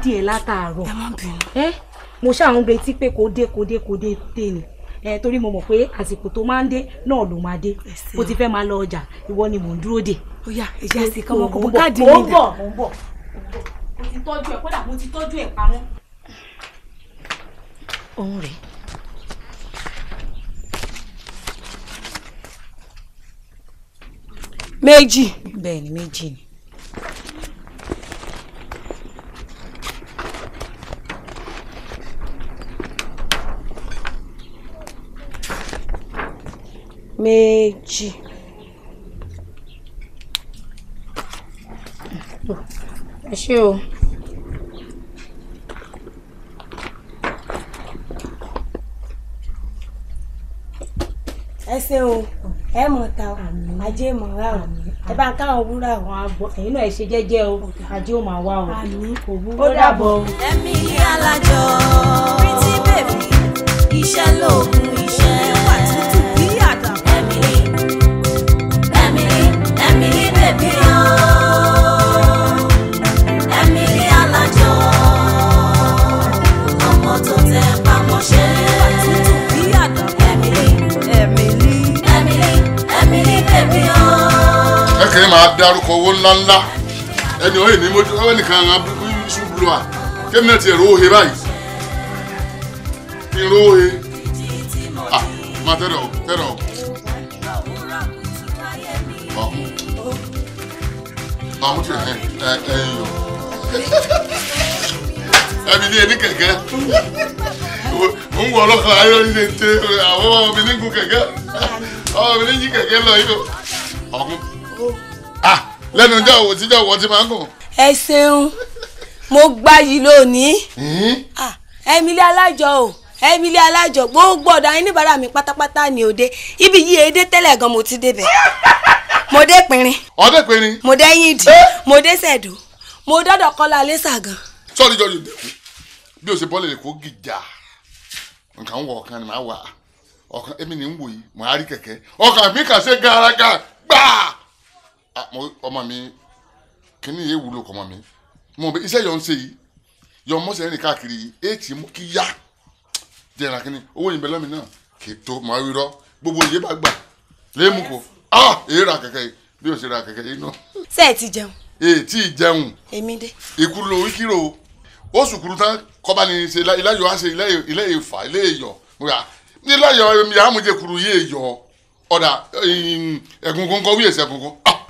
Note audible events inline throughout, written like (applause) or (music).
dádì ẹ látàárọ̀ ẹ mo ṣáà ń retí pé kò dé kò dé kò dé dé ni ẹ torí mo mọ̀ pé àsìkò tó máa ń dé náà ló máa dé ó ti fẹ́ máa lọ ọjà ìwọ ni mò ń dúró dè. ó yá ìyá sì kọ́ ọmọkùnrin káàdì mi dà. mo ń bọ̀ mo ń bọ̀ mo ti tọ́jú ẹ̀ kódà mo ti tọ́jú ẹ̀ pamọ́. òun rèé méjì. bẹ́ẹ̀ni méjì ni. méjì ẹ ṣé o. ẹ ṣeun ẹ mọ ta o ajé mọ ra o ẹ bá ń káwọn wúrà o ẹ̀yin náà ẹ ṣe jẹ́jẹ́ o ajé ò máa wá o ó dàbọ̀ o. ẹ̀mí alájọ. máa dárúkọ owó ńláńlá ẹni ọ̀hìn ní mojú ọwọ́ nìkan iṣu bulua kémi náà ti ẹ̀rọ òhe báyìí ìró òhe ah máa tẹ́rẹ̀ ọ tẹ́rẹ̀ ọ. àwọn tí ẹ ẹ ẹ yọ ẹbí ní ẹni kẹ̀kẹ́ mo ń wọ ọlọ́kan ayé ní ṣe ṣe àwọn ọmọ mi ní gun kẹ̀kẹ́ ọmọ mi ní yí kẹ̀kẹ́ lọ yìí lọ ọkùn. lẹ́nu ọjọ́ òwò tíjọ́ ti máa ń gùn. ẹ ṣeun mo gbáyì lónìí Emily alájọ o Emily alájọ gbogbo ọ̀dọ̀ ayé níbàárà mi pátápátá ni òde ibi yìí ede tẹ́lẹ̀ gan mo ti débẹ̀ mo dé pinrin. ọdẹ pinrin. mo dé yídì mo dé sẹ̀dù mo dọ́dọ̀ kọ́lá sọ́ọ́ni bí o ṣe nǹkan ń ni màá wà ọ̀kan èmi ni ń mi kà ṣe garaga Ah, ọmọ mi kíní yẹn wúlò kọ́mọ mi mo bẹ iṣẹ́ yọ̀ ń ṣe yìí yọ̀ ń mọ̀ṣẹ́ rìn káàkiri yìí èyí mú kí yá jẹ̀rà kíní owó yìí bẹ́ẹ̀ lọ́mì náà kì í tó mọ̀ ẹ́ rírọ́ gbogbo ìyẹ́ bá gbà léèmù kò ah èyí ra kẹ̀kẹ́ yìí bí o ṣe ra kẹ̀kẹ́ yìí náà. ṣé ẹ ti jẹun. èyí tí ì jẹun. èmi dé. ìkúrú lo wíkírò ó sùkúrú tán kọ́ba ni ṣe iláyọ̀ á ṣe iléyè fà iléyọ̀ iláyọ̀ yàrá mu jẹ kúrú yéèyọ̀ ọ̀dà ẹ̀gúngún kọ́ wíyèsẹ̀ gúngún ah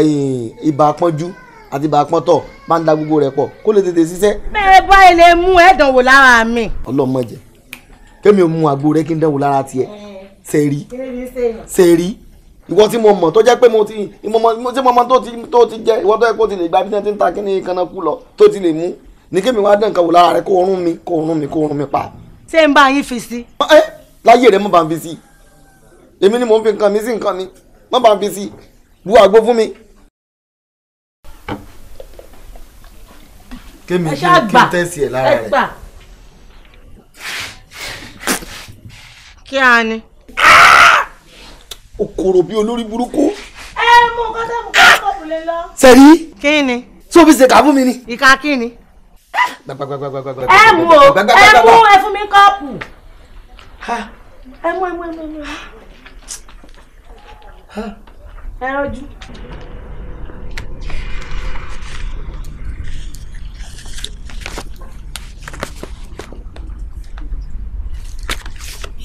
ibà pọ́njú àti ibà pọ́ntọ̀ máa ń da gbogbo rẹ̀ pọ̀ kó lè tètè ṣiṣẹ́. bẹ́ẹ̀ báyìí lè mú ẹ̀dàn wò lára mi. ọlọ́mọ jẹ kémi ò mú àgbo rẹ kí n dánwò lára tiẹ̀ ṣèrí ṣèrí ìwọ tí mo mọ̀ tó jẹ́ pé mo ti mo ti mọ tó ti tó ti jẹ ìwọ tó yẹ kó ti lè gba ibi tí wọ́n ti ń ta kíni kanakú lọ tó ti lè mú ní kémi wá dán nǹkan wò lára rẹ kó rún mi kó rún mi kó rún mi pa. ṣé n bá yín fi sí. láyé rẹ mo bá ń fi sí èmi ni mo ń fi nǹkan mi sí nǹkan mi mo bá ń fi sí lu àgbo fún mi. kémi kí n tẹ̀sí ẹ̀ lára rẹ̀. kí a ni. okòrò bíi olórí burúkú. ẹ mú kọ́tà mú kọ́tà kò lè lọ. sẹ́rí. kí ni. tó fi ṣèkà fún mi ni. ìka kí ni. ẹ mú o ẹ mú ẹ fún mi kọ́ọ̀pù. ẹ mú ẹ mú ẹ mú ẹ mú ẹ rọjú.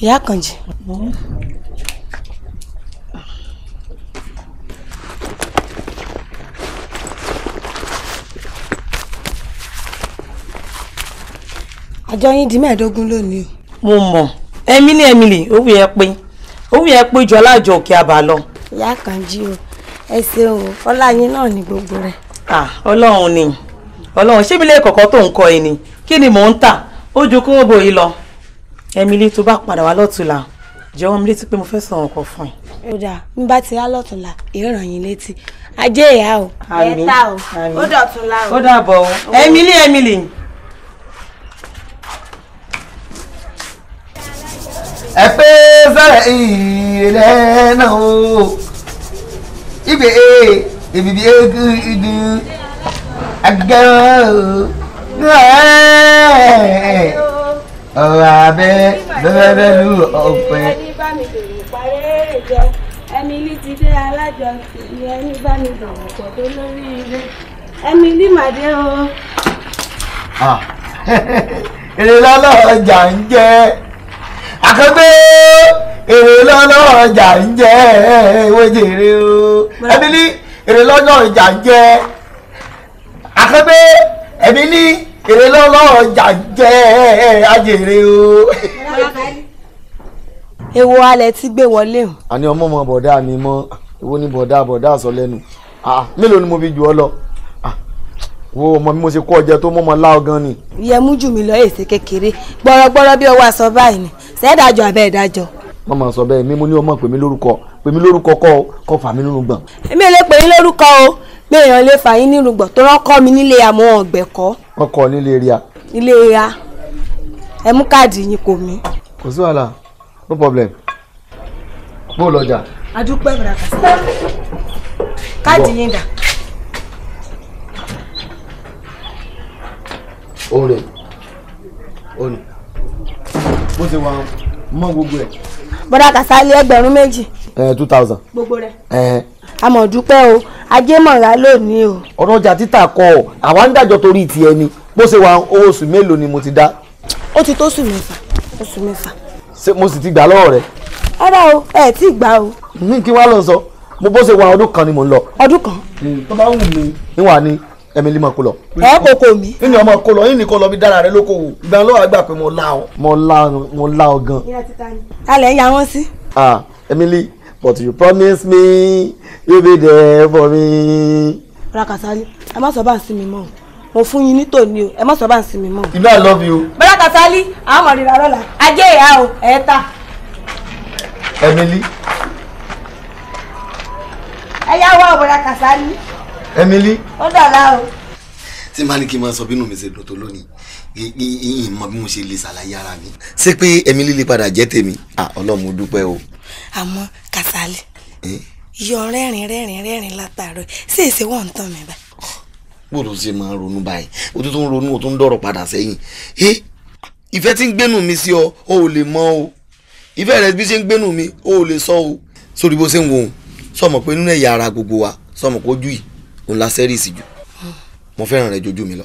ìyá kànjì. àjọ yín di mẹ́ẹ̀ẹ́dógún lónìí. mo mọ̀ Emily Emily ó wù ẹ́ pé ó wù ẹ́ pé jọlá àjọ òkè àbá lọ ìyá Kànjí o ẹ ṣeun o ọlá yín náà ni gbogbo rẹ̀. ọlọ́run ni ọlọ́run ṣé mi lè kọ̀kọ́ tó ń kọ ẹ ni kí ni mò ń tà ó ju kóòbò yìí lọ Emily tó bá padà wá lọ́tùlà jẹ́wọ́ mi létí pé mo fẹ́ sọ̀rọ̀ ọkọ̀ fún ẹ. ó dáa ń bá ti lálọ́tùnla ìràn yín létí ajé ìyá o. àmín àmín ó dọ̀tún la ó dàbọ̀ o Emily Emily. ẹ̀fẹ́ ilẹ̀ náà o ibè e èbìbì egu idu agbẹ́wò ọ̀rọ̀ abẹ́ bẹ́bẹ́bẹ́ lu ọ̀pẹ. Emily ti dé alájọ ni ẹni bá mi dọ̀wọ̀ pọ̀ tó lórí ilé Emily màdé o. Ah, (laughs) èrè lọ́lọ́ ọjà ń jẹ́ àkàndé èrè lọ́nà ọjà ń jẹ́ ewé jèrè o ẹ̀mílí èrè lọ́nà ọjà ń jẹ́ àkàndé ẹ̀mílí èrè lọ́nà ọjà ń jẹ́ ajèrè o. èwo alẹ̀ ti gbé wọlé o. àní ọmọ ọmọ bọ̀dá mi mọ́ èwo ni bọ̀dá bọ̀dá sọ Ah, mélòó ni mo fi jù ọ lọ wo ọmọ mi mo ṣe kó ọjẹ tó mọmọ láọ gan ni. yẹmú jù mí lọ èsì kékeré gbọrọgbọrọ bí ọwọ́ àṣọ báyìí ni sẹ́dájọ́ abẹ́ẹ̀dájọ́. wọ́n máa sọ bẹ́ẹ̀ mímú ní ọmọ pèmí lórúkọ pèmí lórúkọ kọ́ ọ kọ́ fà mí nínú gbọ̀n. èmi ò lè pè yín lórúkọ o pé èèyàn lè fà yín nínú gbọ̀n tó rán kọ́ mi nílé àmọ́ ọ̀gbẹ̀ kọ́. wọ́n kọ́ nílé ria. nílé ria ẹ mú káàdì yín kò mí. kò sí wàhálà no problem bó lọjà. adúpẹ́ bàrà kàṣà káàdì yín dà bó ṣe wà mọ gbogbo ẹ̀. bọ́dà Kàsálí ẹgbẹ̀rún méjì. ẹ two thousand. gbogbo rẹ̀. àmọ̀ dúpẹ́ o ajé mọ̀ra lónìí o. ọ̀rọ̀ ọjà títà kọ ọ àwa ń dájọ́ torí ti ni. bó ṣe wà owó oṣù mélòó ni mo ti dá. ó ti tó oṣù mẹ́fà oṣù mẹ́fà. ṣé mo sì ti gbà lọ́wọ́ rẹ̀. ọ̀rọ̀ o ẹ̀ tí ì gbà o. mi kí wàá lọ sọ mo bó ṣe wà ọdún kan ni mò ń lọ. ọdún kan. tó bá wù mí. níwà ni Emily máa kó lọ. ẹ kò kò mí. ìní ọmọ kó lọ ìní kó lọ bí dára rẹ lóko wò ìgbà lọ́wọ́ àgbà pé mo la ọ. mo la ọ mo la ọ gan. alẹ́ ya wọ́n sí. ah Emily but you promise me you be there for me. rakasali ẹ má sọ bá ń sin mi mọ́ mo fún yín ní tòní o ẹ má sọ bá ń sin mi mọ́. ìlú i love you. bọ́lá kasali àwọn ọmọ rírà lọ́la ajé ìhà o ẹ̀ ta. Emily. ẹ yá wá ọ̀bọ̀ra kasali. Emily. ó dàda o. tí màá ní kí n máa sọ bínú mi ṣe dòtò lónìí yìnyín mọ bí mo ṣe lè ṣàlàyé ara mi. ṣé pé Emily lè padà jẹ́ tèmi Ọlọ́run dúpẹ́ o. àmọ́ Kasali yọ rẹ́rìn rẹ́rìn rẹ́rìn látàárọ̀ sí èsì wọ́n ń tàn mí bá. bó ló ṣe máa ń ronú báyìí o tún ń ronú o tún ń dọ̀rọ̀ padà sẹ́yìn ìfẹ́ tí ń gbénu mi sí ọ o ò lè mọ o ìfẹ́ rẹ bí ṣe ń gbénu mi o ò lè sọ o sórí bó ṣe ń wo sọmọ pé nínú ẹ̀yà ara gbogbo wa sọmọ pé ojú yìí òun la sẹ́rìsì jù mo fẹ́ràn rẹ jojú mi lọ.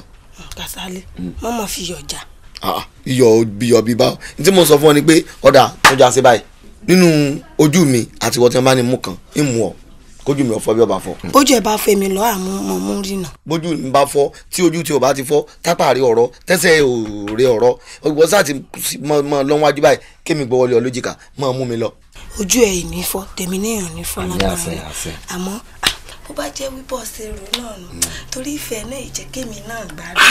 Kasali mo mọ fi iyọ̀ jà. Ah, iyọ̀ bíyọ̀ bí báwo ní tí mo sọ fún ọ ni pé ọ̀dà mo jà sí báyìí nínú ojú mi àti ìwọ tí wọn bá ní mú kan ń mú ọ kójú mi ò fọ bí ọba fọ. bójú ẹ bá fọ èmi lọ àmú mọ mú rí nà. bójú mi bá fọ tí ojú tí o bá ti fọ tápà rí ọ̀rọ̀ tẹsẹ̀ ò rí ọ̀rọ̀ ìwọ sáà ti mọ mọ lọ́wọ́n ajúbà yìí kémi gbọ́wọ́ lé ọ lójìká mọ mú mi lọ. ojú ẹ ì ní fọ tèmi náà ní fọ lágbára rẹ àmọ́ bó bá jẹ́ wíbọ̀ ṣe rò náà nù hmm. torí ìfẹ́ náà ìjẹ́kẹ́mi náà gbádùn.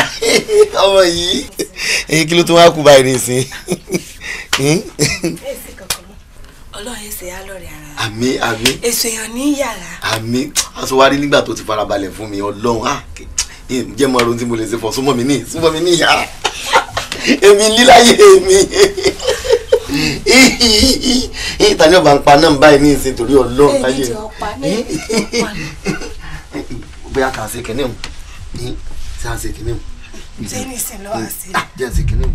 (laughs) ọmọ yìí èyí kí ló tún wá kú báyìí nísìn. èsì (laughs) hmm? kankan mọ ọlọ́run ẹsẹ̀ á lọ́ọ̀rẹ́ ara. àmín àmín. èso èèyàn ní yàrá. àmín aṣọ wa rí nígbà tó ti farabalẹ̀ fún mi ọlọ́run á ah, jẹ́ mọ ohun tí mo lè ṣe fọ̀ súnmọ́ mi ní súnmọ́ mi ní ìyá (laughs) èmi líláyé mi ìtàní eh, ọba ń pa náà báyìí ní ìsìn torí ọlọ́run láyé bóyá kà á ṣe kìnìún ní ṣe à ń ṣe kìnìún. jẹ́ ní ìsìn lọ́wọ́ àṣẹ. Ah, jẹ́ ṣe kìnìún.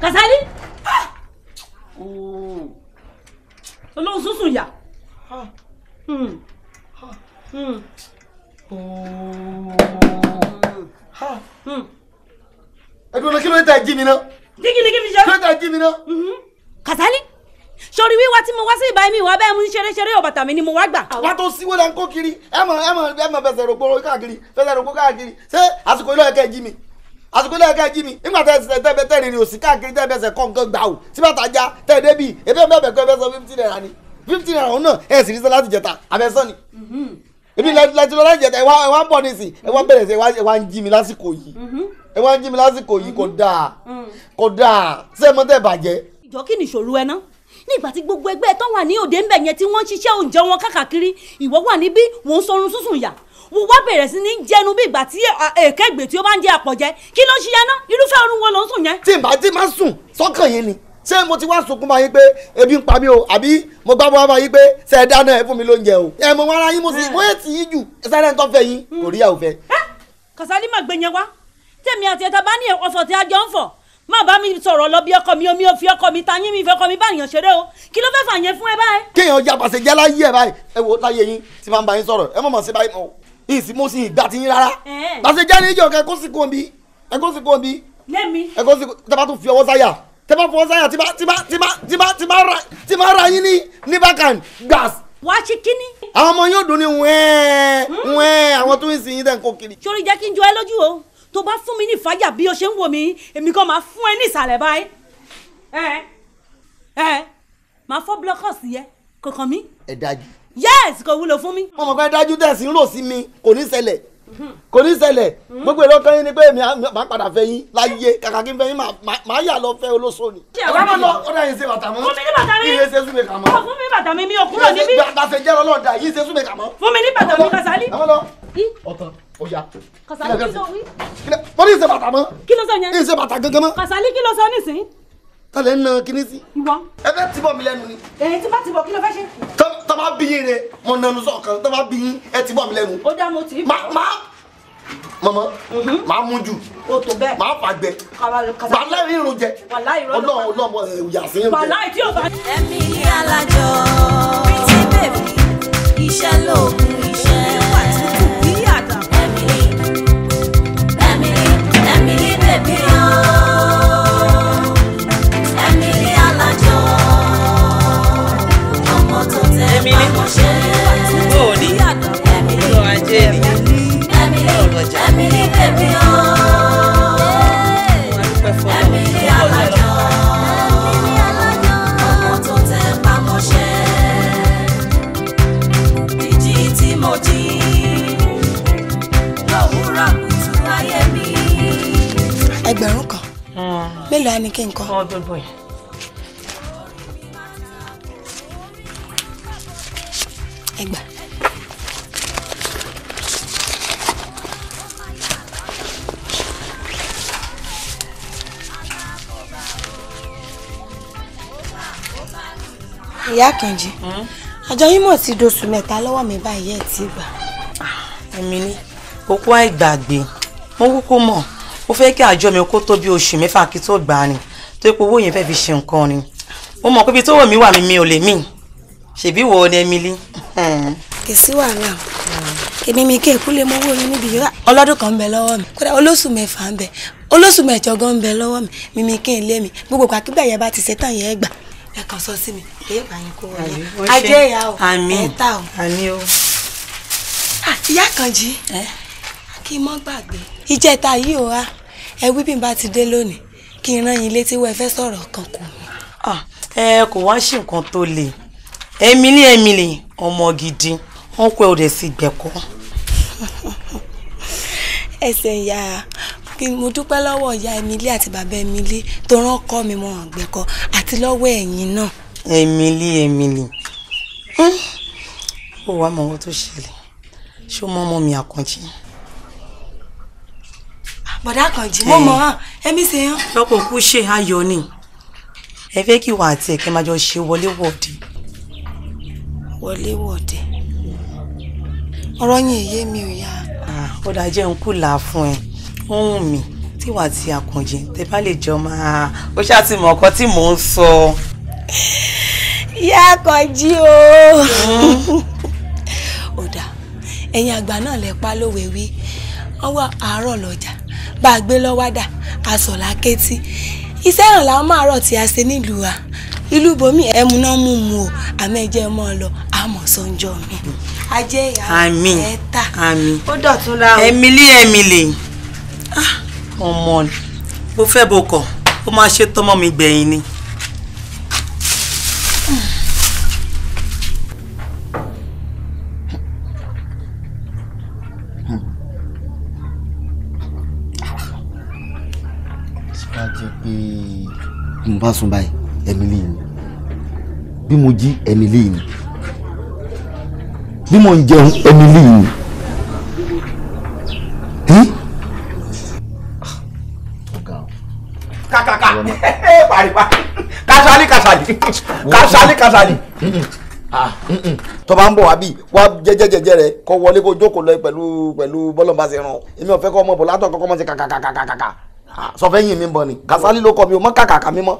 Kasali ah! olóhùn sùsùn yà ẹ dúró lọ kí ló ń ta jí mi náà kíkìní kí mi ṣe. kí ló dé jí mi náà. Mm-hmm. Kasali sori wíwá tí mo wá sí ìbáyé mi ìwà bẹ́ẹ̀ mú ní ṣeréṣeré ọ̀bàtà mi ni mo wá gbà. wá tó síwó la ń kó kiri ẹ mọ ẹ mọ ẹ mọ fẹsẹ̀ rògbò káàkiri fẹsẹ̀ rògbò káàkiri ṣé àsìkò ilé ẹ̀kẹ́ jí mi àsìkò ilé ẹ̀kẹ́ jí mi nígbà tẹ ẹsẹ̀ tẹ bẹ tẹrin ni òsì káàkiri tẹ bẹsẹ̀ kọ́ nǹkan gbà o tí bàtà já tẹ dé bi ebi ẹ bẹ kọ ẹ bẹ sọ fifty naira ni fifty naira òun náà ẹ sì rí sọ láti jẹta àbẹ̀sán ni mm-hmm. ebi lẹtí lọ láti jẹta ẹ wá ń bọ̀ kódà ṣé mo tẹ bàjẹ́. ìjọ kí ni ìṣòro ẹ ná nígbà tí gbogbo ẹgbẹ́ tó wà ní òde ńbẹ̀ yẹn tí wọ́n ń ṣiṣẹ́ oúnjẹ wọn káàkiri ìwọ wà níbí wọ́n ń sọrun sísun yà wọ́n wá bẹ̀rẹ̀ sí ní jẹnu bí ìgbà tí èkégbè tí ó bá ń jẹ àpọ̀jẹ kí ló ń ṣiṣẹ́ ná irúfẹ́ orun wo ló ń sùn yẹn. tí màá tí màá sùn sọ́kàn yẹn ni ṣé mo ti wá sunkún bá yín pé ebi ń pa mí o àbí mo gbá bọ́ bá pé ṣe é dáná ẹ fún mi lóúnjẹ o. ẹ mọ wọn yín mo sì hmm. mo ètì yín jù sẹ́rẹ̀ ń tọ́fẹ́ yín kò rí àwòfẹ́. Hmm. kàsálí má gbé yẹn wá tèmi àti ẹ̀ta bá ní ọ̀fọ̀ tí a jọ ń fọ̀ má bá mi sọ̀rọ̀ lọ bí ọkọ mi omi òfi ọkọ mi ta mi ìfẹ́ ọkọ mi bá ṣeré o kí ló fẹ́ fà yẹn fún ẹ báyìí. kéèyàn ya pàṣẹ jẹ́ láyé ẹ báyìí ẹ wo láyé yín tí máa ń bá yín sọ̀rọ̀ ẹ mọ̀ mọ̀ sí báyìí mọ̀ ìsìn mo sì ń gbà tí yín rárá. pàṣẹ jẹ́ ní ìjọ ẹ̀kọ́ sí kòmbi ẹ̀kọ́ sí kòmbi ẹ̀kọ́ sí tẹ́ bá tún fi ọwọ́ sáyà tẹ́ bá sáyà tí ra yín ní wàá ṣe kíní. àwọn ọmọ yóò dún ní wẹ́ẹ́ hmm? wẹ́ẹ́ àwọn tó ń sin yín dẹ́n kiri. sori jẹ́ kí n jọ ẹ lójú o tó bá fún mi ní ìfàyà bí o ṣe ń wò mí èmi kan máa fún ẹ ní ìsàlẹ̀ báyìí ẹ ẹ máa fọ́ blọkọ̀sì yẹ kọ̀ọ̀kan mi. ẹ dájú. yẹ́ẹ̀sì kò wúlò fún mi. ọmọ kan dájú tẹ̀sí ń rò sí mi kò ní ṣẹlẹ̀ kò ní ṣẹlẹ̀ hmm. gbogbo èrò kan yín ni pé èmi máa padà fẹ́ yín láyé kàkà kí n fẹ́ yín máa yà lọ fẹ́ olóso ni. ọ̀gá máa lọ ọ̀dà yìí ṣe bàtà mọ́ fún mi ní bàtà mi yìí ṣe súnmi kà mọ́. fún mi bàtà mi mi ò kúrò níbí. gbàgbàsẹ̀ jẹ́ ọlọ́ọ̀dà yìí ṣe súnmi kà mọ́. fún mi ní bàtà mi Kasali. ọ̀tàn ọ̀yà. Kasali kí ló wí. wọ́n ní ìṣe bàtà mọ́. kí ló sọ yẹn. ìṣe tó bá bí yín re mo nanu sọ̀kan tó bá bí yín ẹ ti bọ̀ mí lẹ́nu. ó dá mo tì í. máa máa mọ̀mọ́ máa mú jù máa fàgbẹ́ wàláì irun jẹ ọlọ́run ọlọ́mọ ẹ̀yà sí irun jẹ. ẹ̀mí alájọ tí bèbí iṣẹ́ lóògùn iṣẹ́ ẹ̀mí ẹ̀mí ẹ̀mí bèbí hàn. mi ní bó o ní ọ̀rọ̀ ajé ni ọ̀rọ̀ ọjà. Emily bèbí oh. ọ́ Emily alájọ Emily alájọ ọmọ tó tẹ́ pamọ́ṣẹ́ ìjì tí mo jí lówùúrọ̀ kùtù ayé mi. ẹgbẹ̀rún kan hmm. mélòó á kí n kọ́. ọdún bọ̀yìí. ẹ gbà. ìyá kànjí hmm? àjọ yín mọ̀ ti doṣù mẹ́ta lọ́wọ́ mi báyìí ẹ̀ ti gbà. Ah, èmi ni òkú àìgbàgbé mo kúkú mọ̀ ó fẹ́ kí àjọ mi kó tó bí oṣù mẹ́fà kí tó gbà ni tó ipò owó yẹn fẹ́ fi ṣe nǹkan ni mo mọ̀ pé ibi tó wọ̀ mí wà mí mi ò lè míì ṣèbí wo ni Emily. kì í sí wàhálà èmi mi kí èkú lè mówó oyún níbi yìí ọlọ́dún kan ń bẹ lọ́wọ́ mi kódà olóṣù mẹ́fà ń bẹ olóṣù mẹ́jọ ń bẹ lọ́wọ́ mi mímí kí n lé mi gbogbo pàkígbà yẹn bá ti ṣe tán yẹn gbà ẹ kàn sọ sí mi èyí bá yín kó wọlé ajé ìyá o ẹ ta o. ìyá kan jí kí n mọ́ gbàgbé ìjẹta yìí o wa ẹ wí bí n bá ti dé lónìí kí n rán yín létí wọ́n ẹ fẹ́ sọ̀rọ̀ kan kò mí. ẹ kò wá ṣe nǹkan tó le. Emily Emily ọmọ gidi wọn pẹ́ ò dẹ̀ sí gbẹ̀kọ́. (laughs) ẹsẹ̀ ìyá mo dúpẹ́ lọ́wọ́ ìyá Emily àti bàbá Emily tó rán ọkọ mi mọ́ àgbẹ̀kọ́ àti lọ́wọ́ ẹ̀yin náà. Emily Emily hmm. ó wàá mọ ohun tó ṣẹlẹ̀ ṣé o mọ ọmọ mi àkànjì. bọ̀dá àkànjì mo mọ̀ ọ́n ẹ̀mí ṣe yán. lọ́pọ̀ kú ṣe ayọ̀ ni ẹ fẹ́ kí wàá àti ẹ̀kẹ́ máa jọ ṣe wọlé wọ̀de wọléwọ̀de ọ̀rọ̀ yín yé mi ò yá. Ah, ó dáa jẹ́ ń kú là fún ẹ ó wù mí tíwà àti àkànjì tẹ bá lè jọ máa ó ṣáà ti mọ ọkọ tí mò ń sọ. ìyá àkànjì o. Mm. ó dáa ẹ̀yin àgbà náà lè pa lówe wí ọwọ́ àárọ̀ lọ́jà bá a gbé lọ́wọ́ dà asọ̀lá kétí iṣẹ́ ìrànlá máa rọ̀ tí a ṣe nílùú wa ìlú bomi ẹ̀mú náà mú mu o àmọ́ mọ́ ọ lọ àmọ́ sọ́njọ́ mi ajé ìyá ẹ̀ta ó dọ̀tún láwọn. Emily Emily ah, ọmọ bó fẹ́ bó kọ̀ ó máa ṣe tọ́mọ mi gbẹ̀yìn ni. mo bá sùn báyìí Emily ni bí mo jí Emily ni bí mo ń jẹun Emily ni. kàkàkà pariwa kasali kasali kasali kasali. tó bá ń bọ̀ wá bí wá jẹ́jẹ́jẹ́jẹ́ rẹ kó wọlé kó jókòó lọ pẹ̀lú pẹ̀lú bọ́lọ̀mbà sí ẹran èmi ò fẹ́ kọ́ ọmọ bò látọ̀ kọ́kọ́ mọ́ sí kàkàkàkàkà ah, sọfẹ́yìn mi ń bọ̀ ni kasali ló kọ́ mi ò mọ́ kàkàkà ah, ah, mm. mi mọ́.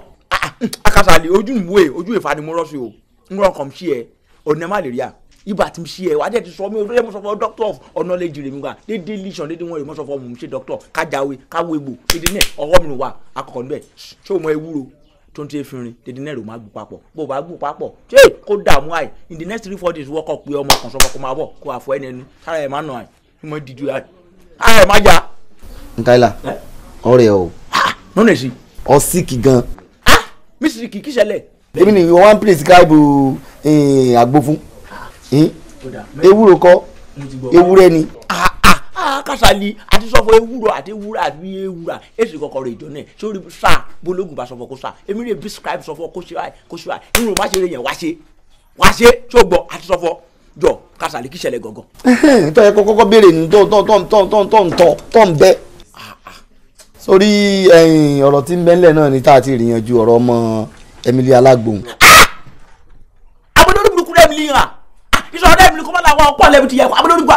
kasali ojú ìwé ojú ìfanimọ́rọ́sí o ń rọkàn sí ẹ ọ̀nà má lè rí à ibà tí mo ṣe ẹ̀ wá dẹ̀ ti sọ mi ò mo sọ fún doctor of knowledge rẹ̀ mi wá dédé lesion dédé wọn rẹ̀ mo sọ fún ọmọ mi ṣe doctor kájàwé káwé gbò dédé náà ọwọ́ mi wà akọ̀kọ̀ níbẹ̀ ṣé o mọ ewúro tó ń tẹ́ fínrin dédé náà ló máa gbò papọ̀ bó o bá gbò papọ̀ ṣé kó dààmú àì in the next three four days wọ́kọ̀ pé ọmọ kan sọ́kọ́ kó máa bọ̀ kó àfọ ẹni ẹnu sára ẹ̀ má nà àì kí mo dìjú àì ara ẹ̀ má já. nkaila ọ̀rẹ́ o. nọ́ọ̀nà èsì. ọ̀síkì gan. mísìkì kìí ṣẹlẹ̀. èmi ni one place káàbù eh, àgbo fún. Hmm? ewúro kọ́ ewúrẹ́ ni ah, ah, ah, kásálí àti sọfọ ewúro àti ewúra àti ewúra èsì kọkọrọ ìjọ náà sórí sá bológun bá sọfọ kó sá èmi rè prescribe sọfọ kó ṣe kó ṣe irun má ṣe rè yẹn wá ṣe wá ṣe tó gbọ àti sọfọ jọ kásálí kí ṣẹlẹ̀ gangan. tó yẹ kó kọ́kọ́ béèrè ní tó tó tó tó tó tó tó tó ń bẹ́. sórí ọ̀rọ̀ tí ń bẹ́ ńlẹ̀ náà ni tá a ti rìyànjú ọ̀rọ̀ ọmọ Emily alágbóhùn. àbọ̀dọ́ ló burúkú rẹ̀ mi lè hàn ìṣòro dẹ́mi ni kó má la wa ọ̀pọ̀ lẹ́bi ti yẹ kó abúlé ah. o eh?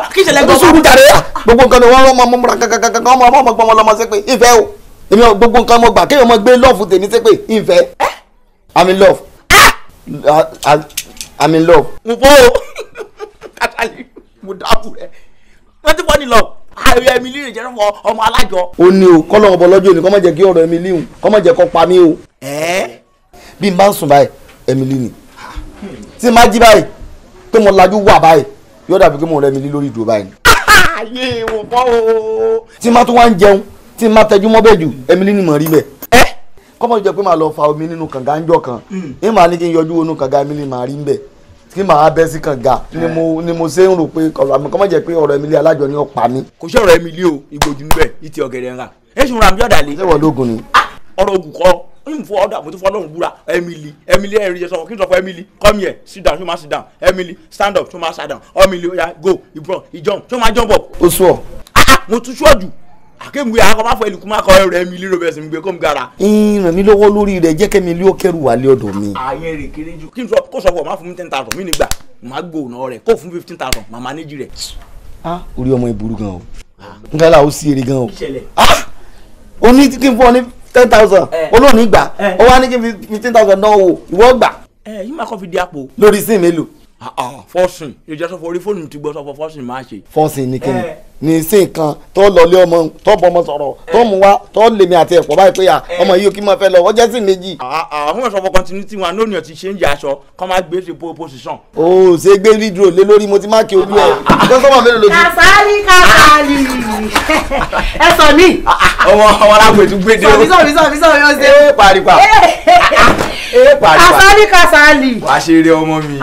i'm in love ah! Ah, i'm in love. nfo kàtàlí mo (laughs) dábù rẹ ní o kọ́lọ́ ọ̀bọ lọ́jọ́ òní kọ́ mọ̀ jẹ́ kí ọ̀rọ̀ emily hùn kọ́ mọ̀ jẹ́ kọ́ pa mí o. Eh? bí n bá ń sùn báyìí emily ni tí n bá jí báyìí pé mo lajú wà báyìí yóò dàbí pé mo rẹ́ mi lé lórí ìdúró báyìí. (laughs) ayé wò mọ́ o. tí má tún wá ń jẹun tí má tẹjú mọ́ bẹ́ẹ̀ jù Emily ni mò ń rí bẹ́ẹ̀. ẹ kọ́mọ jẹ pé màá lọ fa omi nínú kànga ńjọ kan ní hmm. màá ní kí n yọjú wọnú kànga Emily màá rí bẹ́ẹ̀ kí màá bẹ́ sí kànga ni mo ni mo ṣe ń rò pé ọ̀rọ̀ àmì kọ́mọ jẹ pé ọ̀rọ̀ Emily alájọ ni ó pa mí. kò sí ọ̀rọ̀ Emily o ìgbòjú níbẹ̀ ìtì ọ̀gẹ̀dẹ̀ ńlá ẹ̀ sùn ra mi ọ̀dà lé. ṣé wọ́n lóògùn ni. Ah! ọ̀rọ̀ ògùn kọ́ n ọdọ àmọtí fọ Ọlọ́run búra Emily Emily ẹrin yẹn sọ kí n sọ fún Emily come here sit down ṣó máa sit down Emily stand up ṣó máa stand down Emily oya go ìbọn ìjọm ṣó máa jump up. o sọ. Ah, ah, mo tún ṣọ́ọ̀jù akéwì akọ ah, máa fọ ẹnìkú máa kọ ẹrù Emily Robertson gbé kó n gara. ìrìn mi lọ́wọ́ lórí rẹ̀ jẹ́ kẹ́mi ilé ọkẹ́rù wà lé ọ̀dọ̀ mi. ààyè rè kéré ju kí n sọ kó sọ fún ọ máa fún mi ten thousand mi nígbà máa gbóòna rẹ kó fún fifteen thousand màmá níjì rẹ. ah orí ọmọ ìburú gan o nkálà ó sí eré gan o. ìṣẹ̀lẹ̀. ah oní kí n fọ ní ten thousand olóòní eh. gbà eh. ó wá ní kí fifteen thousand náà wò ìwọ gbà. ẹ eh, yìí máa kọ́ fi di àpò. lórí sim mélòó. fọ́sìn ìjọsọ fọ orí fóònù mi ti gbọ́ sọ fọ fọ́sìn máa ṣe. fọ́sìn ní kíni ní sí nǹkan tó lọlé ọmọ tó bọmọ sọ̀rọ̀ tó mú wá tó lèmi àti ẹ̀pọ̀ báyìí pé eh. ọmọ yìí kí n máa fẹ́ lọ ọjọ́ sì méjì. àwọn ọ̀sán for continuity wọn lónìí ọtí ṣe ń yà aṣọ kọ́ máa gbé ṣe position. o ṣe gbé rídúró lé lórí mo ti máa kí olú ẹ lọ́sọ̀mọ̀ ah, ah, ah. mélòó lójú. kàṣálí kàṣálí (laughs) ẹ sọ mí. ọmọ ọmọ aláwọ̀ ètò gbé dé o. sọ̀bí sọ̀bí sọ̀bí sọ̀bí ó ṣe. ee paripa ee eh. paripa. kàṣálí kàṣálí. wàá ṣe eré ọmọ mi.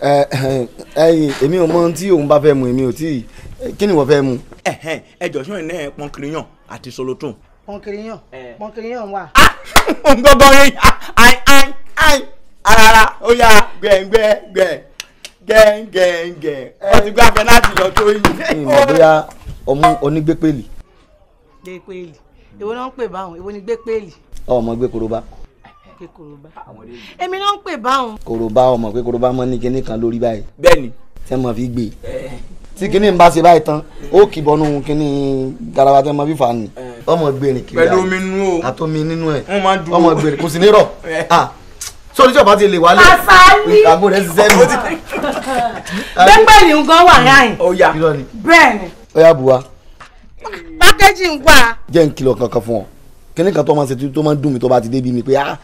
Eh, ẹyin èmi ò mọ ohun tí òun kí ni wọ́n fẹ́ mu. ẹ jọ sún ẹ̀ náà pọ́nkìrìyàn àti solotun. pọ́nkìrìyàn pọ́nkìrìyàn wà. Ah! ohun gbọ́ngàn yìí àì àì àì arara ó yà gbẹ̀ngbẹ̀ngbẹ̀ gẹ̀ǹgẹ̀ǹgẹ̀ wọ́n ti gbá fẹ́ láti yọ tó yìí. ìmọ̀ bóyá ọmú onígbépèlì. gbépèlì èwo náà ń pè báwọn èwo ni gbépèlì. ọmọ gbé koroba pé koroba èmi náà ń pè báwọn. koroba ọmọ pé koroba mọ ní kinní kan lórí báyìí. bẹ́ẹ̀ni. sẹ́mo fi gbé tí kinní bá ṣe báyìí tán ó kì bọnú kinní garawa tẹ́ mọ fífa ni ọmọ gbèrè kiri pẹ̀lú omi nínú o àtomi nínú ẹ̀ ọmọ gbèrè kò sí ní rọ̀ sórí ìjọba ti lè wálé ìkàgbọ́ rẹ̀ ṣiṣẹ́ mi. pẹ́pẹ́ (laughs) ni nǹkan wà láyìn bẹ́ẹ̀ ni. ó yà bùwá. pákéjì ń wà. jẹ́ n kìlọ̀ kankan fún ọ kíní kan tó máa ń ṣe tó máa ń dùn mí tó bá ti débi mi pé ah,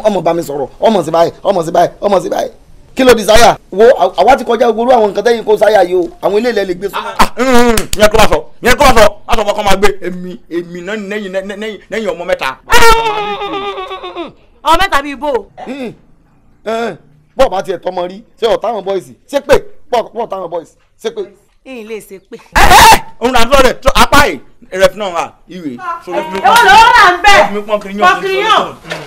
ọmọ bá mi sọ̀rọ̀ ọmọ sí báyìí ọmọ sí báyìí ọmọ sí báyìí Kilo desire wo àwa ti kọjá gbogbo àwọn nǹkan tẹ́yìn kó sáyà yìí o àwọn ilé ilẹ̀ lè gbé sọ́mọ́. Ah, ah, mm, mm, mm. yẹn kó bá sọ yẹn kó bá sọ aṣọ ọkọ máa gbé èmi èmi náà nẹ́yìn nẹ́yìn nẹ́yìn ọmọ mẹ́ta. ọmọ mẹ́ta bíi bò. Hmm, eh, bọ́ọ̀ bá tiẹ̀ tọmọ rí ṣé ọ̀tá àwọn boys ṣé pé pọ̀ ọ̀tá àwọn boys ṣé pé. ẹ̀yin lè ṣe pé. Eh, eh, òun náà lọ́rẹ̀ apá ẹ̀ rẹ̀ fún náà ìwé. ẹ̀wọ̀n lọ́wọ́ là ń ah, bẹ̀ pọkìrìyàn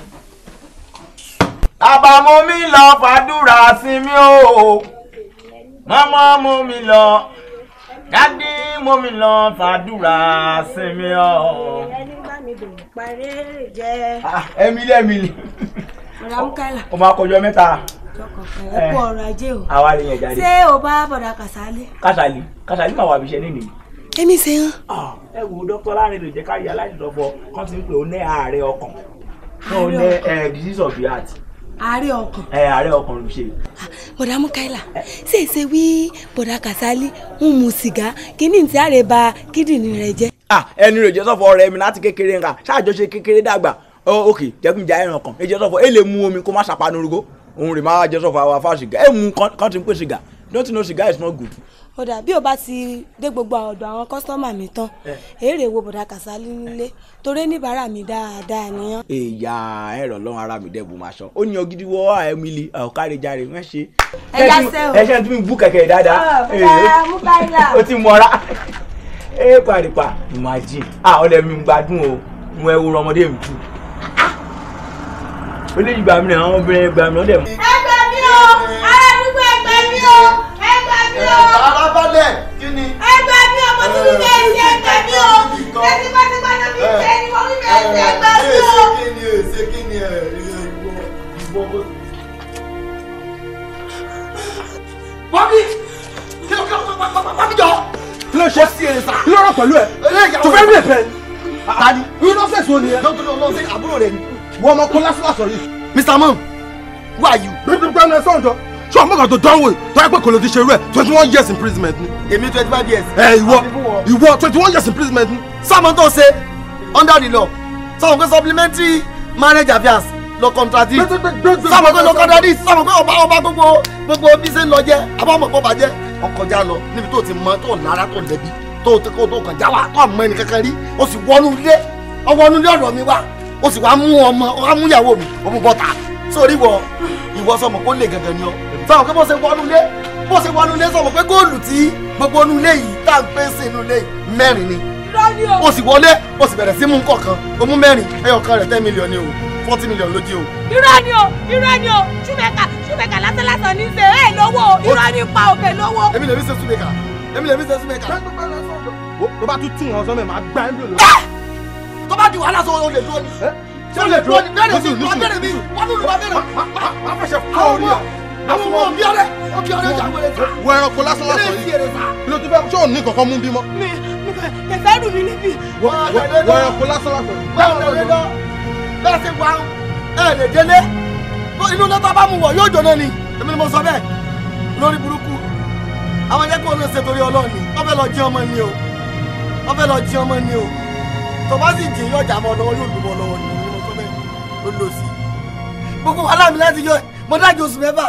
àbámu mi lọ fàdúrà sí mi o mọ́mọ́ mu mi lọ dádì mu mi lọ fàdúrà sí mi o. Emily Emily o máa kọjọ mẹ́ta. ẹ kú ọrọ̀ ajé o àwa lè yẹn jáde. ṣé o bá bọ̀dà Kàsálí. Kàsálí Kàsálí máa wà bí iṣẹ́ nínú èmi ṣe ń. ẹ wo dókítà láàrin lè jẹ́ ká yẹ aláìsàn bọ̀ kán ti ń pè ó ní àárẹ̀ ọkàn. àárẹ̀ ọkàn. no ní eh, disease of the heart àárẹ̀ ọkàn. ẹ àárẹ̀ ọkàn ló ṣe. Ah, bọ̀dá mukaila ṣe é ṣe wí bọ̀dá kasali ń mu sìgá kíní ti àárẹ̀ ba kídìní rẹ̀ jẹ́. Ah, ẹni rẹ̀ jẹ́ sọ́fọ̀ ọ̀rẹ́ mi láti kékeré nǹkan ṣáàjọṣe kékeré dàgbà oh, ok jẹ́kùnjà ẹran kan ẹ jẹ́ sọ́fọ̀ ẹ lè mu omi kó má ṣàpánurugo òun rè má jẹ́ sọ́fọ̀ àwọn afáṣìgá ẹ mu kán ti ń pè sìgá don't you know sìgá is not good ó dà bí o bá ti dé gbogbo ọ̀dọ̀ àwọn kọ́sítọ́mà mi tán èrè wo bọ̀dà Kàsálí nílé torí níbàárà mi dáadáa nìyẹn. ìyá ẹ̀rọ lọ́run ara mi dẹ̀ bù máa ṣọ ó ní ọgídí wọ Emily ọ̀kárẹ̀járe wọ́n ṣe. ẹ já sẹ́wọ̀n ẹ ṣe tún mi bú kẹ̀kẹ́ dáadáa. ọ̀ọ́ mú báyìí (laughs) ó ti mọ́ra ẹ paripa imagine ah ọ̀dẹ̀ mi gbádùn o mo ẹ wúrọ ọmọdé mi jù. ó lè mi mí náà àwọn obìnrin gbà mí náà dẹ̀ mú. ẹgbẹ́ mi o ará àdúgbò ẹgbẹ́ mi o mi o. ara balẹ̀ kí ni. ẹ gbà mí o mo ti fi bẹ́ẹ̀ ṣe é gbà mí o. ẹni bá ti bá mi ṣe ni mo fi bẹ́ẹ̀ ṣe é gbà mí o. ṣé kí ni o ṣé kí ni ìwọ ìwọ bó. bọ́bí kí ló kí ló bọ́bí jọ. kí ló ṣe sí ẹ sá. kí ló rọ pẹ̀lú ẹ. tó fẹ́ rí ẹ̀fẹ̀ ni. ta ni. irú lọ́sẹ̀ sọ ni ẹ. lọ́sẹ̀ lọ́sẹ̀ àbúrò rẹ ni. wọ́n ọmọ kó lásìlásọ̀ yìí. Mr. Mom, who are you? gbẹgbẹgbẹ náà sọ̀rọ̀ ṣé ọmọ kan tó dánwò tó yẹ pé kò lè ti ṣe rẹ twenty one years imprisonment ni. èmi twenty five years. ẹ ìwọ ìwọ twenty one years imprisonment ni. sáàmù tó ṣe under the law sáwọn pé supplementary marriage affairs lọ contradict sáwọn pé lọ contradict sáwọn pé ọba ọba gbogbo gbogbo bí ṣe ń lọ jẹ abáwọn pọ̀ bàjẹ́ ọkọjá lọ níbi tó ti mọ tó lára tó lẹ́bi tó tó tó kàn já wa tó àmọ́ ẹni kankan rí o sì wọnú ilé ọwọ́nú ilé ọ̀dọ̀ mi wá o sì wá mú ọmọ wá mú ìyàwó mi ọmọ bọ́ta sórí wọ ìwọ sọmọ kó lè gangan ni ọ sọmọ pé bó ṣe wọnú ilé bó ṣe wọnú ilé sọmọ pé góòlù tí gbogbo inú ilé yìí tá à ń pè sí inú ilé yìí mẹ́rin ni o sì wọlé o sì bẹ̀rẹ̀ sí mú kọ̀ọ̀kan o mú mẹ́rin ẹyọ kan rẹ̀ ten million ni o forty million ló jẹ́ o. irọ́ ni o irọ́ ni o ṣùgbẹ́ka ṣùgbẹ́ka lásánlásán ní ṣe é lówó irọ́ ni pa òkè lówó. èmi lè fi ṣe ṣùgbẹ́ka èmi lè fi ṣe ṣùgbẹ́ka. tó bá tún tún wọn sọ mẹ́ẹ̀ máa gbá ẹ́ ń lò lọ. Ah! tó bá di wàhálà sọ wọn ò lè dúró ni ṣé lè dúró bẹ́ẹ̀ ni wọ́n bẹ̀rẹ̀ mi wọ́n lù wọ́n bẹ̀rẹ̀ wọ́n fẹsẹ̀ fọ́ orí ọ̀ àwọn ọmọ òbí ọ̀rẹ́ òbí ọ̀rẹ́ ìjà wẹrẹ sá wọ ẹranko lásán lásán yìí ló ti fẹ́ ṣé ò ní kankan mú bí mọ́. mi mi fẹ́ ẹ̀fẹ́ rù mí níbí. wọ ẹranko lásán lásán yìí. báwo lè rí lọ bẹ́ẹ̀ ṣe wà ẹ lè délé inú lọ́tà bá mu wọ̀ yóò jóná ni èmi ni mo sọ bẹ́ẹ̀ lórí burúkú àwọn ẹ̀jẹ̀ kí wọ́n lè ṣe torí ọlọ́ọ̀ni wọ́n fẹ́ lọ jí ọmọ ni o wọ́n fẹ́ lọ jí ọmọ ni o tó bá sì jìn yọjà mọ́ ọ lọ́wọ́ yóò lù mọ́ lọ́wọ́ ni olóòsì gbogbo wàhálà mi láti yọ mo dájọ́ oṣù mẹ́fà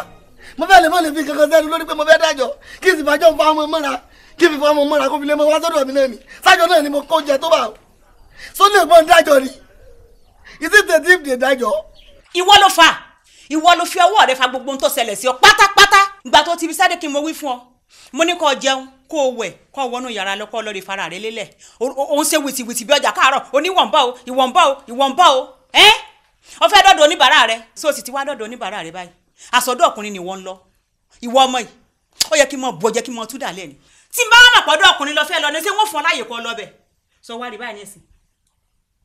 mo fẹ́ lè mọ̀ lè fi kankan sẹ́nu lórí pé mo fẹ́ dájọ́ kí n sì fàjọ́ ń fa ọmọ mọ́ra kí n fi fa ọmọ mọ́ra kó fi lè mọ wá sọ́dọ̀ mi náà ni sájọ náà ni mo kó jẹ tó bá o sóní ẹ̀gbọ́n dájọ́ ni ìdí tètè ìdè dájọ́. ìwọ ló fa ìwọ ló fi ọwọ́ rẹ fa gbogbo ohun tó ṣẹlẹ̀ sí ọ pátápátá ìgbà tó ti fi sáré kí n mo wí fún ọ mo ní kó jẹun kó o wẹ̀ kó o wọnú yàrá lọ kó o lọ rí fara rẹ lélẹ̀ òun ṣe wìtìwìtì bí ọjà káàárọ̀ oníwọ̀nba o ìwọ̀nba o ìwọ̀nba o ẹ́ o fẹ́ dọ́dọ̀ oníbàárà rẹ so o sì ti wá dọ́dọ̀ oníbàárà rẹ báyìí àsọdọ̀ ọkùnrin ni wọ́n ń lọ ìwọ ọmọ yìí ó yẹ kí n mọ bu ọjẹ́ kí n mọ tú dàlẹ́ ni tí n bá wà pọ̀dọ̀ ọkùnrin lọ fẹ́ lọ ní ṣé wọ́n fún ọ láàyè kọ́ lọ bẹ̀ sọ wá rí báyìí ní ìsìn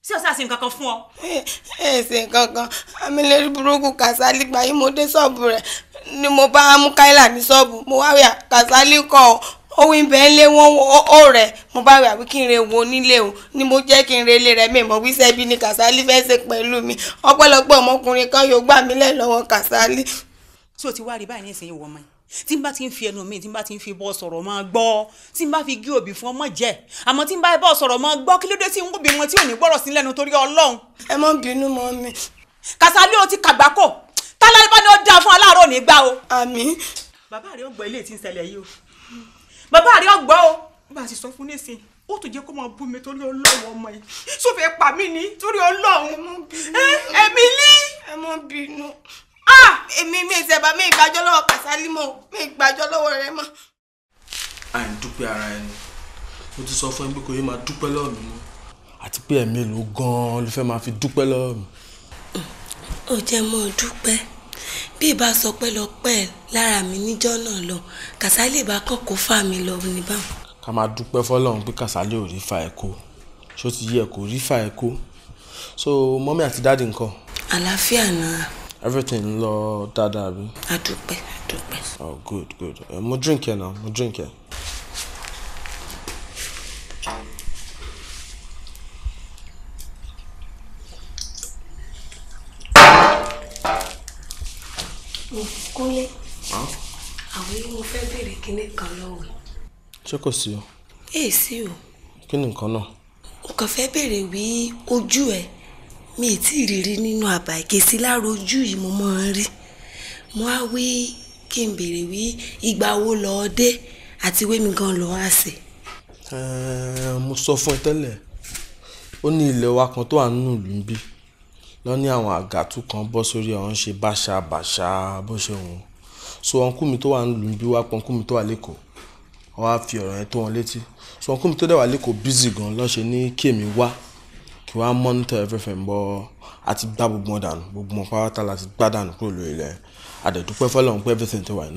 sí ọ̀sán àti nǹkan kan fún ọ. ẹ ẹ ṣe nǹkan kan amílẹ̀rí burúkú Kàsálí gba mo dé ṣọ́ọ̀bù rẹ̀ ni mo bá mú káyìlà ní ṣọ́ọ̀bù mo wá rí kọ́ ọ ohun ibẹ̀ ń lé wọn ó rẹ̀ mo bá rà wí kí n re wo nílé o ni mo jẹ́ kí n re ilé rẹ̀ mi mọ̀ wí sẹ́bi ni Kàsálí fẹ́ ṣe pẹ̀lú mi ọ̀pọ̀lọpọ̀ ọmọkùnrin kan yóò gbà mí lẹ̀ lọ́wọ́ Kàsálí. tí o ti wá rí báyìí ní ìsinyìí wọ ọmọ tí n bá ti ń fi ẹnu mi tí n bá ti ń fi bọ́ sọ̀rọ̀ máa gbọ́ tí n bá fi gé òbí fún ọmọ jẹ́ àmọ́ tí n bá bọ́ sọ̀rọ̀ máa gbọ́ kí ló dé tí n wóbi wọn tí ò ní gbọ́rọ̀ sí lẹ́nu torí Ọlọ́run. ẹ má bínú mọ́ mi. Kàsálí o ti kàgbákò tálálíbá ni ó dáa fún aláàárọ̀ nígbà o. àmín. bàbá rẹ̀ ó gbọ́ ilé tí ń ṣẹlẹ̀ yìí o bàbá rẹ ọgbọ́ o bàbá sì sọ fún nísìnyí ó tún jẹ́ kó máa bú mi torí ọlọ́run ọmọ yìí sọ fẹ́ pa mí ni torí ọlọ́run ẹ̀mí lí. ẹ mọ bínú èmi mi ìṣẹ̀bà mi ìgbàjọ́ lọ́wọ́ Kàsálímọ̀ mi ìgbàjọ́ lọ́wọ́ rẹ mọ́. à ń dúpẹ́ ara ẹni mo ti sọ fún ẹ pé kò yẹ máa dúpẹ́ lọ́wọ́ mi mọ́ àti pé ẹ̀mí ló gan-an ló fẹ́ máa fi dúpẹ́ lọ́wọ́ mi. ó jẹ́ mọ́ dúpẹ́ bí ìbá sọ pé lọ pẹ́ lára mi níjọ́ náà lọ Kàsálí ìbá kọ́kọ́ fà mí lọ ní báwọn. ká máa dúpẹ́ fọlọ́run pé Kàsálí ò rí fa ẹ̀kọ́ ṣó ti yẹ kó rí fa ẹ̀kọ́ so mọ́mí àti dáàdì ńkọ́. àlàáfíà náà. everything ń lọ dáadáa bí. a dúpẹ́ a dúpẹ́. oh good good uh, mo drink yẹn náà mo drink yẹn. kúnlé àwọn yìí mo fẹ́ béèrè kinní kan lọ́wọ́. ṣé kò sí o. èè sí o. kí ni nǹkan náà. mo kàn fẹ́ béèrè wí ojú ẹ mi ì tí ì rírí nínú àbá ìkèsí lára ojú yìí mo máa ń rí mo á wí kí n béèrè wí ìgbà wo lọ́ọ́ dé àti wémi gan lọ́ọ́ àṣẹ. mo sọ fún ẹ tẹ́lẹ̀ ó ní ilé wa kan tó à ń nù lù ń bí lọ ní àwọn àgàtú kan bọ́ sórí ọ̀hún ṣe báṣabàṣá bó ṣe wù so ọ̀nkú mi tó wà ń lù bí wá pọ̀ ọ̀nkú mi tó wà lẹ́kọ̀ọ́ wọ́n á fi ọ̀rọ̀ yẹn tó wọn létí so ọ̀nkú mi tó dẹ̀ wà lẹ́kọ̀ọ́ bízì gan lọ́n ṣe ní kéèmí wá kí wọ́n á mọ́nítọ̀ everything bọ́ àti gbá gbogbo wọn dànù gbogbo wọn pátá láti gbá dànù kúrò lórí ilẹ̀ àdẹ̀dúpẹ́ fọlọ́run pé everything tó wà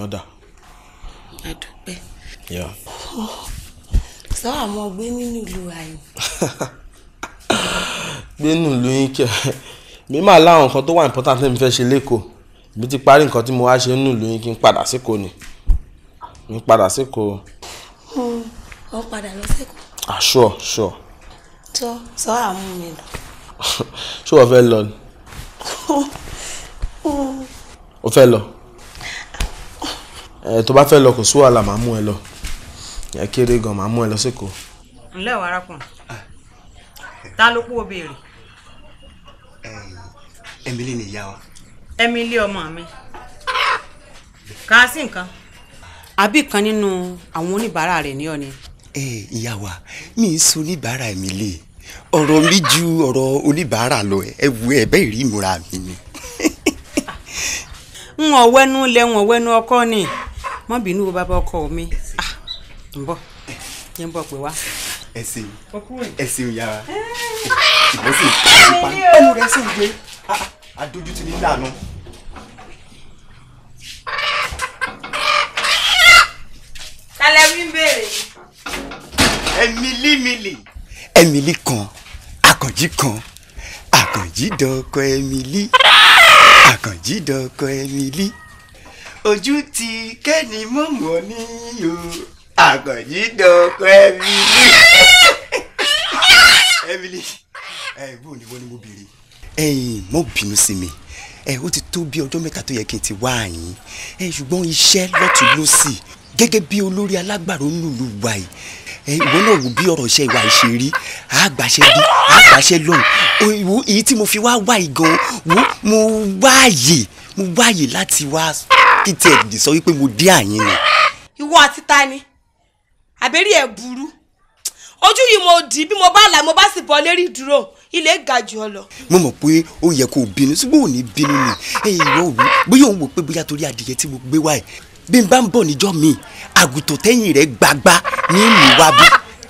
in order. (laughs) mi máa láwọn nǹkan tó wà important tí mo fẹ́ ṣe lẹ́kọ̀ọ́ ibi tí parí nǹkan tí mo wá ṣe nù lóyún kí n padà síkò ni n padà síkò. ọ padà lọ sẹ́kọ̀ọ́. ah sure sure. tó sọ àmú mi lọ. (laughs) ṣé o fẹ́ lọ ni. o fẹ́ lọ. ẹ eh, tó bá fẹ́ lọ kò sí wàhálà màá mú ẹ lọ ẹ kéré gan màá mú ẹ lọ sẹ́kọ̀ọ́. ǹlẹ́ o arákùnrin ta ló kú o Emily ni ìyá wa. Emily ọmọ mi kà á sí nǹkan. àbí kan nínú àwọn oníbàárà rẹ̀ ní ọ̀ni. ẹ ìyá wa mi ń sọ oníbàárà Emily ọ̀rọ̀ mi ju ọ̀rọ̀ oníbàárà lọ ẹ wo ẹ̀bẹ́ ìrí ìmúra mi ni. (laughs) n ò wẹnu lẹ n ò wẹnu ọkọ ni má bínú wo bàbá ọkọ mi ń ah, bọ̀ ń bọ̀ pé wá. ẹ ṣeun ẹ ṣeun yàrá ìbọn sì ń pa ẹnu rẹ sì ń gbé. Ah, ah adójú ti ní lànà. tálẹ̀ wí ń béèrè. ẹ̀mílí mílì. ẹ̀mílí kan àkànjí kan àkànjí dọkọ ẹ̀mílí àkànjí dọkọ ẹ̀mílí ojú ti kẹ́ni mọ̀mọ́ ní o àkànjí dọkọ ẹ̀mílí. (laughs) ẹ̀mílí ẹ̀ bóun ni wọ́n ní mo béèrè ẹ̀yin mọ́ bínú sí mi ẹ ó ti tó bí ọjọ́ mẹ́ta tó yẹ kí n ti wá yín ẹ ṣùgbọ́n iṣẹ́ lọ́tún ló bí olórí alágbàro nílùú wa yìí ẹ ìwọ náà wò bí ọ̀rọ̀ iṣẹ́ ìwà ìṣe rí àgbàṣe bí àgbàṣe lọ́hùn ìwọ èyí tí mo fi wá wá yìí gan wo mo wáàyè mo wáàyè láti wá kí tiẹ̀ sọ wípé mo dé àyín ni. ìwọ àti ta ni àbẹ̀rí ẹ̀ burú ojú yìí mo dì bí mo bá là mo bá sì bọ́ lérí dúró ilé ga jù ọ lọ. mo mọ̀ pé ó yẹ kó o bínú ṣùgbọ́n ò ní bínú ni ẹ̀yin ìwọ òru bóyá òun wò pé bóyá torí adìyẹ tí mo gbé wá ẹ̀ bí n bá ń bọ̀ níjọ́ mi àgùntàn tẹ́yìn rẹ̀ gbagbá ní ìwà bí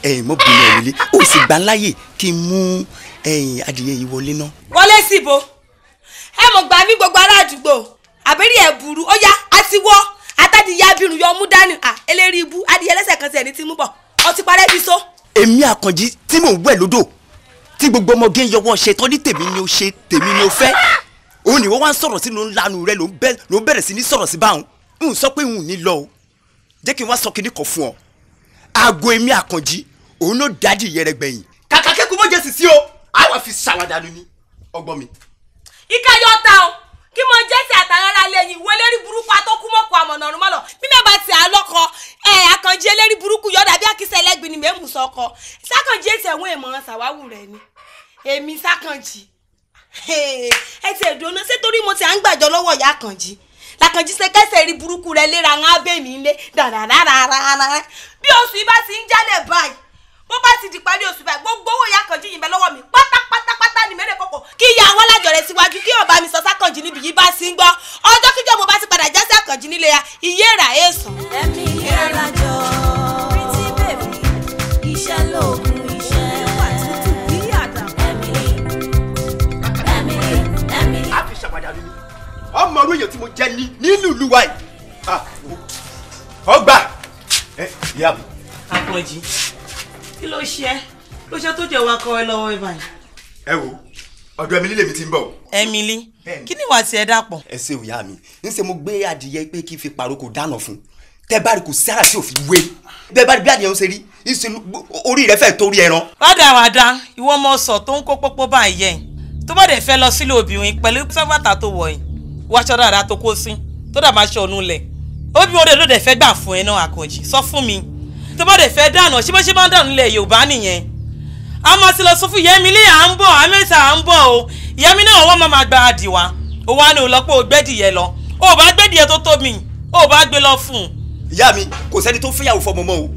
ẹ̀yin mo bínú ẹ̀ nílé ó sì gbà láyè kí n mú ẹ̀yin adìyẹ yìí wọlé náà. wọlé síbo ẹ mọ̀ gbà mí gbogbo ará àdúgbò àbẹ́rí ẹ̀ burú ó yá àti wọ́ àtàdìyẹ abirùn yọ ọmú dání à eléríibú adìyẹ lẹ́sẹ̀ kan sí ẹni tí mú bọ̀ ọtí parẹ́ bí so èmi àkànjí tí mò ń wẹ̀ lódò tí gbogbo ọmọge yọwọ́ ṣe tọ́ ní tèmi ni ó ṣe tèmi ni ó fẹ́ òun ni wọ́n wá ń sọ̀rọ̀ sí ló ń lanu rẹ ló ń bẹ̀rẹ̀ sí ní sọ̀rọ̀ sí báwọn n sọ pé n ò ní lọ o jẹ́ kí n wá sọ kinní kan fún ọ aago èmi àkànjí òun ló dájú ìyẹrẹ gbẹ̀yìn. kàkà kẹ́kọ̀ọ́ bó jẹ́ sì sí o àwa fi ṣàwádà nu ni ọgbọ́n mi. ìka ta o kí mo jẹ́ àtàwọn ará ilé yìí wo eléri burúkú atókú mọ̀kọ́ àmọ̀nà ọ̀run mọ́lọ̀ bí bá ti àlọ́kọ ẹ̀ àkànjí eléri burúkú yọ̀dà bí àkísẹ́ ẹlẹ́gbin ni mẹ́mú sọkọ sákànjí ètò ẹ̀wọ̀n èèmọ̀ sàwáwù rẹ̀ ni èmi sákànjí ẹ ti ẹ̀dùn ọ̀nà sétorí mo ti à ń gbàjọ lọ́wọ́ ìyá àkànjí làkànjí ṣe kẹsẹ̀ rí burúkú rẹ̀ léra ń ábẹ́mi lé dàdàdàdàdàdà bó bá ti di parí oṣù báyìí gbogbo owó ìyá kanjú yìí bẹ lọ́wọ́ mi pátápátápátá ni mẹ́rẹ̀ kọ̀kọ̀ kí ìyá àwọn alájọ rẹ̀ síwájú kí ọba mi sọ sákànjì níbi yìí bá sí ń gbọ́ ọjọ́ kíjọ́ mo bá ti padà já sí àkànjì nílé ya iye rà é sùn. ẹ̀mí alájọ pretty baby iṣẹ́ lóògùn iṣẹ́ ẹ̀mí ẹ̀mí ẹ̀mí. a fi ṣàwádà lórí ọmọ orí èèyàn tí mo jẹ ní nínú ìlú wa yìí ah, ọgbà ẹ ìyá mi. akọ̀jì kí ló ṣe ló ṣe tó jẹ́ wá kọ́ ẹ lọ́wọ́ ìbàyìí. ẹ wo ọ̀dọ̀ Emily lèmi ti ń bọ̀. Emily kí ni ìwà tí ẹ dàpọ̀. ẹ ṣe òyà mi ńṣe mo gbé adìyẹ pé kí n fi pàrokò dáná fún tẹ bá rí kò sára tí ò fi wé bẹ́ẹ̀ bá rí bí adìyẹ ń ṣe rí ńṣe orí rẹ fẹ́ torí ẹran. rádàràdà ìwọ ọmọ sọ tó ń kó pópó báyìí yẹn tó bá dẹ̀ fẹ́ lọ sílé obìnrin pẹ̀lú sábàtà tó wọ̀ yìí wáṣọ dáadáa tó kó sí tó dàbà aṣọ ònú lẹ̀ ó bí wọn lè lóde fẹ́ gbà fún ẹ náà àkànjì sọ fún mi tó bá dẹ̀ fẹ́ dànù ṣé bá ń dànù yorùbá nìyẹn a máa ti lọ sọ fún yẹmi lé à ń bọ̀ à ń o yẹmi náà wọ́n máa gba àdìwá o wá ní òlọ́pọ̀ lọ bá gbẹ́dìyẹ tó tóbi bá gbé lọ fún un. ìyá mi kò sẹ́ni tó fẹ́yàwó fọmọ mọ́ o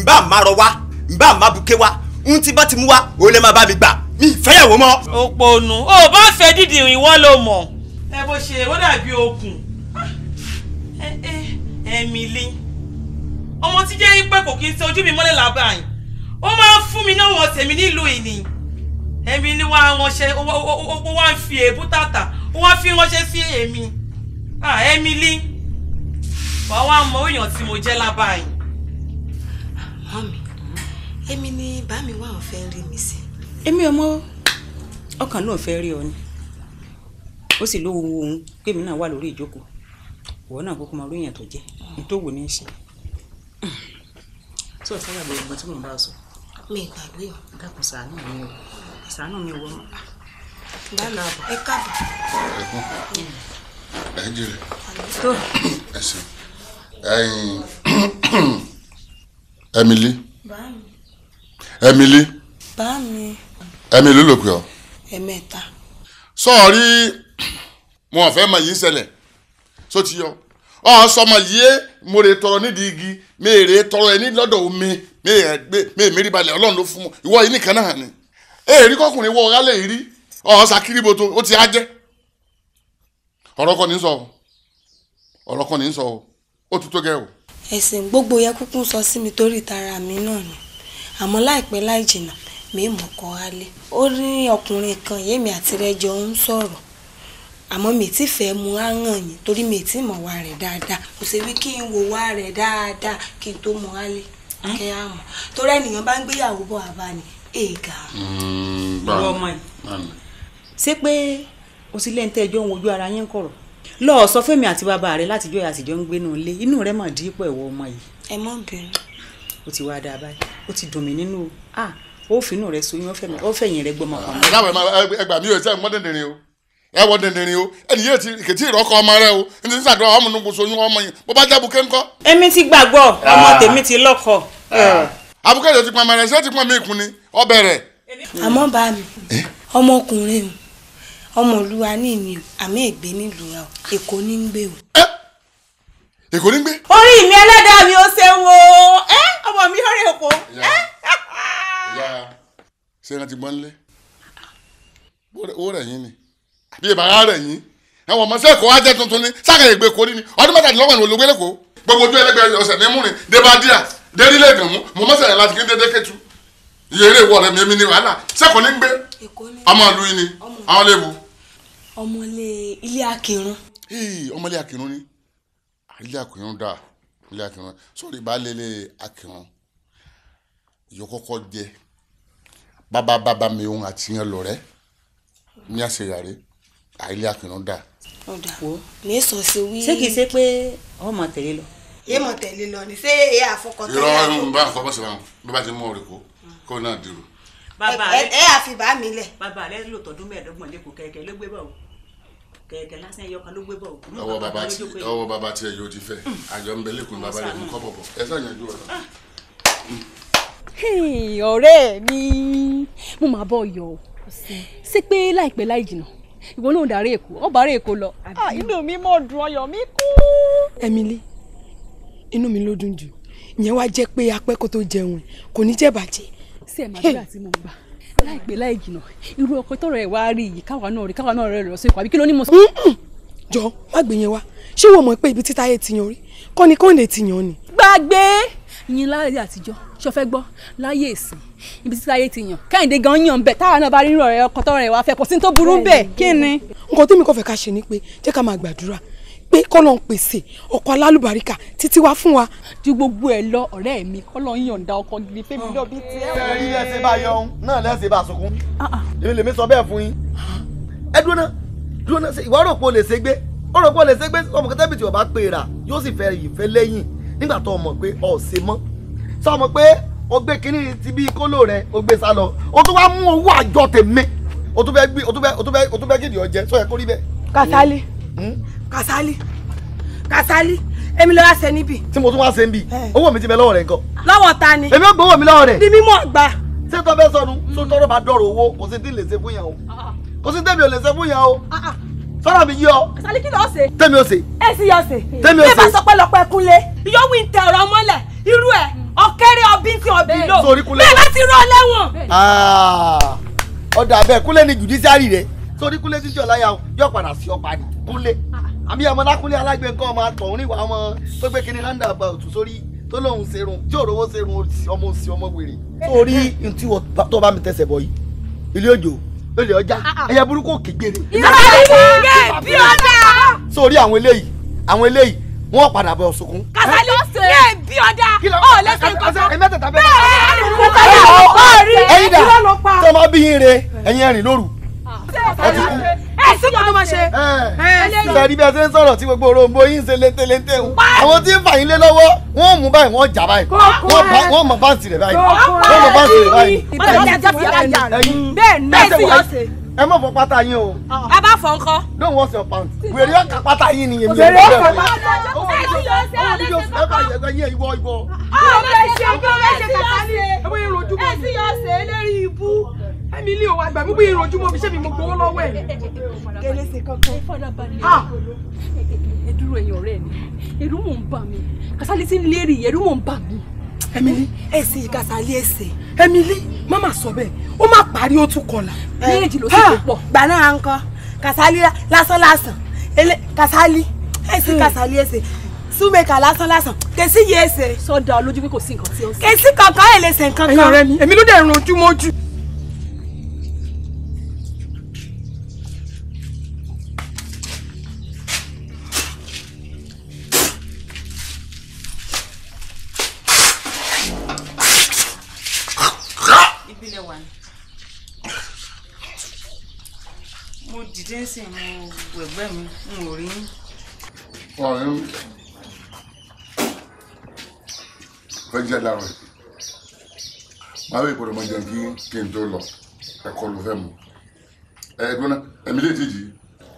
nbà má rọ wá nbà má buké wá n tí bá ti mú wá ó lè gbà mi fẹ́yàwó mọ́. bá fẹ́ dídì ló mọ̀ ẹ bó ṣe dàbí ah, eh, eh, ọmọ tí jẹ́ pé kò kí n ṣe ojú mi mọ́lẹ̀ làbá yìí ó máa ń fún mi náà wọ̀n tèmi nílùú ìní èmi ni wàá ránṣẹ́ ó wá ń fi èébú tààtà ó wá fi ránṣẹ́ sí èmi Emily wàá wá mọ èèyàn tí mo jẹ́ lábá yìí. mọ́mi èmi ni bá mi wá ọ̀fẹ́ rí mi sí. èmi ọmọ ọkàn ló ń fẹ́ rí ọ ni ó sì lówó ohun pé mi náà wà lórí ìjókòó ìwọ náà kúkú máa rí èèyàn tó jẹ ní tó wù ní í ṣe tí o sábà bẹ̀rẹ̀ tí mò bá sọ. mi gbàgbé o. dákun ṣàánú mi o ṣàánú mi wọ́n. dáná àbọ̀ ẹ káàbọ̀. ẹ ẹ jèrè. tó ẹ sìn ẹyin Emily. (clears throat) báàmì. Emily. báàmì. Emily ló pè ọ́. ẹ̀mẹ́ta. sọ̀rí wọn fẹ́ mọ yìí ṣẹlẹ̀ só ti yọ ọ̀ sọmọ yìí mo rè tọrọ nídìí igi mi rè tọrọ ẹni lọ́dọ̀ omi mi rè mérí balẹ̀ ọlọ́run ló fún mọ ìwọ yìí nìkan náà ni èèrí kọkùnrin wọ ọ̀rá lè rí ọ̀sà kiriboto ó ti á jẹ́ ọ̀rọ̀ kan ní sọ ọ̀rọ̀ kan ní sọ ó tún tó o. ẹ̀sìn gbogbo yẹ kúkú sọ sí mi torí tara mi náà ni àmọ́ láìpẹ́ láì jìnnà mi mọ̀ kọ́ alẹ́ ó rí ọkùnrin kan yémi àti rẹ jọ ń sọ̀rọ̀ àmọ́ mi ti fẹ́ mu áhàn yìí torí mi ti mọ̀ wá rẹ̀ dáadáa kò sí wí kí n wo wá rẹ̀ dáadáa kí n tó mọ álé kẹ́ á mọ̀ torí ènìyàn bá ń gbéyàwó bọ̀ àbá ni èèkà. Mm, ìwọ ọmọ yìí ṣé pé o sì lẹ́yìn tẹ́jọ́ ń wojú ara yín kọ̀rọ̀ lọ́ọ̀ sọ fẹ́mi àti bàbá rẹ látijọ́ àtijọ́ ń gbénu ilé inú rẹ mà dípò ẹ̀wọ̀ ọmọ yìí. ẹ mọ bínú. o ti wá dáa báyìí o ti dùn mí nínú o ah, ó finú rẹ soyún ó fẹ̀yìn rẹ gbọmọ ẹ gbà mí o ṣe é mọ́dẹ̀dẹ̀rin o ẹ wọ dandan ni o ẹni yéé ti kìtì ìrọ́kọ ọmọ rẹ o ẹni tí sàdúrà ọmọ nínú gbòòso oyún ọmọ yẹn bó bá jẹ́ abúké ńkọ́. èmi ti gbàgbọ́ ah. ọmọ tèmi ti lọ́kọ. abúké ah. eh. yóò ti pọn mẹrẹ ṣé ti pọn mí ìkun ni ọbẹ̀ rẹ̀. àmọ́ bá mi eh? ọmọkùnrin o ọmọ olúwa ní ìní o àmì ègbé nílùú wa o èkó ní ń gbé o. Eh? èkó ní ń gbé. orí mi ẹlẹ́dàá mi ó ṣe wo ọmọ mi ó rè èkó. ṣé ẹ ti gbọ́n lé? Ah. ó rẹ̀ yín ni bí ìbára rẹ̀ yín àwọn ọmọ sẹ́kọ̀ọ́ ajẹ́ tuntun ni sákàyè gbé kórì ni ọdún mẹ́tàdínlọ́gbọ̀n ni olùgbé lẹ́kọ̀ọ́ gbogbo ojú ẹlẹgbẹ́ ọ̀sẹ̀ ní múrin débàdíà dérílẹ̀ ìdààmú mo mọ́sẹ̀ yẹn láti kí n dédé kẹ́tù yèrè ìwọ rẹ̀ mímí ni wàhálà sẹ́kọ̀ọ́ ní gbé ọmọ ìlú yìí ni àwọn léwu. ọmọlé ilé akirun. ọmọlé akirun ni ah, ilé akirun dáa ilé akirun sọ̀rọ̀ ìbálẹ̀ ilé akirun ìyókọ́kọ́ jẹ bábá bábá mi òun àti yẹn lọ rẹ ní àṣeyàrí àìlè àfihàn dà. ọ̀dà mi sọ sí wí. ṣé kìí ṣe pé ọmọ tẹ̀lé lọ. yé mọ tẹ̀lé lọ ni ṣé èyí àfọkọtẹ. irọ́ ń bá àfọwọ́ sí wọn bí bá ti mú ọ̀rẹ́ kó kó náà dìrò. bàbá rẹ ẹ àfibà mi lẹ. bàbá rẹ ló tọdún mẹ́ẹ̀ẹ́dọ́gbọ̀n lẹ́kọ̀ọ́ kẹ̀kẹ́ ló gbé bọ̀ o kẹ̀kẹ́ lásán ẹ̀yọ́ ló gbé bọ̀ o. ọwọ́ bàbá tí ọwọ́ bàbá tí ẹ ti fẹ́ hmm. àjọ ń bẹ lẹ́kùn bàbá rẹ mú kọ́ bọ̀bọ̀ ẹ sàyànjú ọ̀rọ̀ hmm. ọ̀rẹ́ mi mo máa bọ̀ yọ̀ ọ́ sí pé láìpẹ́ láì jìnnà ìwọ náà dàrí èkó ó bàárẹ èkó lọ. Ah, inú mi mọ̀ dùn ọyọ̀ mi kú. Emily inú mi ló dùn jù ìyẹn wá jẹ́ pé apẹ́ kó tó jẹun kò ní jẹ́ bàjẹ́. sí ẹ̀ màdúrà tí mo gbà láìpẹ́ láì jìnnà irú ọkọ tọrọ ẹ̀ wá rí yìí káwa náà rí káwa náà rẹ̀ lọ sí ikọ̀ àbí kí ló ní mo sọ. Mm, mm. jọ má gbé yẹn wá ṣé wọ́n mọ̀ pé ibi títáyé ti yan rí kọ́ni kọ́ni lè ti yan ni. gbàgbé yín láàyè àtijọ́ ṣe fẹ́ gbọ́ láyé ìsìn ibi títí ayé ti yàn kẹ́hìndé gan yàn bẹ́ẹ̀ táwa náà bá rí ọ̀rẹ́ ọkọ tọrọ ẹ̀ wá fẹ́ kò sí tó burú bẹ́ẹ̀ kí ni. nǹkan tí mi kò fẹ́ ká ṣe ni pé jẹ́ ká máa gbàdúrà pé kọ́lọ́n pèsè ọkọ alálùbáríkà títí wá fún wa. ju gbogbo ẹ lọ ọ̀rẹ́ mi kọ́lọ́n yọ̀ǹda ọkọ gidi fẹ́mi náà bíi tiẹ̀. ṣe rí lẹ́sẹ̀ bá yọ ohun náà lẹ́sẹ̀ bá sunkún èmi lèmi sọ bẹ́ẹ̀ fún yín. ẹ dúró náà o lè o rò o lè ṣe gbé ọmọ kẹtẹ́bìtì ọba pè rà yóò sì fẹ́ yìí fẹ́ lẹ́yìn nígbà tó sọmọ pé o gbé kínní ti bí kóló rẹ o gbé sá o tún wá mú owó àjọ tèmi o tún fẹ́ gbé o tún fẹ́ o tún fẹ́ o tún fẹ́ gidi ọjẹ sọ yẹ kó rí bẹ́ẹ̀. Kasali hmm? Kasali Kasali Emi ló wá ṣe níbí. tí mo tún wá ṣe níbí eh. owó mi ti bẹ lọ́wọ́ rẹ nǹkan. lọ́wọ́ ta ni. èmi ò gbowó mi lọ́wọ́ rẹ. bí mímọ̀ gbà. ṣé tó fẹ́ sọnù tó tọrọ bá dọ̀rọ̀ owó kò sí tí ṣe fún yàn o kò sí tẹ̀mí ò lè ṣe fún yàn o ah, ah. sọ́dọ̀ mi yí ọ. Kasali kí ló ṣe. tẹ̀mí ò ṣe. èsì yọ̀ ṣe. tẹ̀mí ò ṣe. bí bá sọ pé lọ́pẹ́ kúnlé yóò wí ń ọ̀rọ̀ mọ́lẹ̀ irú ẹ̀ ọ̀kẹ́rẹ́ ọbí ti ọ̀bí lò bẹ́ẹ̀ bá ti rán lẹ́wọ̀n. Ah, ọ̀dà bẹ́ẹ̀ kúnlẹ̀ ni judiciary rẹ̀ torí kúnlẹ̀ sísè ọ̀láyà yóò padà sí ọ̀pá ni kúnlẹ̀ àbí ọmọ lákúnlẹ̀ alágbè nǹkan ọmọ àtọ̀hún níwà ọmọ tó gbé kinní hand about sórí tó lóun serun tí òrówó serun ọmọ òsì ọmọ wèrè. torí ntí tó bá mi tẹsẹ̀ bọ̀ yìí ilé òjò lórí ọjà ah, ah. ẹyẹ burúkú òkè gbére. ìrọ̀lẹ́ bí ọ̀dà. sórí àwọn eléyìí àwọn eléyìí wọ́n padà bọ̀ sókun. kásálí ẹ bí ọdá ọ lẹsẹ nǹkan bẹ́ẹ̀ ẹ kú kọjá ọ rí ẹyin dà tó máa bí yín re ẹyin ẹrìn lóru ẹ ti kú ẹ sí kò tó máa ṣe. sẹ́ẹ̀dì bí a ṣe ń sọ̀rọ̀ tí gbogbo òrombó yín ṣe létélété o àwọn tí ń fà yín lé lọ́wọ́ wọ́n mú báyìí wọ́n jà báyìí wọ́n mọ báǹsì rẹ̀ báyìí wọ́n mọ báǹsì rẹ̀ báyìí ẹ má fọ pátá yín o. a bá fọ nǹkan. don wash your pants. wèrè yóò ka pátá yín nìyẹn. wèrè yóò ka pátá yín. ọmọ ìjọ ọmọ ìjọ ẹ bá yẹ ẹ yẹ ìwọ ìwọ. ọmọ ìjọ ọmọ ìjọ kàkà ni ẹ bá yẹ rojú mọ́. ẹ sì yọ ṣe é lérí ibú. ẹmi ilé òwò àgbà gbogbo yẹn rojú mọ́ fi ṣé mi mo gbowó lọ́wọ́ ẹ̀. kẹlẹ ṣe kankan. ẹ dúró ẹ̀yin ọ̀rẹ́ mi ẹ̀rù mò ń bà mí Kasali ti ń lérí ẹ̀rù mò ń bà mí. Emily. ẹsìn ìkàsálí ẹsẹ. Emily má má sọ bẹ́ẹ̀ ó má parí ó tún kọlà. méjì ló sì tó pọ̀. gbà náà ń kọ kàsálí lásán lásán kàsálí ẹsìn kàsálí hmm. ẹsẹ súnmẹ́kà lásán lásán kèsì yẹ ẹsẹ. sọdọ lójú pé kò sí nǹkan tí ó ń sọ. kèsì kankan ẹ̀ lè ṣe nǹkan kan. ẹ̀yin ọ̀rẹ́ mi èmi ló dẹ̀ rún mọ́jú. dé sí mo wẹ̀gbẹ́ mi n ò rí. ọ̀rẹ́ mi fẹ́ jẹ́ dàrú máa wẹ̀ ìpọ̀dọ̀ máa jẹun kí kí n tó lọ ẹ̀kọ́ ló fẹ́ mu ẹ̀ẹ́dún náà ẹ̀mí lè tìjì.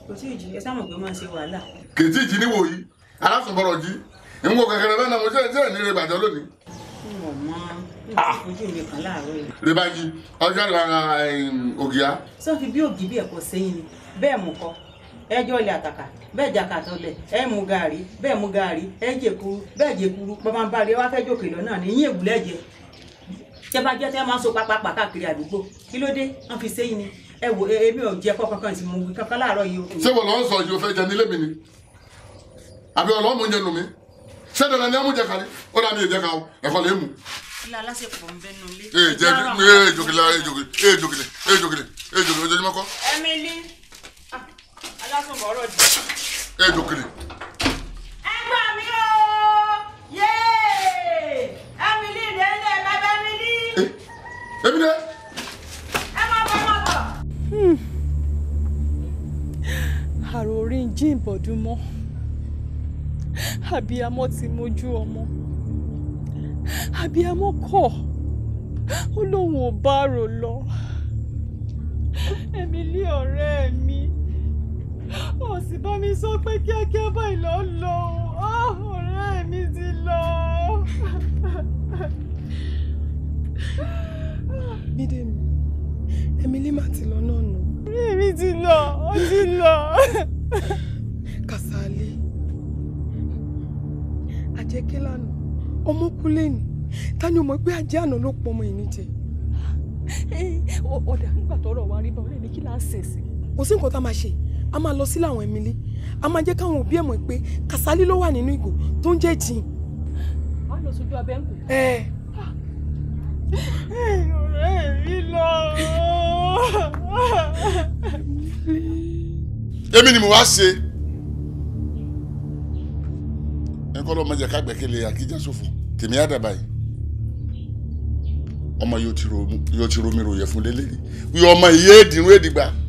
kò tí ì jí ẹ sáwọn ògbé máa ṣe wàhálà. kì í tí ì jí níwò yìí alásùnbọ̀rọ̀ jí ìwọ kékeré lọ́nà mo jẹ́ mo mọ ah! ojú mi kan láàárọ̀ yìí. rìbájí ọjọ́ ìlànà ògìá. sọ fi bí ògì bí ẹ̀kọ́ sẹ́yìn ni bẹ́ẹ̀ mú kọ́ ẹjọ́ ilẹ̀ àtàkà bẹ́ẹ̀ jàkàtọ̀ lẹ̀ ẹ mú gàrí bẹ́ẹ̀ mú gàrí ẹ jẹ̀kuru bẹ́ẹ̀ jẹ̀kuru bàbá ń bá rí ẹ wá fẹ́ jòkè lọ náà ní yín èbúlẹ̀ jẹ tẹ bá jẹ tẹ máa ń so pápápá káàkiri àdúgbò kí ló dé wọn fi sẹ́yìn ni ẹ wò èmi ò jẹ kọkàn kan sì mú wí kankan láàárọ̀ yìí o. ṣé wọn lọ ń sọ yìí o fẹ́ jẹ nílé mi ni àbí ọlọ́mú ń jẹ nù mí ṣé dandan ni ẹ mú jẹ kárí ó dà mí ìjẹ ká o ẹ̀kọ́ lè mú. ilé aláṣepọ̀ ń bẹ́ nu ilé. ee jẹ́ ee jòkìlẹ̀ ee jòkìlẹ̀ ee jòkìlẹ̀ ee jòkìlẹ̀ ojoojúmọ́ kọ́. Emily ẹ dòkèrè. ẹ gbà mí o yéé Emily rẹ lẹ bàbá mi ní. èmi eh, dẹ. ẹ máa bọ máa bọ. Hmm. àrò orí ń jí ìbọ̀dún mọ́ àbíyamọ ti mójú ọmọ àbíyamọ kọ̀ ó lóun ò bá rò lọ Emily ọ̀rẹ́ mi ó sì bá mi sọ pé kíákíá báyìí lọ lọ ọ̀rẹ́ mi ti lọ. bídèmí emily má ti lọ náà nù. orí mi ti lọ ó ti lọ. kàsálí àjẹkẹ́ lánàá ọmọ kú lẹ́nu ni o mọ̀ pé ajé àná ló pọ̀ ọmọ yìí níjẹ. ọ̀dà nígbà tọrọ wa rí bá ọ̀rẹ́ kí là sẹ̀ sí. kò sí nǹkan tá a máa ṣe a máa lọ sí làwọn Emily a máa jẹ́ káwọn òbí ẹ̀ mọ̀ pé Kàsálí ló wà nínú ìgò tó ń jẹ́ jìn. a lọ sójú abẹ́ ń kù. ẹ ọ̀rẹ́ mi lọ. èmi ni mo wá ṣe ẹ kọ́ ló máa jẹ ká gbẹ̀kẹ̀lé àkíjà ṣòfò tèmi á dàbà yìí ọmọ yóò ti ro mi ròyìn fún lélẹ́rìí wí ọmọ ìyé èdìrún èdìgbà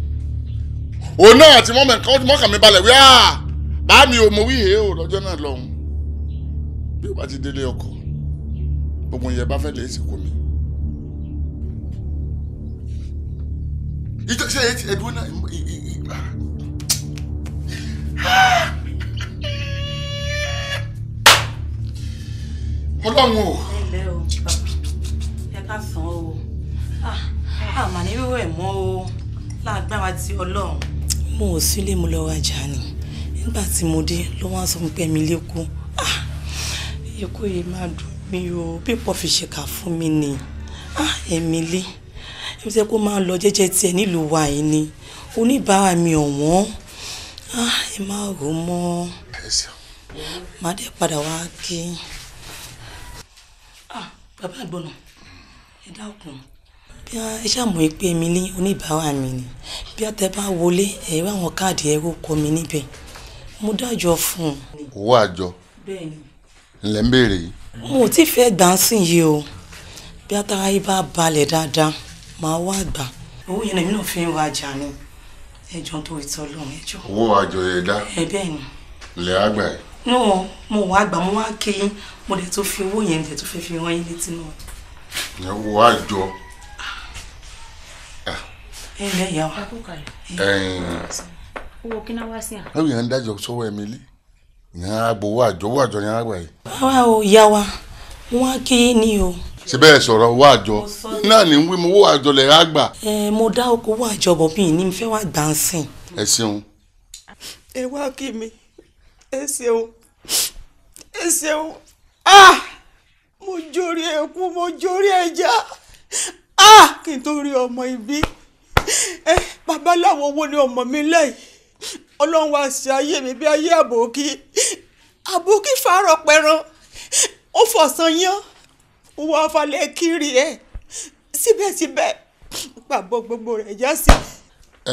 òun náà àti mọ́kàn mi balẹ̀ wí ah, áà mi ò mọ̀ wíyè o lọ́jọ́ náà lọ́hùn bí o bá ti délé ọkọ gbogbo yẹn bá fẹ́ lè ṣe kó mi. ìjọ ṣe ẹdùn náà ìgbà. Ah. ọlọ́run o. ẹ ká sàn o àmàlẹ́ ah, wíwọ̀ mọ́ o láàgbára ti ọlọ́run mo ò sílé mo lọ rajà ni nígbà tí mo dé ló wá sọ pé mi lẹ́kọ́ ah ikú yìí máa dùn mí o pípọ̀ fi ṣèkà fún mi ni ah ẹ̀mí lé ẹ̀mí sẹ́ kó máa lọ jẹ́jẹ́ tiẹ̀ nílùú wa yìí ni oníbàárà mi ọ̀wọ́n ah ẹ má rò mọ́ màá dẹ̀ padà wá kí ah bàbá àgbọ̀nà ẹ dákun bí a ẹ ṣàmọ̀ pé Emily oníbàárà mi ni bí a tẹ bá wọlé ẹ rí àwọn káàdì ẹrú kọ mi níbẹ̀ mo dájọ́ fún un. owó àjọ ńlẹ̀ ń béèrè yìí. mo ti fẹ́ gbà á sìn yìí o bí atara yìí bá balẹ̀ dáadáa máa wá gbà. owó yẹn lèmi náà fi ń rajà ni ẹjọ́ tó ìtọ́ lọ́run ẹjọ́. owó àjọ yẹn dá. ẹ àgbà yìí. nù mo wá gbà mo wá kí mo dẹ̀ tó fi owó yẹn dẹ̀ tó fẹ́ fi rán yín létí náà. ẹ àjọ ilẹ̀ yà wá. owó kí náà wá sí à. báwo yẹn ń dájọ sọ́wọ́ Emily yẹn á gbowó àjọ owó àjọ yẹn á gbà yìí. rárá o ìyá wa wọn kí ni o. ṣe bẹ́ẹ̀ sọ̀rọ̀ owó àjọ náà ní wí mo owó àjọ lẹ̀ á gbà. ẹ mo dá oko owó àjọ bọ̀ bí ní fẹ́ wá gbà ń sìn. ẹ ṣeun. ẹ wá kí mi ẹ ṣeun ẹ ṣeun ah mo jórí ẹkú mo jórí ẹja ah kí n tó rí ọmọ ibi ẹ eh, bàbá láwọn owó ni ọmọ mi lẹ́yìn ọlọ́run wá sí ayé mi bí ayé àbòkí àbòkí fàárọ̀ pẹran ó fọ̀sán yán wọ́n afalẹ̀ kiri ẹ̀ síbẹ̀síbẹ̀ pàbọ̀ gbogbo rẹ̀ já sí.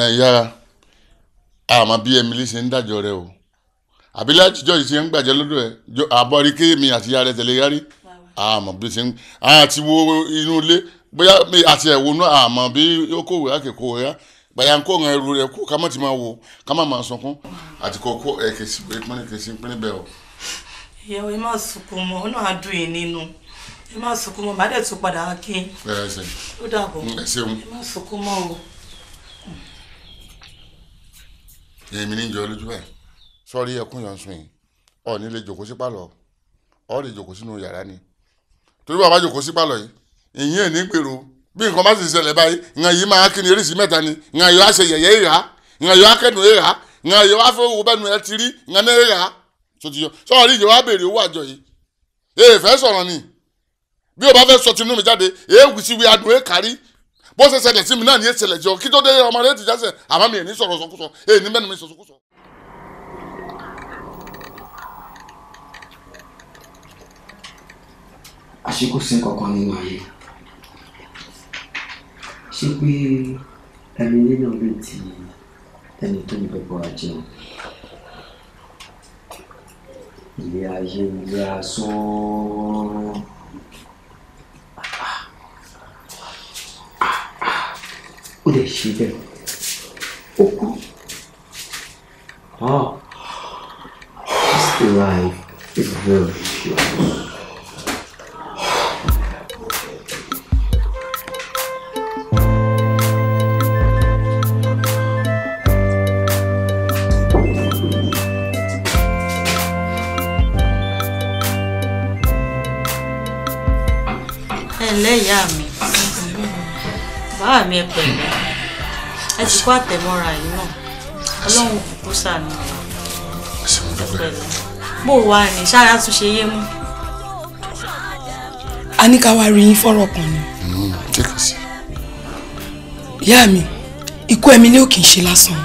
ẹ yára àmọ́ bí Emily ṣe ń dájọ́ rẹ o àbí látijọ́ yìí ṣe ń gbàjẹ́ lọ́dọ̀ ẹ̀ àbọ̀rí kéèmí àti ìyá rẹ̀ tẹ̀lé yárí àmọ́ bí ṣe ń àti wo inú ilé bóyá àti ẹ̀wò náà àmọ́ bí ó kòwé àkèkòwé á gbàyà ń kó ọ̀ràn ẹrù rẹ kú ká má ti máa wò ká má máa sunkún àti kò kó ẹ kèsì pé pínlẹ̀ kèsì pínlẹ̀ bẹ́ẹ̀ o. ìyàwó ẹ má sunkún mọ́ ọ náà dùn yín nínú ẹ má sunkún mọ́ bàdẹ tún padà kí n ó dàbọ̀ ẹ má sunkún mọ́ o. èmi ní ìjọ lójú ẹ sọrí ẹkún yọ sùn yìí ọ nílé jòkó sí ọ lè jòkó sínú yàrá ni torí bàbá jòkó sí yìí ìyín ẹ̀ ní gbèrò bí nǹkan bá sì ṣẹlẹ̀ báyìí ìyàn yìí máa kí ni eréṣì mẹ́ta ni ìyàn yóò ṣe yẹ̀yẹ́ ìhà ìyàn yóò kẹ́dùn ìhà ìyàn yóò wá fowó bẹ́nu ẹ ti rí ìyàn ní ìhà sotiyọ sọ́ọ̀rì yìí wá béèrè owó àjọ yìí èè fẹ́ sọ̀rọ̀ ni bí o bá fẹ́ sọ tinú mi jáde èè wù sí wi adùn èè kárí bó ṣe ṣẹlẹ̀ sí mi náà ni èè ṣẹlẹ̀ jọ kí tó dé ọmọ rẹ ti jáṣẹ àmọ́ mi kankan nínú ayé ṣé pé ẹni ilé náà lè ti ẹni tó ń bẹ̀bọ̀ àjẹun ilé ayé ilé asán ó lè ṣe bẹ́ẹ̀ ó kú This life is very short. ńlẹ́ ìyá mi bàbá mi ẹ pẹ̀lú ẹ ti kó àtẹ̀mọ́ra yìí náà ọlọ́run kúkú sànù ẹ pẹ̀lú bó wà ní ṣáà tún ṣe yé mú. a ní ká wá rí yín fọ́rọ̀ kan ni. Hmm, ìyá mi ikú ẹ̀mí ni ó kì í ṣe lásán.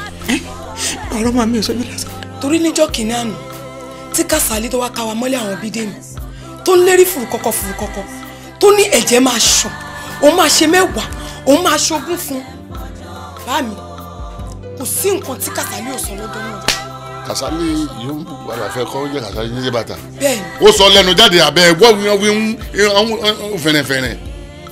ọ̀rọ̀ màmí ò sọ́bí lásán. torí níjọ́ kìnínní àná tí kásálí tó wá ká wa mọ́lẹ̀ àwọn bídèmí tó ń lérí fùrùkọ́kọ́ fùrùkọ́kọ́ tó ní ẹ̀jẹ̀ máa ṣàn òun máa ṣe mẹ́wàá òun máa ṣogún fún bá mi kò sí nǹkan tí Kàsálí ò sọ lọ́dọ̀ náà. Kàsálí yóò ń bùkún àlàfẹ́ kọ́ jẹ́ Kàsálí níjẹ́ bàtà. bẹ́ẹ̀ni. ó sọ lẹ́nu jáde àbẹ́ ẹ̀gbọ́ wíwọ́n fẹ̀rẹ̀fẹ̀rẹ̀.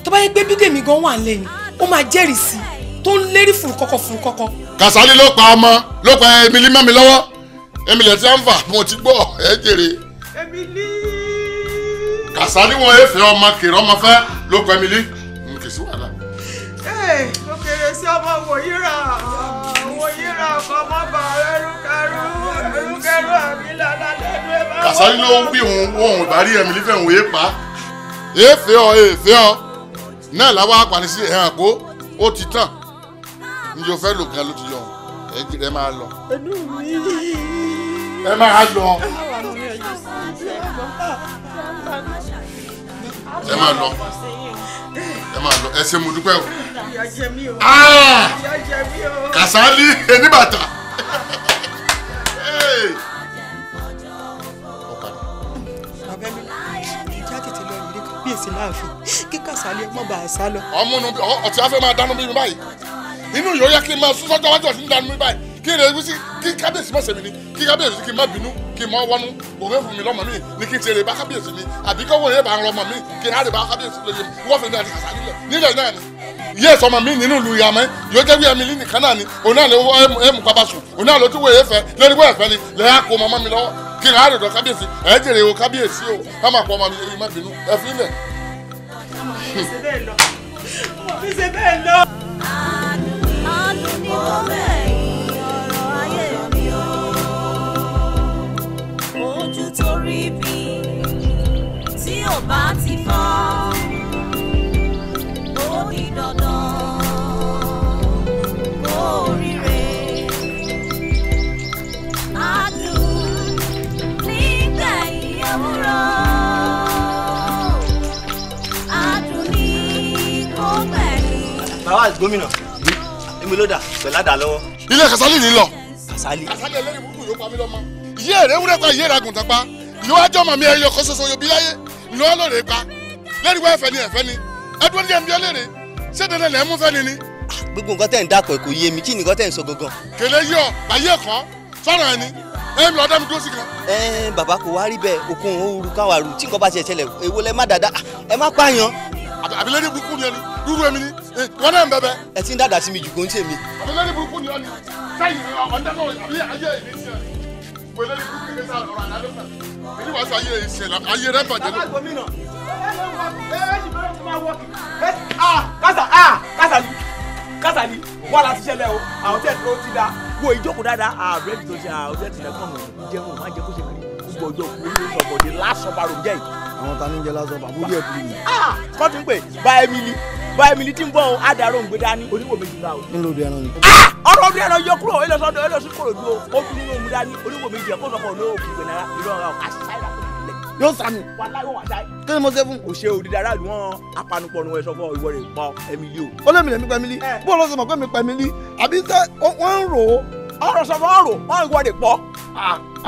tó bá yẹ pé bídèmí gan wà lẹ́yìn ó máa jẹ́rìí sí i tó ń lérí fùrùkọ́kọ́ fùrùkọ́kọ́. Kàsálí ló pa ọmọ ló pa Emily mọ́ mi lọ́wọ́ Emily tí wọ́n ń fà mo ti gbọ́ ẹ jèrè. Emily kàṣà níwọ̀n èèfẹ́ ọmọ kèrè ọmọ fẹ́ ló pẹ́ mi lé n kì í sí wàhálà. ee òkèrè sí ọmọ wòyíra wòyíra ọkọ ọmọ bá ẹrúkẹrú ẹrúkẹrú àbí lálálẹ́nu ẹ bá wọ́n. kàṣà nílò ń bí òun òun ìbá rí ẹ̀mí lífẹ̀ òun èèpá èèfẹ́ ọ èèfẹ́ ọ náà làwọn apàní sí ẹ̀hàn kó ó ti tàn níjọ fẹ́ lò ló ti yọ ẹ máa lọ. ẹ máa lọ. ẹ máa lọ ẹ máa lọ ẹ mo dúpẹ́ o. ìyá jẹ mí o. Ah! ìyá jẹ mí o. Kàsálí eníbàtà. abẹ́mi ìjà tètè lọ ìlú kábíyèsí láàfin kí Kàsálí ọmọ bàá sá lọ. ọmọ nù ọtí afẹ́ máa dánú bí mi báyìí inú yóò yẹ kí n máa sún sọ́jọ́ wájú ọ̀sìn dánú mi báyìí kí rẹ egusi kí kábíyèsí má sẹmi ni kí kábíyèsí kí n má bínú kí n má wọnú òwe fún mi lọmọ mi ni kí n ṣe lè bá kábíyèsí mi àbí kọ́ wọ́n yẹn bá ń rọmọ mi kí n á lè bá kábíyèsí lóye wọ́n fi mi àti kàṣà nílẹ̀ nílẹ̀ náà ni yíyẹ sọmọ mi nínú ìlú yamẹ yóò jẹ́ bí Emily nìkan náà ni òun náà lè wọ ẹmu kaba sùn òun náà ló tún wọ èéfẹ lórí wọ ẹfẹ ni lẹ́yìn àpò mọmọ mi lọ́wọ́ kí n á lè dọ kábíyèsí ẹ jèrè o kábíyèsí o ká máa pọ ọmọ mi èyí má bínú ẹ fi lẹ. ọmọ mi ṣe bẹ́ẹ̀ lọ. ọmọ mi ṣe bẹ́ẹ̀ lọ. àdùn ní kò bẹ́ẹ̀. bá ti fọ́ ó di dandan kó ríre adùn nígbẹ̀yìn òwúrọ̀. Bàbá gómìnà, èmi ló dà pẹ̀lú àdá lọ́wọ́. Ilé Kasali. ni lọ. Kàsálì. Kàsálì ẹlẹ́rìí burúkú yóò pa mí lọ́mọ. Ìyé èrè wúrẹ́ pa ìyé ìragùn tán pa. Ìyó ajọ́ màmí ẹyọ kan ṣoṣo yóò bí láyé ni wọ́n lóore pa lẹ́rìí wá ẹ̀fẹ́ ni ẹ̀fẹ́ ni ẹdún díẹ̀ bí ọlẹ́rẹ̀ ṣé dandan lẹ́mú fẹ́ ni ni. gbogbo nǹkan tẹ̀ ń dàpọ̀ kò yé mi kí ni nǹkan tẹ̀ ń sọ gangan. kèlè yọ ayé ẹ̀kọ́ sọ̀rọ̀ ẹni ẹ̀mí ọ̀dọ́ mi dúró sí kan. ẹ ẹ bàbá kò wá rí bẹ́ẹ̀ okun òru káwa rù tí nǹkan bá ti ẹ̀ ṣẹlẹ̀ èwo lẹ má dáadáa ah, ẹ má pààyàn. àbílẹ̀ ní burúkú ni ẹni dúró ẹ̀mí ni wọn náà ń bẹ̀bẹ̀. ẹ ti ń dàdà sí mi jù kó ń tèmi. àbílẹ̀ ní burúkú ni ẹni sẹ́yìn ọ̀ndẹ́kọ̀ àbí ayé ìrísí ẹni pẹ̀lẹ́ ní kúkú kẹta ọ̀rọ̀ àlálẹ́ fà èyí wàá sọ ayé ìṣẹ̀lẹ̀ ayé rẹ bàjẹ́ lọ. kásà kásàlí kásàlí wà láti ṣẹlẹ̀ o àwọn tẹ̀ tó ti da wo ìjókòó dáadáa ààrẹ tó ṣe àwọn tẹ̀ tilẹ̀ kàn mọ̀ jẹun máa jẹ kó ṣe kiri gbogbo kúrò ní sọ̀bọ̀dé lásán yìí. àwọn ta ni ń jẹ lásán bá bóyá kúrò ní. kọ́ bá Emily bá Emily tí ń bọ̀ ọ́ ń gbé dání oníwò méjìlá o. nílò òde ẹran ni ọ̀rọ̀ bí ẹ̀rọ yọ kúrò ẹlọ́sọ̀dọ̀ ẹlọ́sọ̀ kúrò dúró ó fi nínú omi dání oníwò mi jẹ fún ọ̀sọ̀kọ̀ olówó gbígbẹ̀ náírà ìlú ọ̀rọ̀ àṣà ìlà yóò sàmì kí ni mo ṣe fún. o ṣe òdìdí aráàlú wọn apanupọ̀nù ẹ̀ sọ́kọ́ ìwọ rẹ̀ pa Emily o. ó lé mi lè mi pa bó ló ṣe mọ̀ pé mi pa àbí sẹ́ wọ́n ń rò ó. ọ̀rọ̀ sọ̀rọ̀ ọ̀rọ̀ wọ́n ìwọ rẹ̀ pọ̀.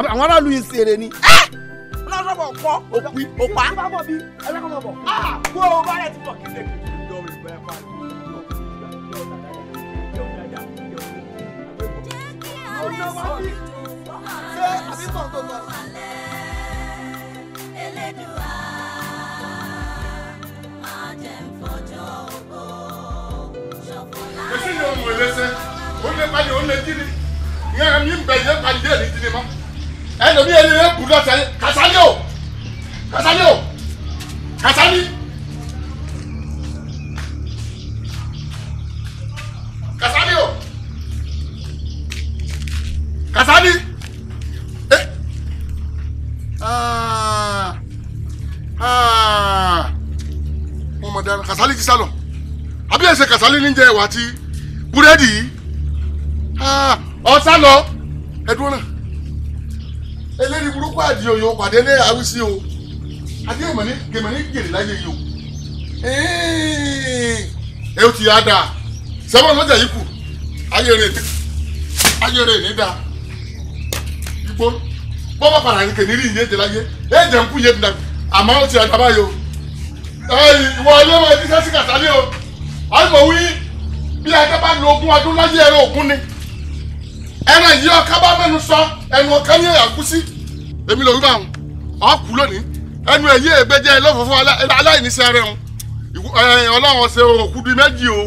àwọn aráàlú yìí ṣeré ni. ọlọ́sọ̀bọ̀ kọ́ òpin òpá. ẹ̀rọ kan mọ̀ lọ wá bí ṣé àbí kàn tó lọ. Elédùà máa jẹ́ fọjọ́ ògbó ṣọ̀fọ̀ láyé. Èsì yóò mú ẹlẹ́sẹ̀, ó lé pàdé, ó o! Kàsálí o! Kàsálí! Kasali. Ah. Ah. Mo mọ̀ dára Kasali ti sá lọ. Àbí ẹ̀sẹ̀ Kasali ní jẹ ìwà àti búrẹ́dì yìí. Ah. Ọ̀sá lọ. Ẹ̀dùn náà. Eléyìí burúkú àdìyàn yóò pàdé ní àwísí o. Adéyẹ̀ mọ̀ ní gèmọ̀ ní gèrè láyé yìí o. Ẹ ó ti yá dáa. Sẹ́wọ̀n lọ́jà yìí kù. Ayé rẹ̀ ayé rẹ̀ ní gbó bọ́bọ̀ padà ní kèmí rí iye jẹ láyé ẹ jẹ ń kú iye dùn àmọ́ ó ti ẹ̀ dábàá yìí o ìwọ ilé wa ẹni sẹ́sì kàtàlẹ́ o àìmọ̀ wí bí ajá bá lo ogún ọdún láyé ẹ̀rọ ògún ni ẹran yìí ọkà bá mẹ́nu sọ ẹnu ọkà ní ẹ̀yà kú sí èmi lòún bá wọn ọkù lónìí ẹnu ẹ̀yẹ ẹgbẹ́jẹ́ ẹlọ́fọ̀fọ́ aláìníṣẹ́ rẹ̀ wọn ọlọ́run ọ̀sẹ̀ òkú di méjì o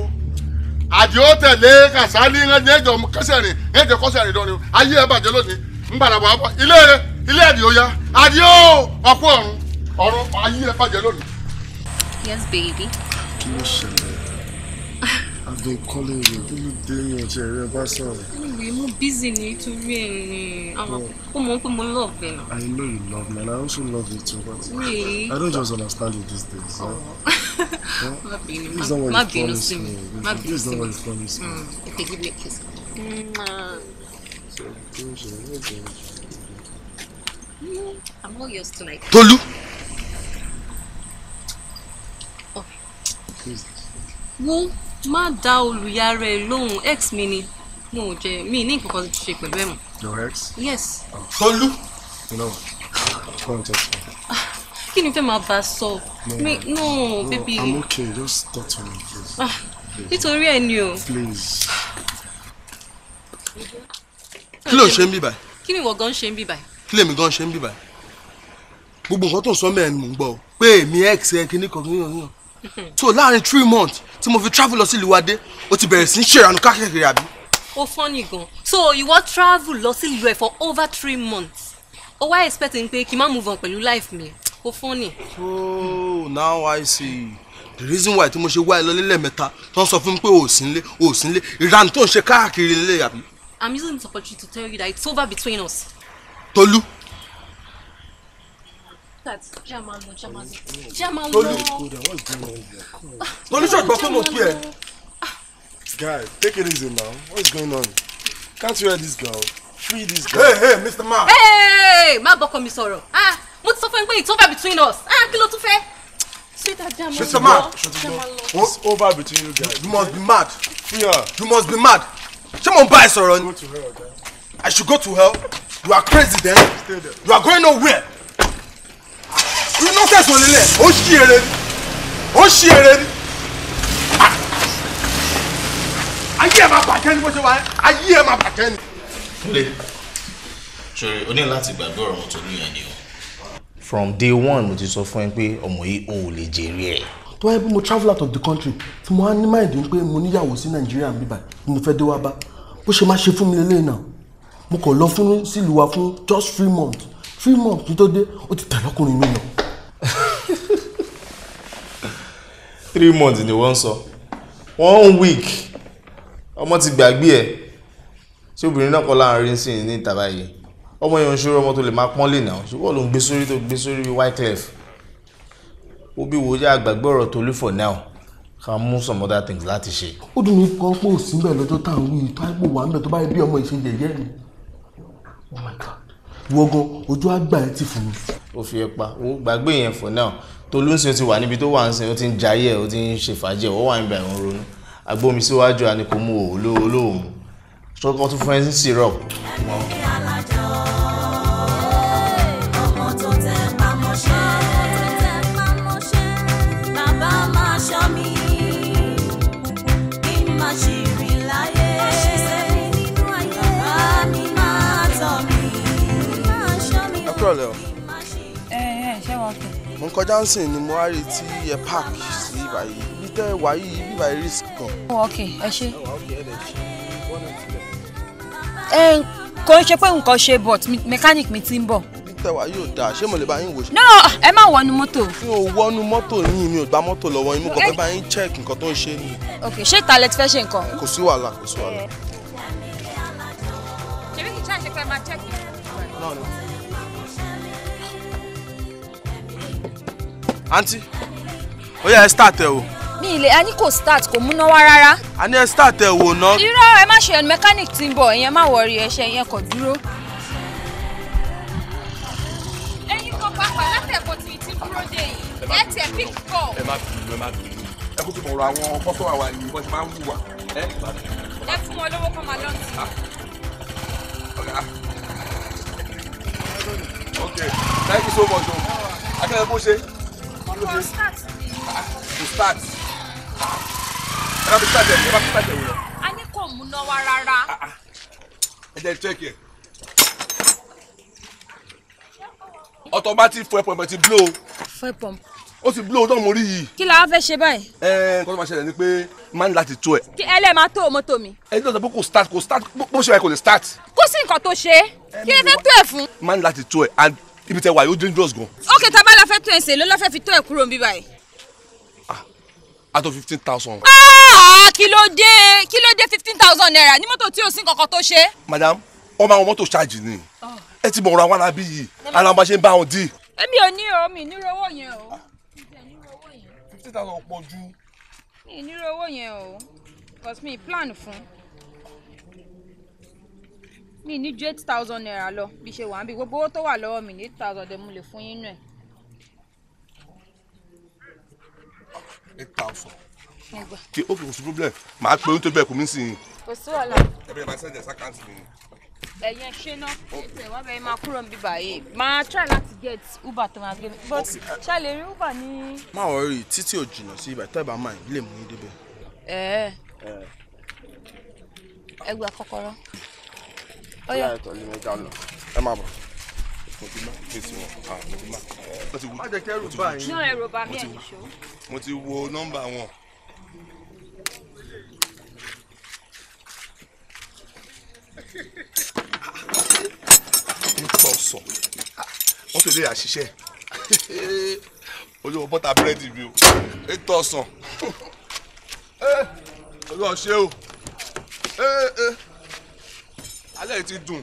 àdìó tẹ̀lé kàṣálí ẹ̀jẹ̀ kọ́sẹ̀ rìn ẹ̀jẹ̀ kọ́sẹ̀ ayé ẹ̀ bàjẹ́ lónìí ń padà wà ilé ilé àdìo ya àdìo ọ̀pọ̀ ọ̀run ọ̀run ayé ẹ bàjẹ́ lónìí. yes baby. kí ló ṣẹlẹ̀ (laughs) i've been calling you kí ló dé ní ọ̀jẹ̀ rẹ bá sọ̀rọ̀. anyway mo busy nítorí ẹ ní àwọn oh. ó pé mo love i know you love me and i also love you too but i don't just understand you these days. Oh. Yeah? Oh. (laughs) má bínú má bínú sí mi má bínú sí mi. this is not what you promised me. Mm, okay give me a kiss. Mm -hmm. I'm not yours tonight. Tolu. Wo má dá olùyàrá ẹ ex mi ni mo ò jẹ mi ní nǹkan kan ṣe pẹ̀lú ẹ̀ mọ́. Your ex? Yes. Oh. Tolu. You know, come talk to me. Ah, kí ni fẹ́ máa bá a Mi no baby. I'm okay, just talk to me please. Ah, nítorí ẹ ni o. Please kí ló ń ṣe ń bí báyìí. kí ni ìwọ gan ṣe ń bí báyìí. kí lèmi gan ṣe ń bí báyìí. gbogbo nǹkan tó ń sọ mẹ́rin mò ń gbọ́ pé èmi ex ẹ kíní kan yíyan yíyan. (laughs) so láàrin three months tí mo fi travel lọ sí ìlú adé o ti bẹ̀rẹ̀ sí í ṣèrànú káàkiri àbí. ó funny gan so ìwọ travel lọ sí ìlú ẹ for over three months o wá expect pé kí n má move on pẹ̀lú life mi ó funny. oh now I see the reason why tí mo ṣe wá ẹ lọ lẹ́lẹ́mẹ́ta tó ń sọ fún mi pé òsínlé òsínlé ìranù tó ń ṣe káàkiri lélẹ́yàbí I'm using this opportunity to tell you that it's over between us. Tolu. That's Jamalo, Jamalo. Jamalo. Tolu. What's going on here? Tolu, shut up, phone up here. Guy, take it easy now. What's going on? Can't you hear this girl? Free this girl. Hey, hey, Mr. Ma. Hey, Ma Boko Misoro. Ah, what's so sọ it's over between us. Ah, kilo tufe. Mr. Ma, shut up. What's over between you guys? You must be mad. Yeah. You must be mad ṣé mo ń bá ẹ sọ̀rọ̀ ni I should go to hell you are crazy then you are going nowhere You nọ́ọ̀sẹ̀sì wọn lélẹ̀ ó ṣí eré ni ó ṣí eré ni ayé ẹ máa bàjẹ́ ni bó ṣe wà ayé ẹ máa bàjẹ́ ni. ṣòro o ní láti gbàgbé ọ̀rọ̀ wọn tó ní ẹni o. from day one mo ti sọ fún ẹ pé ọmọ yìí ò lè jèrè ẹ tó wáyé pé mo travel out of the country tí mo á ní mind pé mo níyàwó sí nàìjíríà ń bíbà ni mo fẹ́ dé wá bá bó ṣe máa ṣe fún mi lélẹ́yìn náà mo kàn lọ fún sílùú wa fún just three months three months kí tó dé ó ti tẹ̀lé ọkùnrin inú lọ. (laughs) three months ni wọ́n ń sọ one week ọmọ ti gbàgbé ẹ̀ ṣé obìnrin náà kọ́ láàrin sí ní ìta báyìí ọmọ yẹn ń ṣòro ọmọ tó lè máa pọ́nlé náà ṣùgbọ́n ló ń gbé sórí tó gbé sórí wyclef ó bí wo yá àgbàgbé ọ̀rọ̀ Tolú for now ká mú some other things láti ṣe. ó dùn mí kan pé òsín bẹ́ẹ̀ lọ́jọ́ tá à ń wí ìtọ́ àìpò wà ń bẹ̀ tó bá yẹ bí ọmọ ìṣe yẹ̀yẹ́ ni oh my god wọ́gán ojú àgbà ẹ̀ ti fún mi. ó fi ẹ pa ó gbàgbé yẹn for now Tolú ń sin ti wà níbi tó wà ń sin ó ti ń jayé ẹ̀ ó ti ń ṣe fàájì ẹ̀ ó wà ń bẹ̀ ń ronú agbómi síwájú àníkó mú òòlò olóòmù ṣọkọ tún fẹ́ sí syrup. ẹ̀mí alájọ́. nírọ̀lẹ́ o. ẹ ẹ ṣé wọn kẹ. mo ń kọjá ń sìn ni mo wá rí tí ẹ park sí ìbàyí bí tẹ wà yìí bíbà risk kan. ok ẹ ṣe. ẹ kò ṣe pé nǹkan ṣe but mechanic mi ti ń bọ̀ tẹwà yóò dáa ṣé mo lè bá yín wò no ẹ má wọnú mọ́tò. mi ò wọnú mọ́tò yín mi ò gba mọ́tò lọ́wọ́ yín mo kàn fẹ́ bá yín check nǹkan tó ń ṣe ni. ok ṣé ìtàlẹ̀ ti fẹ́ ṣe nǹkan. kò sí wàhálà kò sí wàhálà. ṣèbí kì í máa check. náà àǹtí ó yá ẹ start ẹ o. mi ilé a ní kò start kò múná wá rárá. a ní ẹ start ẹ wò ná. irọ́ ẹ má ṣe mechanic tí ń bọ̀ ìyẹn má wọrí ẹṣẹ ìyẹn kò dúró. ẹ̀yin kan pàápàá látẹ̀kọ́ tí ti dúró dé yìí ẹ tẹ̀ pick call. ẹ má bínú ẹ má bínú ẹ kó tó mọ̀rọ̀ àwọn kọ́tọ́ àwa yìí wọ́n ti máa ń wù wá. ẹ fún wọn lówó kan máa lọ sí. Ah. ok thank you so much o akẹ́kọ̀ọ́ bó ṣe to dey to start ẹ bá fi start ẹ bá fi start ẹ wò lọ. a ní kò múná wa rárá. Ah, ah. ẹ jẹ́ check ẹ̀ automatic fuel pump ẹ ti blow. fuel pump. ó ti blow tó mo rí yìí. kí la wá fẹ́ ṣe báyìí. ẹ ẹ nǹkan tó máa ṣẹlẹ̀ ni pé máa ní láti tó ẹ. kí ẹ lẹ́ẹ̀ máa tó mọ́tò mi. ẹ ní ọ̀sán pé kò start kò start bó ṣe wáyé kò lè start. kó sí nǹkan tó ṣe é kí ẹ fẹ́ tó ẹ fún. máa ní láti tó ẹ and ibi tẹ wà yóò dangerous gan. ókè tá a bá la fẹ́ tó ẹ̀ ṣe ló lọ́ fẹ́ fi tó ẹ̀ kúrò níbí báyìí. ah out of fifteen thousand. Ah, kí ló dé kí ló dé fifteen thousand naira ní mọ́tò tí o sí kankan tó ṣe. madam ọmọ àwọn mọ́tò ṣáàjì ni ah. ẹ ti mọ ọ̀rọ̀ àwọn alábí yìí ara wọn bá ṣe ń bá wọn dì. èmi ò ní o mi ní rówó yẹn o. Ah. fifteen thousand pọ̀ ju. mi ní rówó yẹn o cos mi plan fún mi ní ju eight thousand naira lọ bí ṣe wà ń bí gbogbo owó tó wà lọ́wọ́ mi ní eight thousand dẹ̀ mo lè fún yín nù ẹ̀. eight thousand. kí o kò sí problem màá pe oúnjẹ bẹ́ẹ̀ kò mí sìn. kò sí wàhálà. ẹ bẹ̀rẹ̀ máa ṣẹ̀jẹ̀ sákàǹtì mi. ẹ̀yẹn ṣe náà ètò ìwà bẹ̀rẹ̀ máa kúrò níbí báyìí máa try láti get uber tó máa gbé mi but ṣàlè rí uber ní. má worry títí ò jìnnà sí ibà tẹ́ẹ̀bà máa lè mú yín débẹ̀. ẹ ẹ ẹ gba ọyà ẹ máa bọ̀ ah, má jẹ́ kẹ́rù bá yín mo ti wo nọ́mbà wọn. nípa ọ̀sán wọ́n ti lè àṣìṣe olówó bọ́tà búrẹ́dì mi o ètò ọ̀sán eh, olóòṣè o. Eh, eh alẹ́ ti dùn.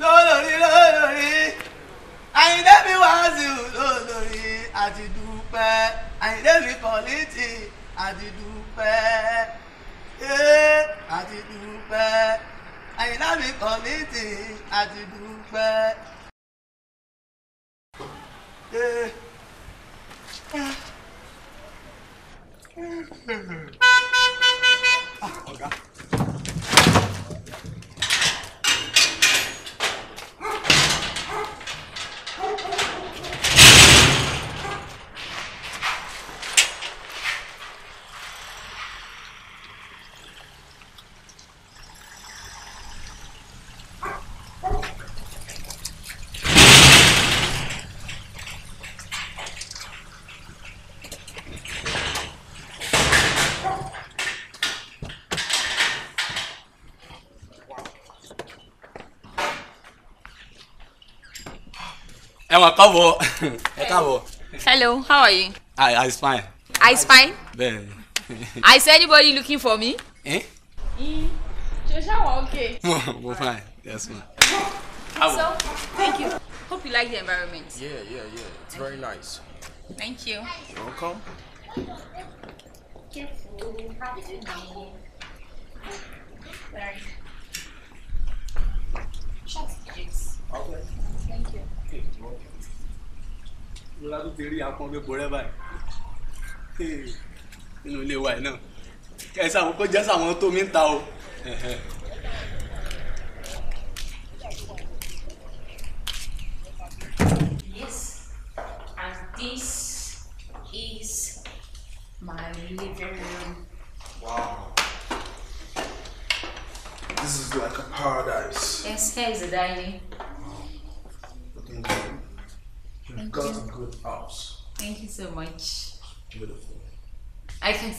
lólórí lólórí àyìndé mi wáásù lólórí àti dúpẹ́ àyìndé mi kọ́lítì àti dúpẹ́ àti dúpẹ́ àyìnlá mi kàn mí tì àti dúpẹ́. Mm-hmm. ẹ mọ̀ kọ́bọ̀ ẹ káàbọ̀. hello how are you. i I'm fine. I'm fine. bẹ́ẹ̀ni. is anybody looking for me. Eh? ṣe ṣáwọn ok. mo we're fine yes ma. so thank you hope you like the environment. yeah yeah yeah it's very nice. thank you. you're welcome. Careful, have a good Sorry. ìrora tó ti rí apọn mi bọ̀rẹ́ báyìí nínú ilé wa yìí náà kẹsàn-án kó jẹ́sàn-án tó mi ń ta o.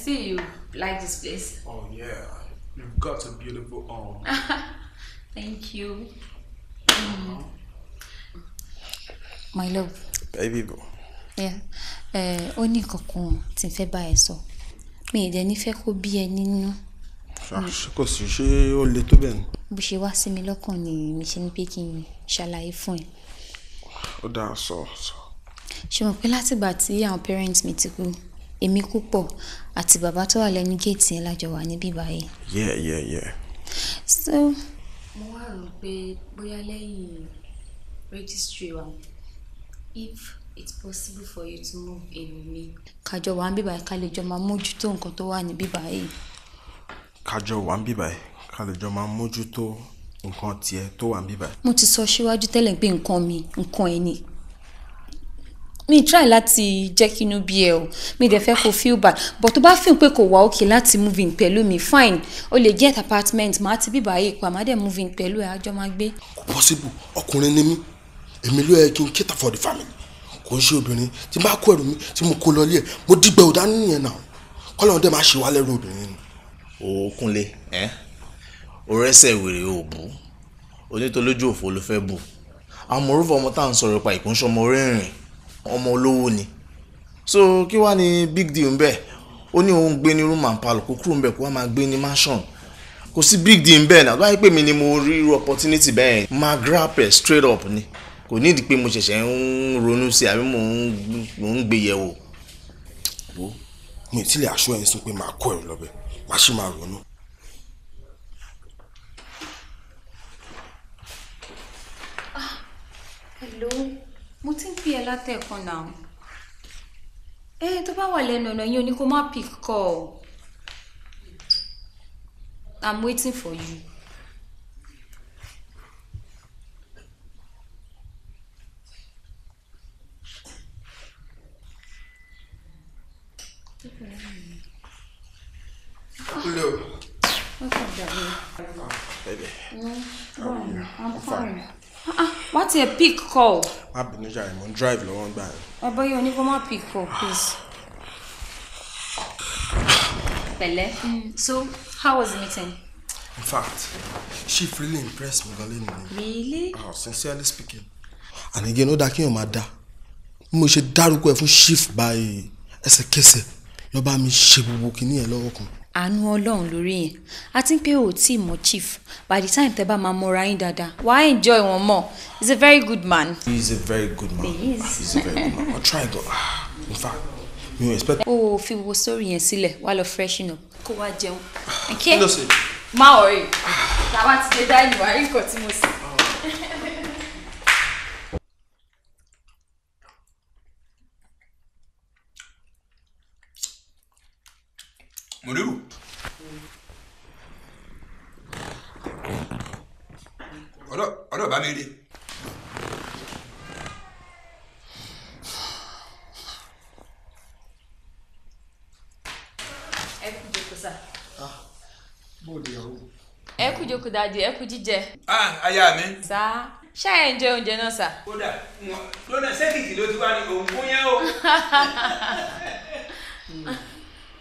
see you like this place. Oh yeah, you've got a beautiful arm. (laughs) Thank you. Mm. My love. Baby boy. Yeah. Eh, ó ní kankan tí n fẹ́ bá ẹ sọ mi ì dẹ̀ nífẹ̀ kó bí ẹ nínú. kò sí ṣé ó le tó bẹ́ẹ̀ ni. bó ṣe wá sí mi lọ́kàn ni mi ṣe ní pé kí n ṣàlàyé fún ẹ. ó dáa sọ sọ. ṣé mo pé látìgbà tí àwọn parents mi ti kú èmi púpọ̀ àti bàbá tó wà lẹ́nu géètì yẹn lájọ wà níbí báyìí. yeah yeah yeah. so. mo wá rò pé bóyá lẹ́yìn registry wa if it's possible for you to move in with me. kájọ wà ń bíbá yìí ká lè jọ máa mójútó nǹkan tó wà níbí báyìí. kájọ wà ń bíbá yìí ká lè jọ máa mójútó nǹkan tiẹ̀ tó wà ń bíbá yìí. mo ti sọ síwájú tẹ́lẹ̀ pé nǹkan mi nǹkan ẹ̀ ni mi try láti jẹ́ kí inú bí ẹ o mi dẹ̀ fẹ́ kó feel bad but tó bá fi pé kò wá òkè láti move in pẹ̀lú mi fine o lè get apartment màá ti bíbá yìí pa màá dẹ̀ move in pẹ̀lú ẹ àjọ máa gbé. possible ọkùnrin ni mí èmi ló yẹ kí n cater for the family kò ń ṣe obìnrin tí n bá kó ẹrù mi tí mo kó lọlé ẹ mo dìgbẹ́ ò dání nìyẹn náà kọ́lọ́run dẹ̀ máa ṣe wá lẹ́rù obìnrin ni. òkunlé ẹ orẹsẹ wèrè ò bú onítọ́lójú òfò ló fẹ́ bù àmọ́ orúfọ ọmọ olówó ni so kí wàá ní big deal ń bẹ ó ní òun gbé ní room and parlour kó kúrò ń kó wàá máa gbé ní mansion kò sí big deal ń bẹ náà báyìí pé mi ni mo rí irú opportunity bẹ́ẹ̀ máa grab ẹ̀ straight up ni kò ní ìdí pé mo ṣẹ̀ṣẹ̀ ń ronú sí àbí mo ń gbé yẹ̀ wò. wo mi ò tilẹ̀ aṣọ ẹ̀yìn sọ pé màá kọ́ ẹ̀rọ lọ́bẹ̀ màá ṣì máa ronú. Ah, hello mo ti ń pè ẹ́ látẹ̀kan náà ẹ tó bá wà lẹ́nu ọ̀nà yín o ní kó má pick call i'm waiting for you. Hello. What's up, Daddy? Baby. Mm, I'm fine. I'm fine wá tiẹ̀ pick call. má bínú jàre mo drive lọ́wọ́ ń gbà yẹn. ẹ bọ́ yóò ní kó má pick call please. pẹ̀lẹ́ mm, so how was the meeting. in fact she really impressed me gan lẹ́nu really. oh sincerely speaking. and again ó dáa kéèyàn máa dá mo ṣe dárúkọ ẹ fún chief báyìí ẹsẹ̀kẹsẹ̀ ló bá mi ṣe gbogbo kinní ẹ lọ́wọ́ kan àánú ọlọ́run lórí yẹn àti pé o ò tí ì mọ chief by the time tẹ́ bá máa mọra yín dáadáa wàá enjoy wọn mọ he's a very good man. he is a very good man he is he's a very good man i try to ah in fact you expect. o ò fi wo sórí yẹn sílẹ̀ wá lọ freshen up kó wá jẹun. má ọ̀rẹ́ tàwa ti dé dá ìwà rí nǹkan tí mo sì. Mår du upp? Vadå, vadå, vem är det? Ẹ kú jókòó sà. Bóde ìyàwó. Ẹ kú jókòó jíjẹ. Ah, aya mi. Sá. Ṣé ẹ̀ ń jẹ oúnjẹ náà sà? Kódà, lọ́nà sẹ́kìtì ló ti wá ní òun fún yẹn o. (laughs)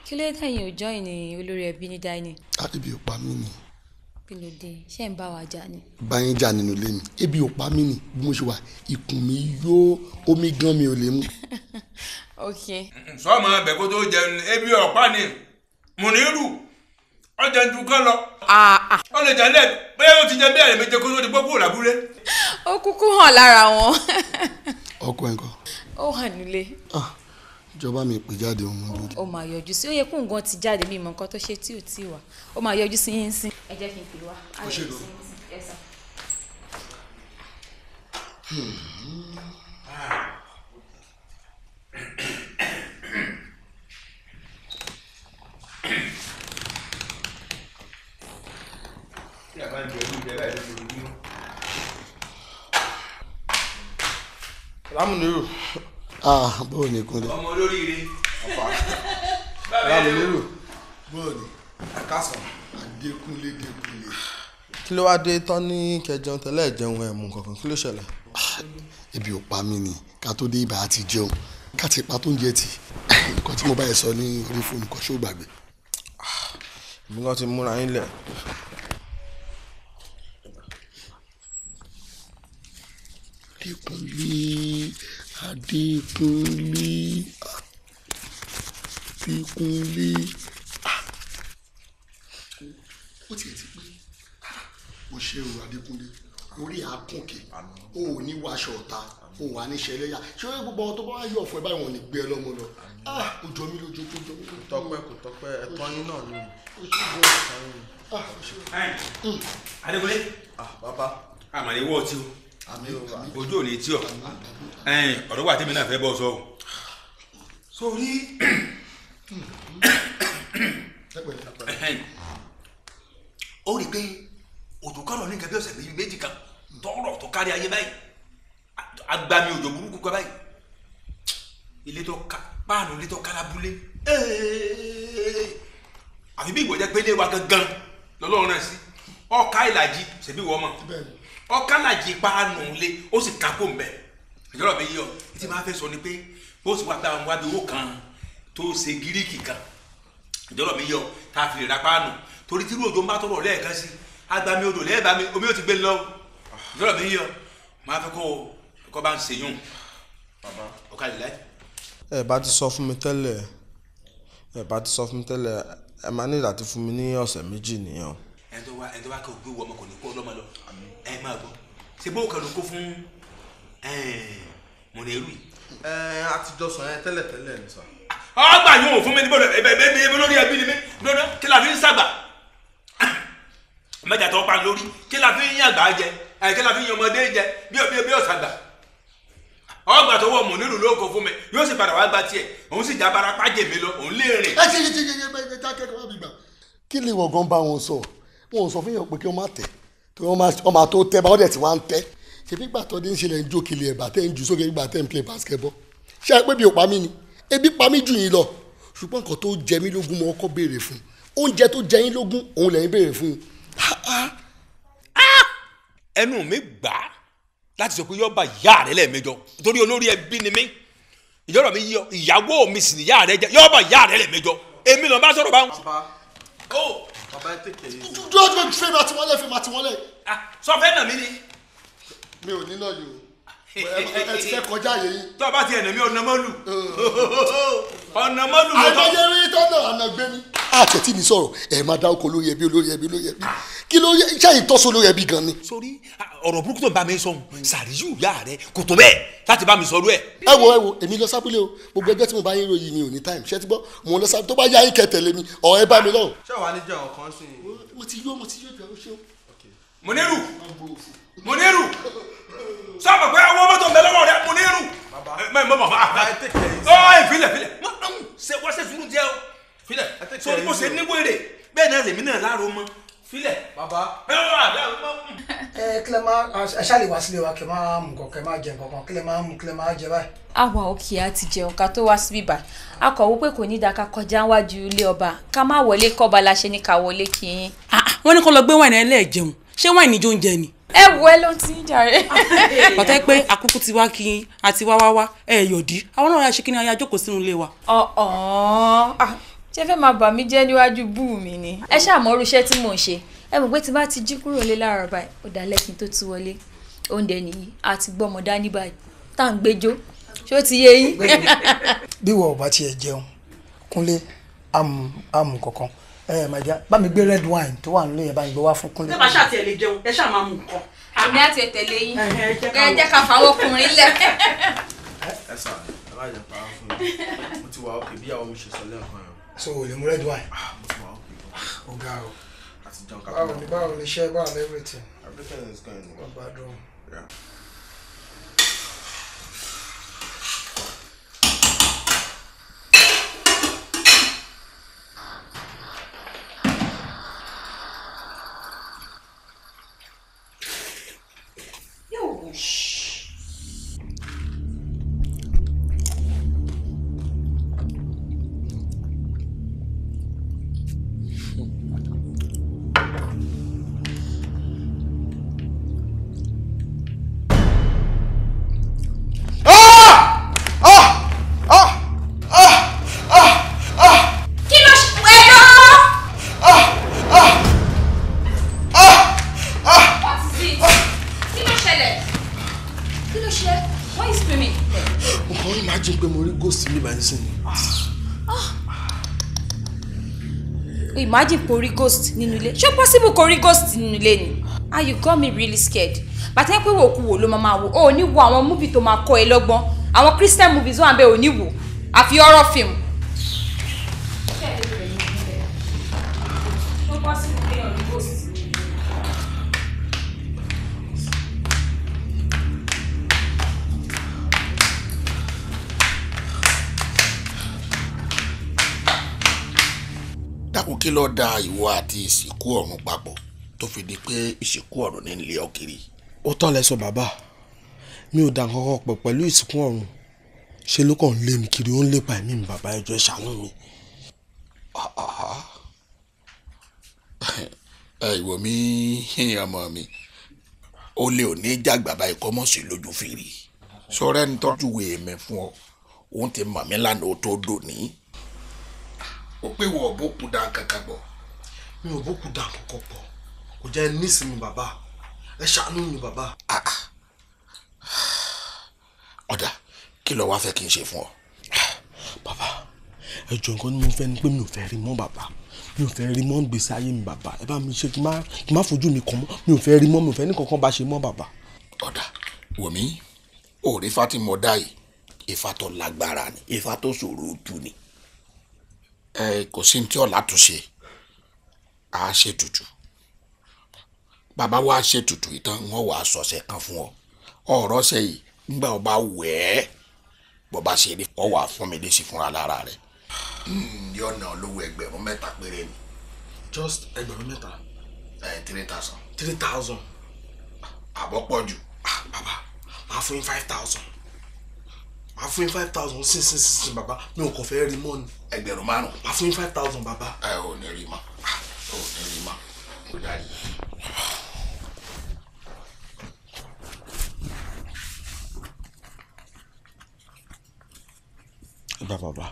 kí ló dé tẹ̀yìn ò join olórí ẹbí ní dining. ebi ò pa mí ni. kí ló dé ṣé ń bá wa jà ni. báyìí jà nínú ilé mi ebi ò pa mí ni bí mo ṣe wà ikùn mi yó omi gan mi ò lè mú. (laughs) ok. sọ́ọ̀mù ọbẹ̀ kó tó jẹun ebi ọ̀pá ni mùnírù ọjà ń dùn kán lọ. ó lè jà lẹ́ẹ̀ bẹ́ẹ̀ ó ti jẹ bẹ́ẹ̀ méje kó tó di pọ́pọ́ làbúlé. ó kúkú hàn lára wọn. (laughs) ọkọ ẹ̀ ń kọ́. ó hàn nílé. ah ìjọba mi pè jáde òun lórí. ó máa yọjú sí ó yẹ kó nǹkan ti jáde mi mọ nǹkan tó ṣe tí ò tí wà ó máa yọjú sí yín sí. ẹ jẹ́ kí n pè wá. ó ṣe lọ. lámùnú yóò. Ah, bóò ni kúndé. ọmọ olóríire ọ̀fà báwo lérò bóò ni àkàsàn adékúnlé dékúnlé. kí ló wáá dé tán ní kẹjọun tẹ́lẹ̀ jẹun ẹ mú kankan kí ló ṣẹlẹ̀. Ah, ebi ò pa mí ni ká tó dé ibà àti jẹun ká ti pa tó ń jẹ tì nǹkan tí mo bá yẹ sọ ní orí fóònù kan ṣó gbàgbé. Ah, èmi náà ti múra yín lẹ̀ Bíkúnlé Bíkúnlé ah, ah. ó tiẹ̀ ti pé ah, o ṣe o Adékúnlé orí àákùnkè o ò ní wàṣọ ọ̀tá o wà ní ṣẹlẹ́yà ṣé orí gbogbo ọtọ́ bá yọ̀ ọ̀fọ̀ ẹ báyìí wọn ní gbé ẹ lọ́mọ lọ kò jọ mí lójú kó jọ mí lójú. tọpẹ kò tọpẹ ẹ̀tọ́ yín náà ni. Hmm. Adékúnlé. bàbá. àmàlẹ́ wọ́ọ̀tì o ojú ò tí ọ ọ̀rọ̀ wà tẹ́mi náà fẹ́ bọ́ sọ o rí pé òjò kọ́rọ̀ ní nǹkan bí ọ̀sẹ̀ méjì kan tọrọ tó kárí ayé báyìí agbami òjò burúkú kan báyìí ilé páànù ilé tó àfi bí ìwọ̀jẹ́ pé wa gangan lọ́lọ́run náà sí ọ̀ka ìlàjì ṣèbí wọ́n mọ̀ ọ̀kánàjì paanu lé ó sì kápò mbẹ ìjọba mi yí ọ tí máa fẹ́ sọ ni pé bó sì wá pé àwọn wá bí owó kan tó ṣe gíríkì kan ìjọba mi yí ọ tá a fi lè ra paanu torí tí irú òjò ń bá tọrọ lẹ́ẹ̀kan sí agbami odò lẹ́ẹ̀bà mi omi ò ti gbé lọ ìjọba mi yí ọ máa fẹ́ kó kó bá ń ṣèyún ọ̀ka lè láì. ẹ bá ti sọ fún mi tẹ́lẹ̀ ẹ bá ti sọ fún mi tẹ́lẹ̀ ẹ máa ní láti fún mi ní ọ̀sẹ̀ méjì nìyẹn. ẹ tó ẹ tó wá kó gbé wọ ọmọ kó ọlọ́mọ lọ ẹ máa gbọ́ ṣe bó kàn ló kó fún mọ̀nẹ́rù yìí. ẹ a ti jọ sàn yẹn tẹ́lẹ̀ tẹ́lẹ̀ ní sà. ọgbà yóò fún mi ní bọ́dọ̀ ẹbẹ ẹbẹ ẹbẹ lórí ẹbí ni mi lọ́dọ̀ kí la fi ń sàgbà mẹ́ta tó pa lórí kí la fi ń yàn àgbà jẹ kí la fi ń yan ọmọdé jẹ bí ọbí ọbí ọ̀sàgbà ọgbà tó wọ mọ̀nẹ́rù ló kó fún mi yóò sì padà wá gba tiẹ̀ òun sì já barapá jè mí lọ òun lè rìn. ẹ ṣe ṣe ṣe ṣe ṣe ṣe kí ni wọ̀ngàn bá wọn sọ wọn sọ fún yàn pé kí wọ́n má tẹ̀ tí wọ́n máa tó tẹ́ bá wọ́n dẹ̀ tí wọ́n á ń tẹ́ ṣe fígbà tó dé ń ṣe lẹ̀ ń jókèlè ẹ̀bà tẹ́ ń jù sókè nígbà tẹ́ ń play basketball ṣé ẹ pé bí o pa mí ni ebi pa mí jù yín lọ ṣùgbọ́n nǹkan tó jẹ mí lógún mo kọ́kọ́ béèrè fún oúnjẹ tó jẹ yín lógún òun lẹ́yìn béèrè fún un. ẹnu mi gbà á láti sọ pé yọba ìyá rẹ lẹ́ẹ̀mẹjọ torí olórí ẹbí ni mí ìjọba mi yọ ìyàwó mi sì ní ìyá rẹ jẹ yọba ìyá rẹ lẹ́ẹ̀mẹjọ èmi lọ bá sọ̀rọ̀ báwọn bàbá ẹ tèkè yìí. dúró dúró fẹ́ màtí wọlé fẹ́ màtí wọlé. sọ fẹ́ nà mí ni. mi ò ní náà yìí o ẹ ti fẹ́ kọjá yẹ tó o bá ti ẹ̀nà mi ọ̀nà mọ́lù (laughs) ọ̀nà mọ́lù mọ́tọ́. àjọyẹ̀rí tọ́nà àná gbé mi. àtẹ̀tí mi sọ̀rọ̀ ẹ̀ máa dá oko lórí ẹbí olórí ẹbí olórí ẹbí kí ló yẹ iṣẹ́ ìtọ́sọ olórí ẹbí gan ni. sórí ọ̀rọ̀ burúkú tó ń bá mi sọ sàríyù ìyá rẹ kò tó bẹ́ẹ̀ láti bá mi sọ ẹ. ẹ wo ẹ wo èmi lọ sábúlé o gbogbo ẹgbẹ́ tí mo bá yín ròyìn mi ò ní táìmù ṣé ti gbọ́ mo lọ sábúlé tó bá yá yín kẹ tẹ̀lé mi ọ̀ ẹ bá mi lọ. ṣé wàá ní jẹ́ sí i. mo ti yó mo ti yó jù ọ́ ṣé o. mo nílùú. Moniru sábà pé àwọn mọ́tò bẹ lọ́wọ́ rẹ Moniru mẹ mọ mọ àgbà ọ ìfilẹ filẹ ṣe wọ́n ṣe sùúrù jẹ́ o filẹ sori kò ṣe níwèrè bẹ́ẹ̀ náà lèmi náà láàárọ̀ mọ́ filẹ. baba ẹ ọ àbẹ àbẹ. ẹ kílẹ̀ máa aṣáálẹ̀ wá sílé wa kí ẹ máa mú nǹkan kí ẹ máa jẹ nǹkan kan kí ẹ máa mú kí ẹ máa jẹ báyìí. àwa òkè á ti jẹun ká tó wá síbí bá a kọ̀ wípé kò ní daka kọjá wájú ilé ọba ká má wọlé kọ́ba la ṣe ní ká wọlé kí yín. Ah, ah, wọ́n ní kó lọ gbé wáìnì ẹlẹ́ẹ̀jẹun ṣé wáìnì jó ń jẹ ni ẹ wo ẹ ló ti ń jàre. (laughs) bàtà pé àkókò ti wá kí àti wá wá wá ẹ yọ̀dí àwọn náà ṣe kí ni ayájọ́ kò sínú ilé wa. ọ̀ọ́n ah, ṣé fẹ́ máa bà mí jẹ́ níwájú bú mi ni. ẹ ṣàmọ́rú iṣẹ́ tí mò ń ṣe ẹ mọ̀ pé tí bá ti jí kúrò lé láàárọ̀ báyìí ó dà lẹ́kìn tó ti wọlé oúnjẹ nìyí àti gbọ́mọ dání báyìí tá à ń gbẹjọ́ ṣó ti yé yín. bí wọ́n ò bá tiẹ̀ jẹun kúnlé àmù kankan ẹ eh, my dear bá mi gbé red wine tó wà nílé yẹn bá mi gbé wá fún Kúnlé. ṣé màá ṣàtì ẹ lè jẹun ẹ ṣáà máa mú nǹkan. àmì àti ẹ̀tẹ̀lẹ̀ yín ẹ eh, eh, jẹ́ ká fàwọn ọkùnrin lẹ̀. (laughs) ẹ sà ẹ bá jẹ pàrọ̀ fún mi mo ti wà òkè bí àwọn mi ṣe sọ lẹ́ẹ̀kan yẹn. so o lè mú red wine. Ah, mo ti wà òkè ah, o ga o. báwo ni báwo ni iṣẹ́ báwo ni everything. everything is going well. ọgbà imagine kò rí ghost nínú ilé ṣé possible kò ghost nínú ilé ni ah you got me really scared bàtí ẹ pé wò kú wò ló máa máa wò ó ní wo àwọn múbi tó máa kọ́ ẹ lọ́gbọ́n àwọn christian movies wà bẹ́ẹ̀ ò ní wò àfi horror film kí ló da ìwọ àti ìsìnkú ọ̀run papọ̀ tó fi di pé ìsìnkú ọ̀run ní ilé ọ kiri. ó tọ́ lẹ sọ bàbá mi ò dà nǹkan pọ̀ pẹ̀lú ìsìnkú ọ̀run ṣe ló kàn ń lé mi kiri ó ń lépa ẹ̀mí mi bàbá ẹjọ́ ìṣàánú mi. ìwọ mi ọmọ mi ó lè ò ní jàgbá báyìí kọ́ sí lójú fèrè sọ̀rọ̀ ẹni tọ́jú wèémẹ̀ fún ọ òun ti mọ̀ mí lánàá ó tó dò ní o pé wọ bókun dá kankan pọ̀. mi ò bókun dá kankan pọ̀ kò jẹ́ nísìnyí bàbá ẹ ṣàánú mi bàbá. Ah, ah. ọ̀dà kí lo wá fẹ́ kí n ṣe fún ọ. bàbá ẹ jọ nǹkan ni mo fẹ́ ni pé mi ò fẹ́ rí mọ́ bàbá mi ò fẹ́ rí mọ́ gbèsè ayé mi bàbá ẹ bá mi ṣe kí n má fojú mi kàn mọ́ mi ò fẹ́ rí mọ́ mi ò fẹ́ ní kankan bá ṣe mọ́ bàbá. ọ̀dà wòmí òòrè fatima ọ̀dà ìfà tó lágbára ni ìfà tó ṣòro tú ni kò sí ní tí ọ̀la tó ṣe á ṣe tutù bàbá wa ṣe tutù ìtàn wọn wà sọ̀sẹ̀ kan fún ọ ọ̀rọ̀ ṣe yìí nígbà ọba wẹ̀ ẹ́ bọba ṣe eré ọ wà fún mi lẹ́sìn fúnra lára rẹ̀. Hmm, yóò ná olówó ẹgbẹ̀rún mẹ́ta péré ni. just ẹgbẹ̀rún mẹ́ta. ẹ three thousand. three thousand. àbọ̀pọ̀ jù. Ah, bàbá màá fún yín five thousand màá fún yín five thousand sí sí sí sí bàbá mi ò kàn fẹ́ rí mọ́ ni. ẹgbẹ̀rún márùn. màá fún yín five thousand bàbá. ẹ ò ní rí ma ò ní rí ma kò dárí. bá bàbá.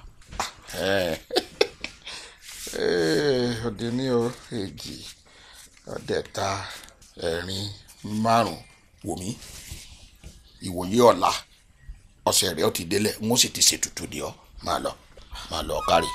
òde ní o èjì ọ̀dẹ̀ta ẹ̀rin márùn-ún wò mí ìwòye ọ̀la ọ̀sẹ̀ rẹ̀ ó ti délẹ̀ n ó sì ti ṣètùtù di ọ́ máa lọ máa lọ kárí.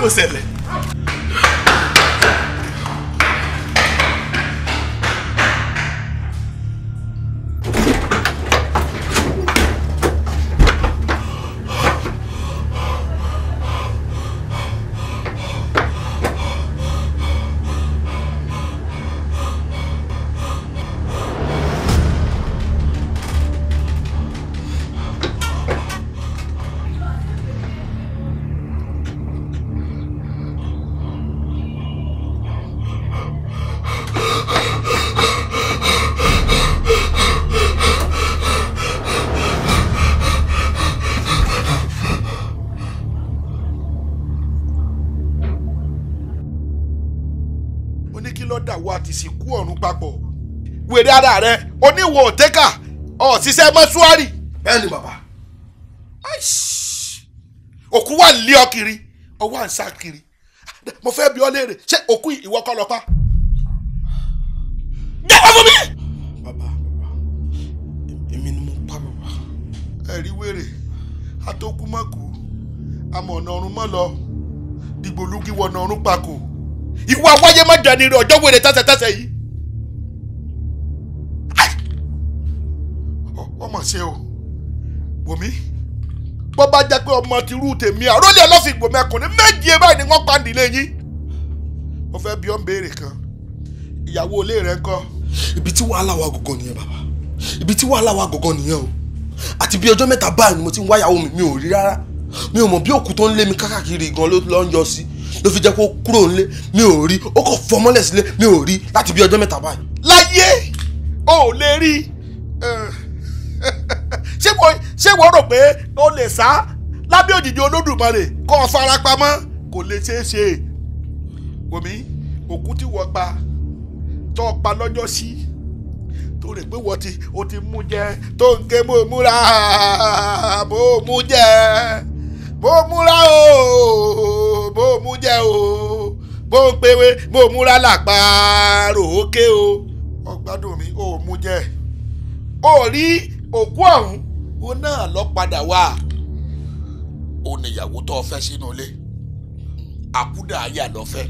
puro hacerle. lórí ara rẹ oníwò òtẹ́kà ọ̀ṣiṣẹ́ mọ́ṣúárì. bẹ́ẹ̀ ni bàbá. òkú wà lé ọ kiri ọwọ́ à ń sá kiri mo fẹ́ bi ọ́ léèrè ṣé òkú ìwọ kọ́ lọ pa. jẹ́wọ́ fún mi. bàbá bàbá èmi ni mo pa bàbá. ẹ̀rí wèrè atókù mọ́ kú àmọ́ ọ̀nà ọ̀run mọ́ lọ dìgbòlugi wọ̀nà ọ̀run pa kò ìwà wáyé má jà ní rẹ̀ ọjọ́ wèrè tẹ́sẹ̀tẹ́sẹ̀ yìí. mọ̀ ṣe o wòmí bó bá jẹ́ pé ọmọ ti rú tèmi àròlé ọlọ́sìn ìgbò mẹ́kùnrin méje báyìí ni wọ́n pa nílé yín mo fẹ́ bi ọ́ ń béèrè kan ìyàwó ilé rẹ ńkọ́. ibi tí wàhálà wa gọ̀gọ̀ nìyẹn bàbá ibi tí wàhálà wa gọ̀gọ̀ nìyẹn o àti bí ọjọ́ mẹ́ta báyìí ni mo ti ń wáyàwó mi mi ò rí rárá mi ò mọ̀ bí òkú tó ń lé mi káàkiri gan ló lọ́ ń yọ sí ló fi jẹ́ kó kúrò ńlé mi ò rí ó kò fọmọ́lẹ̀ sílé mi ò rí láti bí ọjọ́ mẹ́ta báyìí. láyé o ò lè rí. Uh (laughs) ṣé wọ́n rò pé o lè sá lábẹ́ òjìji olódùmarè kó o fara pamọ́ kò lè ṣeé ṣe wòmí òkú tí wọ́n pa tó o pa lọ́jọ́ sí tó rè pé wọ́n ti o ti mú jẹ tó ń ké mo múra mo mú jẹ mo múra o mo mú jẹ o mo ń pewe mo múra làpárò ókè o ọgbádùn mi o mú jẹ ò rí òkú ọ̀hún òun náà lọ padà wá ó níyàwó tó o fẹ́ sínú ilé àkúdà ayà lọ fẹ́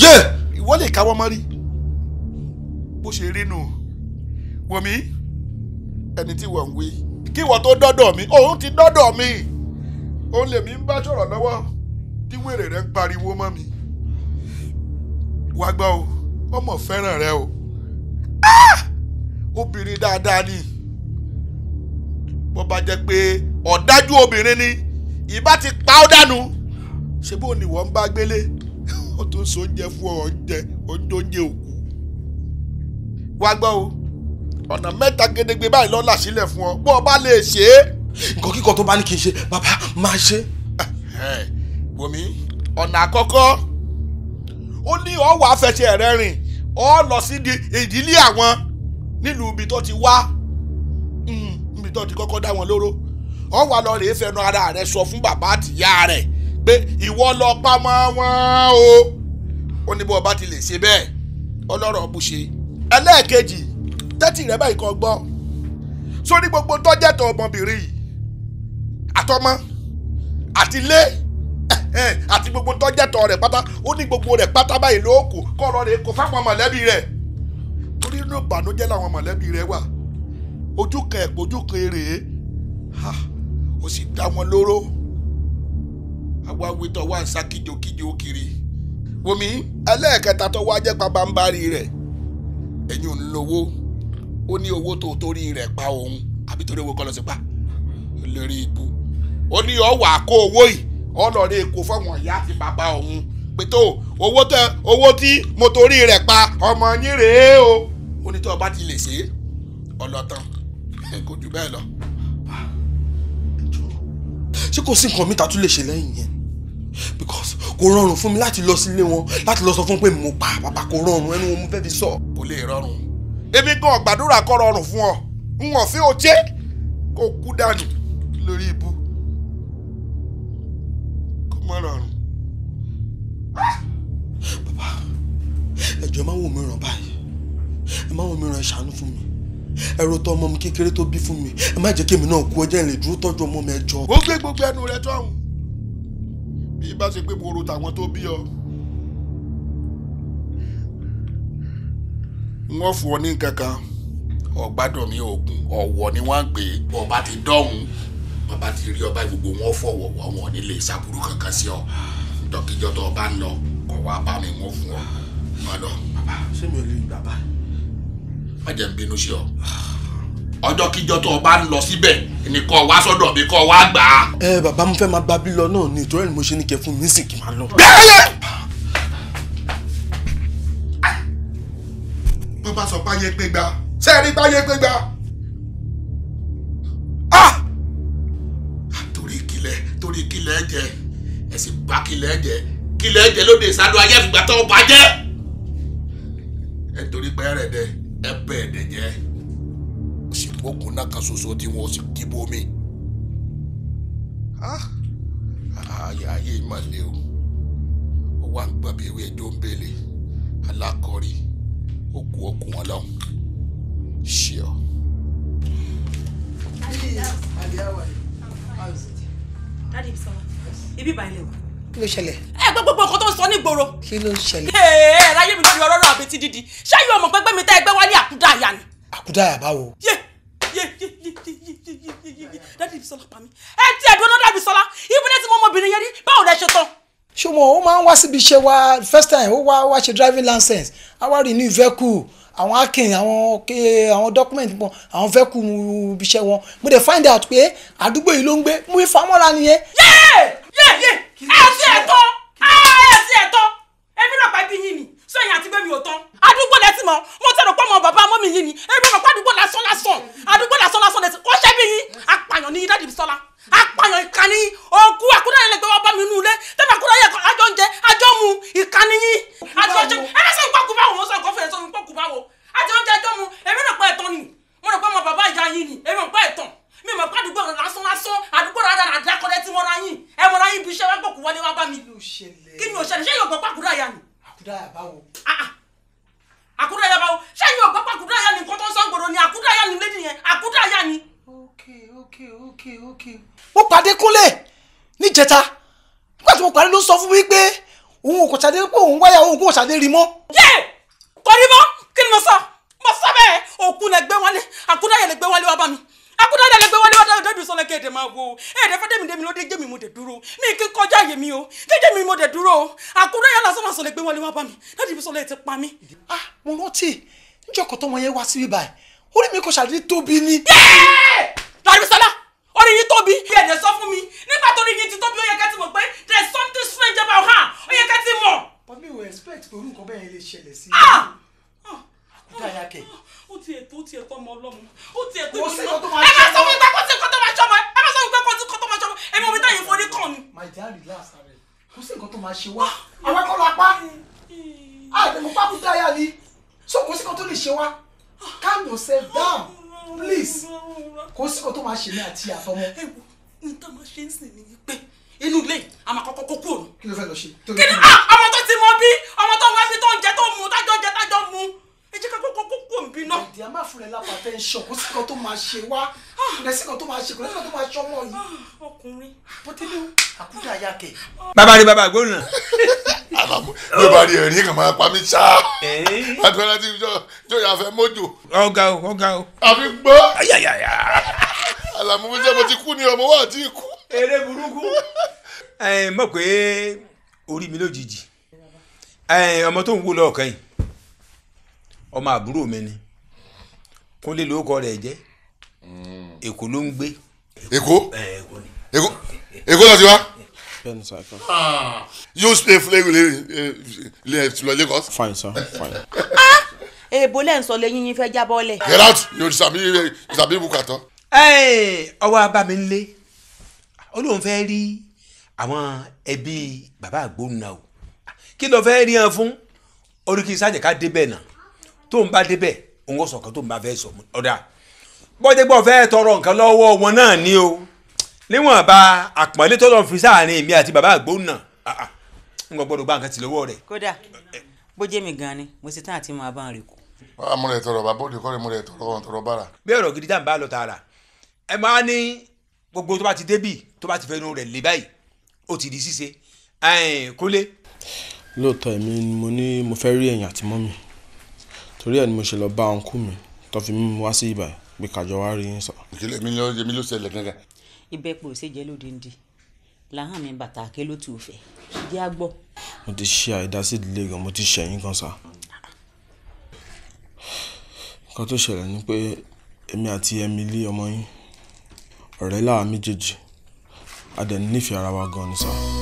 yé ìwọ lè káwọ́ mọ́rí bó ṣe rí nù wọ̀mí ẹni tí wọ́n ń wí kí wọ́n tó dọ́dọ̀ mi òun ti dọ́dọ̀ mi òun lèmi ń bá sọ̀rọ̀ lọ́wọ́ tí wèrè rẹ̀ ń pariwo mọ́ mi wá gbọ́ o ọmọ fẹ́ràn rẹ o ah! obìnrin dáadáa ni bó bá jẹ́ pé ọ̀dájú obìnrin ni ìbá ti pa ọ́ dànù ṣé bó ni wọ́n bá gbélé (laughs) ó tún so oúnjẹ fún ọ oúnjẹ oúnjẹ oúnjẹ òkú. wá gbọ́ o ọ̀nà mẹ́ta gedegbe báyìí ló là sílẹ̀ fún ọ bó o bá lè ṣe é. nǹkan kíkọ tó bá ní kí n ṣe bàbá máa ṣe. wòmí ọ̀nà àkọ́kọ́ ó ní ọ wàá fẹsẹ̀ rẹ rìn ọ lọ sí ìdílé àwọn nílùú ibi tó ti wá. Mm tó ti kọ́kọ́ dá wọn lóró ọ wà lọ rèé fẹnu ara rẹ sọ fún bàbá àtìyá rẹ pé ìwọ lọ pamọ́ wọn o ó ní bó ọba ti lè ṣe bẹ́ẹ̀ ọlọ́rọ̀ bù ṣe ẹlẹ́ẹ̀kejì tẹ́tì rẹ báyìí kan gbọ́ sórí gbogbo tọ́jẹ́tọ̀ ọmọbìnrin yìí àtọmọ àtilé àti gbogbo tọ́jẹ́tọ̀ rẹ̀ pátá ó ní gbogbo rẹ̀ pátá báyìí ló kọ́ ọ̀rọ̀ rẹ̀ kò fáwọn mọ̀lẹ́bí rẹ̀ torí inú ìbànújẹ́ làwọn mọ̀lẹ́bí rẹ̀ wà ojú kan ẹ̀pọ̀ ojú kan ha ó sì dá wọn lóró àwa wítọ̀ wá ń sá kíjokíjo kiri wòmí ẹlẹ́ẹ̀kẹta tó wá jẹ́ pabambarì rẹ̀ ẹ̀yin ò ń lówó ó ní owó tó torí rẹ̀ pa òun àbí torí owó kọ́ lọ sí pa lórí ibu ó ní ọ̀wà kó owó yìí ọlọ́ọ̀rẹ́ èkó fáwọn ìyá àti bàbá òun pé tó owó tẹ owó tí mo torí rẹ̀ pa ọmọ yín rèé o ó ní tí ọba ti lè ṣe ọlọ́tàn kò jù bẹ́ẹ̀ lọ. Ah, ṣé kò sí nǹkan mi ta tún lè ṣe lẹ́yìn yẹn because kò rọrùn fún mi láti lọ sílé wọn láti lọ sọ fún pé mo pa bàbá kò rọrùn ẹnu wọn mo fẹ́ fi sọ. kò lè rọrùn èmi gan gbàdúrà kó rọrùn fún ọ n ò fi òjé kó kú dànù lórí ibú kó má rọrùn. bàbá ẹjọ́ máa wò mí ràn báyìí ẹ máa wò mí ràn ẹ ṣàánú fún mi ẹ̀rọ tó ọmọ mi kékeré tó bí fún mi ẹ má jẹ́ kémi náà kú ọjọ́ ìrìn dúró tọ́jú ọmọ mi ẹjọ́. ó gbé gbogbo ẹnu rẹ tọ́hún bí ibà ṣe pé boro tàwọn tó bí ọ. wọ́n fún ọ ní nǹkan kan ọ̀gbádùn mi oògùn ọ̀wọ̀ ni wọ́n ń pè é ọba ti dọ́hùn bàbá ti rí ọba gbogbo wọn fọwọ́ wọn nílé ìsàbùrù kankan sí ọ dọ́kíjọ́ tó ọba ń lọ kọ̀ wá bá mi wọ́n fún ọ. ṣé mi ò lè gbà báyìí má jẹ́ ń bínú ṣe ọ ọjọ́ kíjọ́ tó o bá ń lọ síbẹ̀ ni kò wá sọ́dọ̀ mi kò wá gbà á. ẹ bàbá mo fẹ́ máa bá bí lọ náà ni ìtọ́rẹ́ ni mo ṣe ní kẹ fún mi sì kì máa lọ. bẹ́ẹ̀ bó bá sọ báyé pé gba sẹ́ẹ̀rí báyé pé gba. Ah! torí kílẹ̀ torí kílẹ̀ jẹ ẹ̀sìn bá kílẹ̀ jẹ kílẹ̀ jẹ lóde ìsádọ́ ayé fìgbà tó o bá jẹ́ ẹ torí pẹ́ẹ́rẹ́ dẹ́ ẹ bẹ ẹ̀dẹ̀ jẹ́ ó sì gbókun náà kan ṣoṣo tí wọ́n sì kí bómi. ayé ayé ìmọ̀lẹ́ o ó wà ń gbọ́n bí ewé ẹjọ́ ń bèlè alákọ̀ọ́rí ó kú ọkùn wọn lọ́hùn ṣe ọ. ibi báyìí lẹ́wọ̀n kí ló ṣẹlẹ̀. ẹ gbọ́ gbogbo nǹkan tó ń sọ nígboro. kí ló ṣẹlẹ̀. ẹ ẹ láyé mi lórí ọlọ́rọ̀ àbètí dídì ṣé yóò mọ̀ pẹ́gbẹ́ mi tá ẹgbẹ́ wálé àkúdà àyà ni. àkúdà àyà báwo. yé yé yé yé yé yé yé yé yé dádì Bísọ́lá pa mí. ẹ ti ẹ̀dùn ọ̀nà dàbí sọlá ibùdó tí mo mọ obìnrin yẹn rí báwo lẹ ṣe tán. ṣùgbọ́n ó máa ń wá síbi iṣẹ́ wa first time ó wá wá ṣe driving license á wá renew vehicle àwọn akin àwọn àwọn document pọn àwọn fẹ́ kú ibi iṣẹ́ wọn mo dẹ̀ find out pé àdúgbò yìí ló ń gbé mo fi famọ́ra nìyẹn. yéé yéèyé ẹ ti ẹ tán ẹ ti ẹ tán ẹbí náà pàbí yín ni sọ èyàn àti gbẹmí ò tán. àdúgbò lẹ ti mọ mo ti rò pé ọmọ bàbá ọmọ mi yìí ni ẹbí mọ pé àdúgbò lásán lásán àdúgbò lásán lásán lẹsìn kó ṣe bí yín apààyàn ni dáàdì Bísọ́lá apààyàn ìkànnì òkú àkúrẹ́ yẹn lè gbé wá bá mi nù lé tẹ́lẹ̀ àkúrẹ́ yẹn àjọ ń jẹ àjọ mu ìkànnì yín àjọ ń jẹ ẹ bá sọ nǹkan kú báwo mo sọ nǹkan fẹ̀yẹ̀ sọ nǹkan kú báwo àjọ ń jẹ àjọ mu ẹ̀mí ẹ̀tàn mi mọ̀ pé àdúgbò ọ̀rọ̀ lásán lásán àdúgbò rárá àdákọ́lẹ́ tí wọ́n ra yín ẹ wọ́n ra yín ibi iṣẹ́ wá gbọ̀kú wọlé wá bá mi. kí ni òṣèlè ṣé yóò gbọ́ pàkúráyà ni. àkúráyà báwo. Ah, ah. àkúráyà báwo ṣé yóò gbọ́ pàkúráyà ni nǹkan tó ń sọ gbòòrò ni àkúráyà ni lédi yẹn àkúráyà ni. okay okay okay okay. ó pàdé kúnlẹ̀ níjẹta nígbà tí mo pàdé ló sọ fún mi pé òun kò ṣàdé pé òun wáyà òun kò ṣàdé rí mọ́. yé kò rí mọ́ kí ni mo sọ bá mi akuta dalẹ gbé wọlé wọlé ọdọọdún sọlẹ kí èdè máa wo èdè fẹdẹ mi dẹmi lọdẹ jẹmi mo dẹ dúró mi kí kọjá yé mi o kí jẹmi mo dẹ dúró akuta yàrá sọlá sọlẹ gbé wọlé wá bá mi láti ibi sọlẹ ti pa mí. ah mo rántí njọkọ tọmọ yẹn wá síbí báyìí orí mi kò ṣàdédé tóbi ni. láti sọlá orí yìí tóbi. bí ẹ̀dẹ̀ sọ fún mi nígbà tó rí yìí ti tóbi ó yẹ ká ti mọ̀ pé there is something strange about her ó yẹ ká mọ̀. bàbá mi expect pé orúkọ bẹ́ẹ̀ lè ṣẹlẹ̀ sí i. Ah! dáyà kẹ. ó ti ètò ó ti ètò ọmọ ọlọ́run ó ti ètò ìlú ẹ má sọ fún mi pé kó máa ṣọmọ ẹ má sọ fún mi pé kó ti kó tó máa omi táyà ìfọ kàn ni. my dear relax rẹ kò sí nǹkan tó máa ṣe wá àwọn ẹ̀kọ́ la pa àdéhùn pápú dáyà ni so kò sí nǹkan tó lè ṣe wá calm yourself down please kò sí nǹkan tó máa ṣe ní àti àtọmọ. ẹ wo ní tá a máa ṣe ń sìn ní pé inú ilé àmà kọ́kọ́ kó kúrò. kí ló fẹ́ lọ ṣe. kí ni ah, ọmọ tó ti mọ bí ọmọ tó wá bí tó ń jẹ tó ń mu tájọ́ jẹ tájọ́ mu ẹ jẹ́ ká kọ́kọ́ kókó òǹbí náà. ẹ̀dì a máa fún ẹ lápá tẹ́ńsọ̀n kò sí kan tó máa ṣe wá ah. kò sí kan tó máa ṣe kò sí kan tó máa ṣọmọ yìí. Ah, ọkùnrin bọ́tẹ́lẹ̀ àkúdà ayá kẹ. Ah. bàbá rí bàbá gbóná. (laughs) àbámu yóò bá rí ẹ̀rín kan máa pa mí ṣá. àtúwọ́lá ti jọ ìyá fẹ́ mọ́jò. ọ̀gá o ọ̀gá o. àfi gbọ́. àlàmú jẹ́ mo ti kú ni ọmọ wa ti kú. eré burúkú. ẹ mọ̀ pé orí mi lójijì ọmọ tó ń wú lọ́ọ̀kan yìí ọmọ àbúrò mi ni kúnlé lórúkọ rẹ̀ jẹ́ èkó ló ń gbé. èkó èkó èkó lọ sí wa. you stay play with le le Lagos. fine sir fine. Ah! èèbó lẹ́ ń sọ lẹ́yìn yín fẹ́ jábọ́ lẹ̀. get out you sabi you sabi buka tán. ọwọ́ abamilé ó lóun fẹ́ rí àwọn ẹbí bàbá àgbóhùn náà kí ló fẹ́ rí hàn fún orí kí sájẹ̀ká débẹ̀ náà tó ń bá débẹ̀ òun ó sọ kan tó ń bá fẹ́ sọ ọ̀dà bọ́dẹ́gbọ́ fẹ́ tọrọ nǹkan lọ́wọ́ wọn náà ni o níwọ̀n bá àpọ́nlé tó lọ́n fi sáàárín èmi àti bàbá àgbóhùnà n kò gbọ́dọ̀ bá nǹkan ti lọ́wọ́ rẹ̀. kódà bó mi gan ni mo ṣe tán àti máa bá ń rè kú. amúlẹ̀ tọrọ bàbá òde kọ́rẹ́ múlẹ̀ tọrọ ọ̀hún tọrọ bára. bí ọ̀rọ̀ gidi dáhùn bá lọ tààrà ẹ máa ní gbogbo tó bá ti débì tó bá ti fẹnu rẹ̀ lé báyìí ó ti di ṣíṣe kólé. lóòótọ́ èmi mo ní mo fẹ́ rí ẹ̀yìn àti mọ́mì torí ẹ̀ ni mo ṣe lọ bá ọ̀nkú mi tó fi mímu wá sí ibà pé kàjọ wá rí yín sọ. ìkìlẹ̀ mi ló ṣe mi ló ṣẹlẹ̀ gangan. ibẹ̀ pò ṣe jẹ́ lóde ndí làhàn mi bàtà àké ló tù ú fẹ́ jẹ́ á gbọ́. mo ti ṣe àìdásí ìdílé gan mo ti ṣẹ̀yìn gan sa. nǹkan tó ṣẹlẹ̀ ni pé èmi àti Emily ọmọ yín ọ̀rẹ́ láwa méjèèjì a nífẹ̀ẹ́ ara wa gan ni sáà.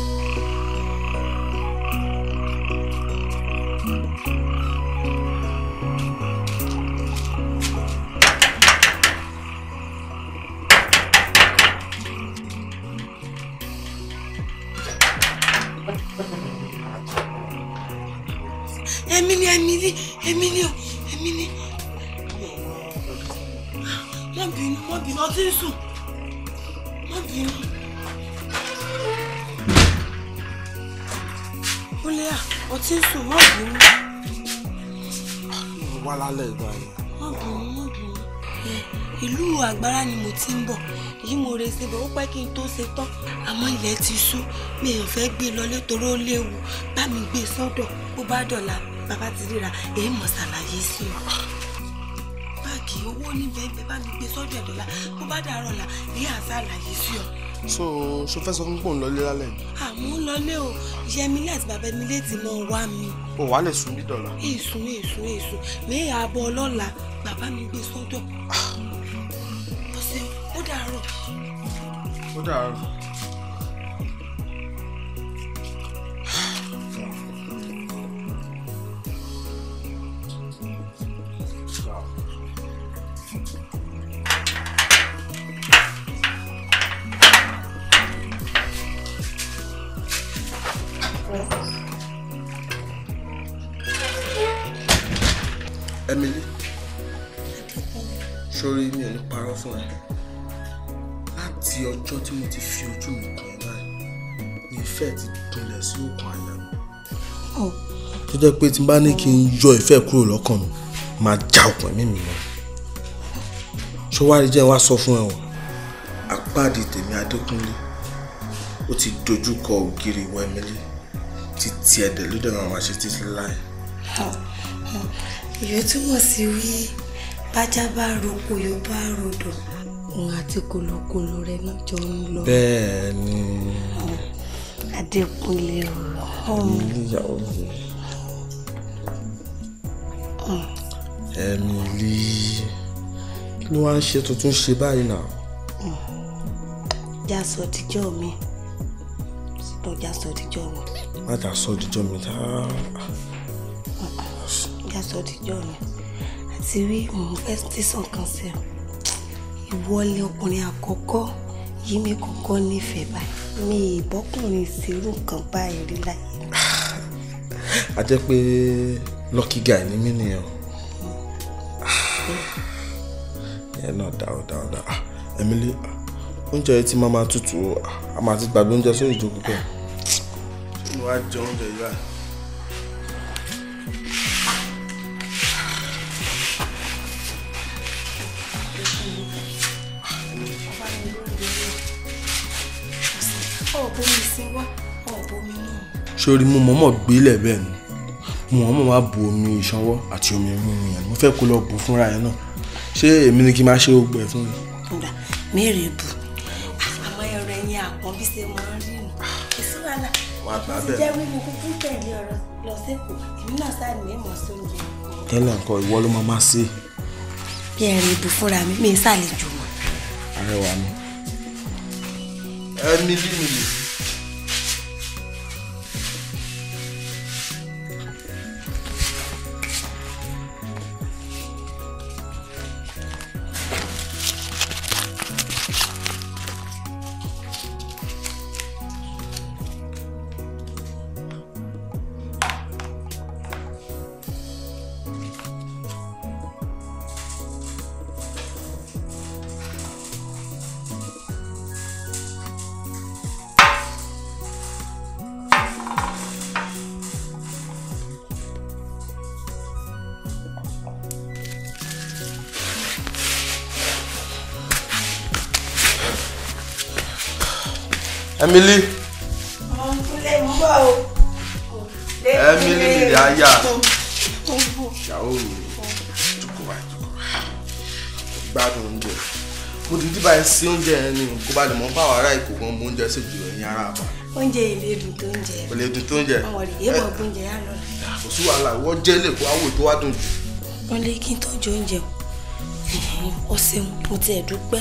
síbẹ̀ ó pẹ́ kí n tó ṣe tán àmọ́ ilẹ̀ ti sú mi ò fẹ́ gbé lọ nítorí ó léwu bá mi gbé sọ́dọ̀ bó bá dọ̀la bàbá ti ríra èyí mọ̀ ṣàlàyé sí i. báàgì owó níbẹ̀ bẹ́ẹ̀ bá mi gbé sọ́dọ̀ ẹ̀ dọ̀la bó bá dàárọ̀ la èyí à ń ṣàlàyé sí ọ. so so fẹ́ sọ fún pò ń lọlé lálẹ́. àmọ́ lọlé o yẹmílé àti bàbá mi létí mọ wá mi. o wà lè sùn bí èsùn èsùn èsùn mi ì àbọ̀ ọlọ́la bàbá mi gbé sọ́dọ̀. ọ̀sẹ̀ ah. ó dàárọ̀. 有点儿。Emily, show me your ní parọ́ fún láti ọjọ́ tí mo ti fi ojú mi kàn ẹ́ báyìí ni ìfẹ́ ti gbilẹ̀ sí òkun àyà mi. Oh. tó jẹ́ pé tí n bá ní kí n yọ ìfẹ́ kúrò lọ́kàn mi máa já òkun ẹ̀mí mi lọ. ṣé wàá rí jẹ́ wá sọ fún ẹ o apáàdì tèmi adékúnlé ó ti dojú kọ ògiri ìwọ ẹ̀mílé títí ẹ̀dẹ̀ ló dẹ̀ máa ṣe títí láì. Oh, oh. ìyẹn túmọ̀ sí wí bájá bá roko yóò bá rodò òun àti kolokolo rẹ náà jọ ń lọ. bẹ́ẹ̀ ni. adékúnlé o. ìyàwó mi. Emily kí ló wá ń ṣe tuntun ṣe báyìí náà. já sọ díjọ́ mi lọ já sọ díjọ́ mi. má dà sọ díjọ́ mi tá. já sọ díjọ́ mi àti rí mò fẹ́ tẹ̀sán kan sí ìwọ ni ọkùnrin àkọ́kọ́ yìí mi kọ́kọ́ nífẹ̀ẹ́ báyìí mi ìbọ́kùnrin ṣerú kan báyìí rí láyé. a jẹ́ pé lucky guy ni mí nìyẹn o ìyẹn náà dáhùn dáhùn dáhùn Emily oúnjẹ yìí tí máa máa tutù a máa ti gbàgbé oúnjẹ sórí ìjókòó pẹ̀. wàá jẹ oúnjẹ yìí báyìí. bomi sí wá ọ̀ bomi náà. mo mọ̀ọ́mọ̀ gbélé bẹ́ẹ̀ ni mo mọ̀ọ́mọ̀ wá bu omi ìṣanwọ́ àti omi mímu yẹn mo fẹ́ kó lọ bù fúnra yẹn náà ṣé èmi ni kí n máa ṣe oògùn ẹ̀ fún mi. nga mẹ́rin bù àmọ́ ẹ̀rọ ẹ̀yìn àpọ́n bí ṣe mọ̀ rí nù èso wàhálà wọ́n ti jẹ́ wíwú kúkú tẹ̀lé ọ̀rọ̀ lọ sẹ́kọ̀ọ́ èmi náà sáà ní ìmọ̀ sóúnjẹ. tẹ́lẹ̀ nǹkan ìwọ ló máa máa ṣe. bí ẹ̀rín ibù fúnra mi mi ń ṣàlejò mọ́. arẹwà mi. ẹ mi bí mi lè. Emily. Emily mi da ya. Ìyàwó mi jókòó báyìí jókòó gbádùn oúnjẹ. Mo dìídì báyìí sí oúnjẹ yẹn ni kó ba lè mọ báwọn ará Èkó gan mú oúnjẹ sí ìjùlọ ní ara àbá. Oúnjẹ ìlédùn tó ń jẹ. Ìlédùn tó ń jẹ. Àwọn òrìyé mọ̀ gbóúnjẹ á lọ. Kò sí wàhálà, wọ́n jẹ́ lè kó àwò tó wá dùn jù. Wọ́n lé kí n tọ́jú oúnjẹ Ọ̀sẹ̀ mo ti ẹ̀ dúpẹ́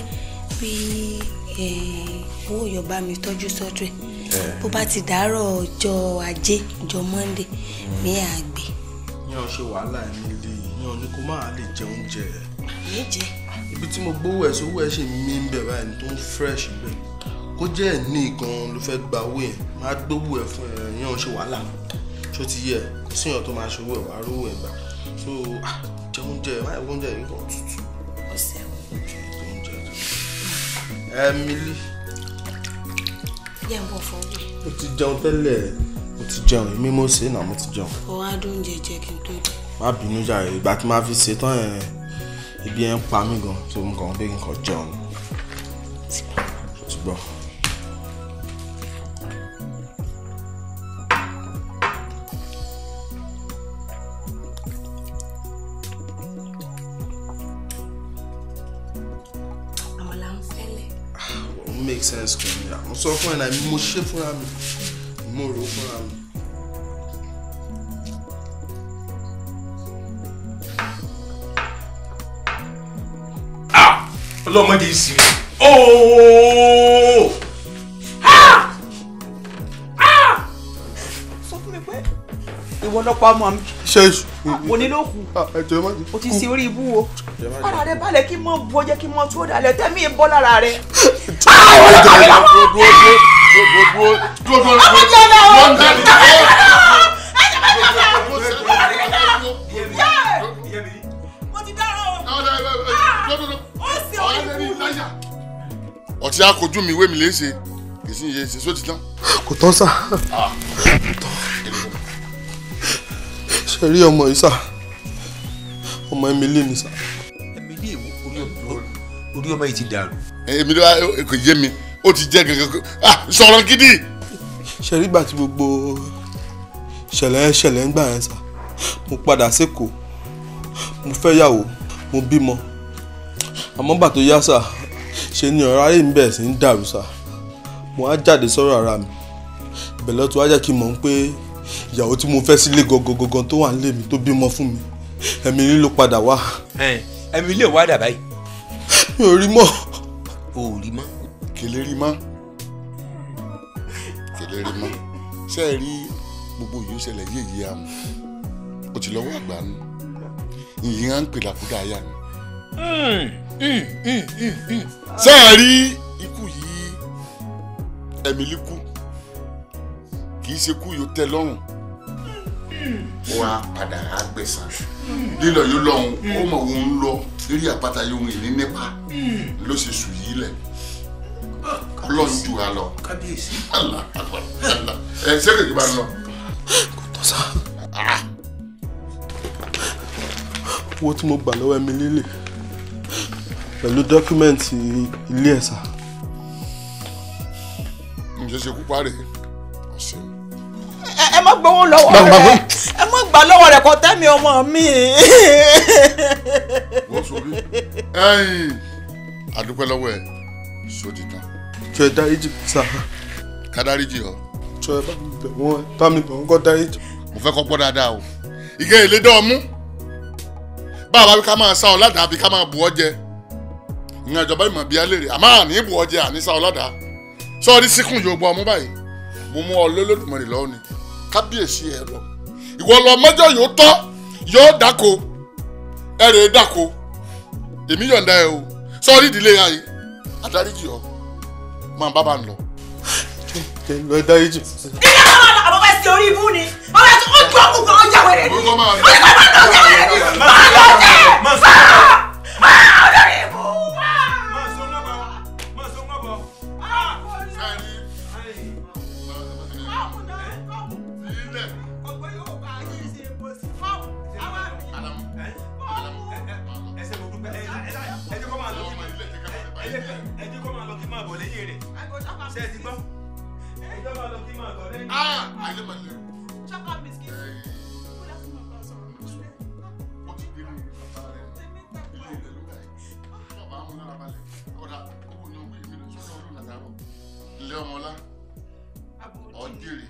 bíi owó yọba mi tọ́jú sọ́dọ̀ ẹ̀ bó bá ti dàárọ̀ ọjọ́ ajé ọjọ́ monday mm. mi à gbé. yan ṣe wàhálà ẹ nílé yan ni kó máa lè jẹ oúnjẹ ẹ. jẹ. ibi tí mo gbówó ẹ sówó ẹ ṣe mí ń bẹ báyìí tó ń fresh bẹ kó jẹ ẹ ní gan ló fẹ́ gba owó ẹ máa gbówó ẹ fún ẹ yan ṣe wàhálà ṣó ti yẹ kò síyàn tó máa ṣòwò ẹ wàá rówó ẹ gbà so ah, jẹ oúnjẹ ẹ má yẹ oúnjẹ yìí kan tútù. Emily. yẹn bọ̀ fún mi. mo ti jẹun tẹ́lẹ̀ mo ti jẹun èmi mo ṣe náà mo ti jẹun. ó wá dóúnjẹ jẹ kí n tó dé. má bínú jàre ìgbà tí màá fi ṣe tán ẹ ibi ẹ ń pa mí gan tó ń kàn pé nǹkan jẹun. ṣùgbọ́n. sọ fún ẹ̀nà mi mo ṣe fúnra mi mo rò fúnra mi. Ah! ọlọ́mọdé sì rí ooo. Ah! Ah! sọ fún mi pé ìwọ ọlọ́pàá mọ ṣe é sùn. òní ló kù. o ti ṣe orí ibú o. ara rẹ balẹ̀ kí mọ bu ọjẹ́ kí mọ tó dalẹ̀ tẹ́mí ń bọ́ lára rẹ. (laughs) jẹ ẹ dúró dúró dúró dúró dúró dúró dúró dúró. ọtí akojú mi ìwé mi lè ṣe kì í sì yé ṣe sóti tán. kò tán sà kò tán ṣe rí ọmọ yìí sà ọmọ Emily ni sà. Emily orí ọmọ yìí ti dàrú. Emily kò yé mi ó ti jẹ́ gẹ́gẹ́ ah sọ̀rọ̀ gidi. ṣẹ̀rí gbà tí gbogbo ṣẹ̀lẹ̀ ṣẹ̀lẹ̀ ń gbà yẹn sá mo padà sékòó mo fẹ́ yàwó mo bímọ àmọ́ bà tó yá sá ṣe ni ọ̀rọ̀ ayé mi bẹ̀rẹ̀ sí ń dàrú sá mo á jáde sọ̀rọ̀ ara mi ìbẹ̀lẹ̀ tó wá jẹ́ kí n mọ̀ pé ìyàwó tí mo fẹ́ sílé gangan tó wà nílé mi tó bímọ fún mi ẹ̀mí ilé padà wá. ẹ̀mí ilé wá dà mi ò rí mọ́. o ò rí mọ́ kèlérí mọ́ kèlérí mọ́ ṣe é rí gbogbo yìí ṣẹlẹ̀ yéèyé àmú o ti lọ́wọ́ àgbà nù ìyìn à ń pè làkúdà ayá ni. ṣe é rí ikú yìí Emily kú kì í ṣe kú yóò tẹ́ lọ́rùn wa padà àgbẹ̀sán lílọ yóò lọ́hùn ó mọ̀ òun lọ lórí àpáta yóò rìn ní nípa ló ṣe sùn yìí lẹ̀ ọlọ́run jù wá lọ. kábíyèsí. ẹ ṣé kèké bá ń lọ. kò tọ́ sá. Ah. owó tí mo gbà lọ́wọ́ ẹ̀mí líle pẹ̀lú dọ́kúmẹ́ǹtì ilé ẹ̀sà. ǹjẹ́ ṣe kú parí ẹ má gbowó lọ́wọ́ rẹ̀ ẹ má gbà lọ́wọ́ rẹ̀ kó tẹ́mi ọmọ mi. wọ́n sọ rí ẹ̀yìn àdúpẹ́ lọ́wọ́ ẹ̀ sódì tán. jọ ẹ dáríjì sá. ká dáríjì ọ. jọ ẹ bá mi bẹ̀ wọ́n bá mi bẹ̀ wọ́n kọ́ dáríjì. mo fẹ́ kọ́ gbọ́ dáadáa o ìgẹ́ ìlédè ọmú báwa bí ká máa sá ọ bí ká máa bù ọ jẹ ìyẹn ìjọba ìmọ̀ bíi alẹ́ àmọ́ àní bù ọ jẹ àní sá ọ ládàá sọ́ọ́rí síkùn yóò bọ́ ọmú báyìí mo mú ọ lólódùmarè lọ́wọ́ kábíyèsí ẹ lọ ìwọ lọ mọ́jọ́ yóò tọ́ yóò dáko ẹ̀rẹ̀ dáko èmi yọ̀ǹda ẹ o sọ́ọ́rí ìdílé ya adáríjì ọ máa bá bá ń lọ. ẹ lọ ẹ dáríjì. ìyá bàbá àná àbọ̀ bá ṣe orí ibú ni ọmọ ẹ̀ tó ń jọ kù kàn ọjà wẹ̀rẹ̀ ni ọjà wẹ̀rẹ̀ ni máa lọ jẹ́ máa lọ jẹ́. ṣe ti gbọ́ ìjọba lọ kí máa tọ́ lẹ́yìn. ayé máa lè wò. chaka biscuit. ó ti dé mi bàbá rẹ ilé rẹ ló báyìí ṣọba àwọn ọmọ náà balẹ̀ kọ́dà owó ni wọ́n gbé mi lọ sọ́dọ̀ ọdún làtàrọ̀ ilé ọmọlá ọ̀jẹ̀rẹ̀.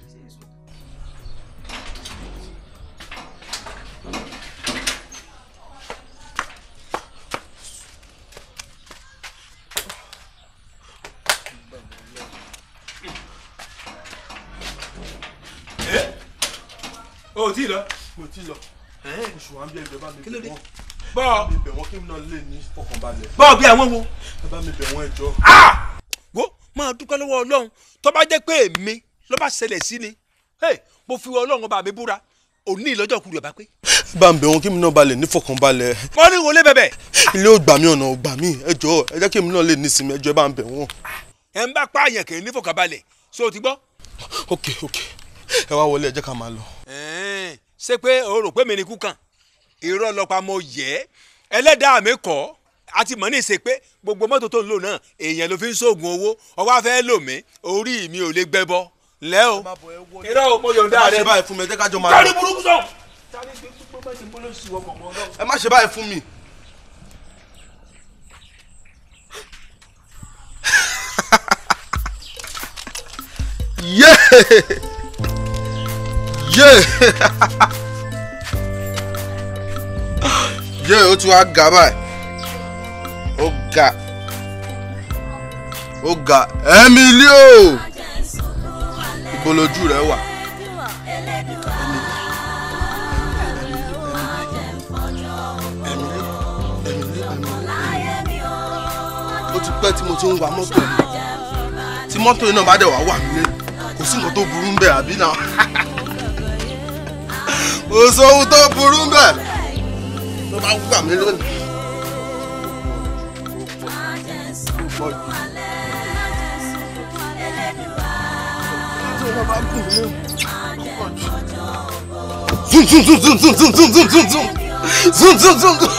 ò tí lọ. mo ti lọ oṣù wa ń bí ẹgbẹ́ bá mi bẹ̀ wọ́n bọ́ọ̀ mi bẹ̀ wọ́n kí n náà lè ní fọkànbalẹ̀. bọ́ọ̀ bí àwọn wo. ẹ bá mi bẹ̀ wọ́n ẹ jọ̀ọ́. wo máa dúpẹ́ lọ́wọ́ ọlọ́run tó bá jẹ́ pé èmi ló bá ṣẹlẹ̀ sí ni mo fi ọlọ́run ọba mi búra òní ìlọ́jọ́ kúrò ọba pé. bá ń bẹ̀ wọ́n kí mi náà balẹ̀ ní fọkànbalẹ̀. wọ́n ní wọlé bẹ̀bẹ̀. ilé ò gbà mí ọ̀nà ò gbà mí ẹ jọ̀ọ́ ẹ jẹ́ kí mi náà lè ní sinmi ẹ jọ̀ọ́ ẹ bá ń bẹ̀ wọ́n. ẹ ń bá pààyàn kì ní fọkànbalẹ̀ so ti gbọ́. ok ok ẹ wá wọlé ẹ jẹ́ ká máa lọ. ṣé pé o rò pé mi ni kú kàn irọ́ lọ́pàá mo yẹ ẹlẹ́dàá mi kọ́ àti mọ̀ ní ìṣe pé gbogbo mọ́tò tó ń lò náà èèyàn ló fi ń ṣoògùn owó ọwọ́ afẹ́ lò mí orí mi ò lè gbẹ bọ́ lẹ́ o irọ́ o mo yọ̀ǹda rẹ. ẹ má ṣe báyìí fún mi ẹ jẹ́ ká jọ máa lọ. kárí burúkú sọ. ẹ má ṣe báyìí fún mi. (laughs) yeah! Yeah, yeah, ó tún wá ga báyìí ó ga ó ga Emilio ìbòlójú rẹ wà. ó ti pẹ́ tí mo ti ń wa mọ́tò tí mọ́tò yìí náà bá dẹ̀ wá wà nílé kò sí nǹkan tó burú ń bẹ̀ àbí náà. (laughs) kò sóhun tó burú bẹ́ẹ̀ tó bá gbà mí lónìí. Zoom zoom zoom zoom zoom zoom zoom zoom zoom zoom zoom zoom zoom zoom.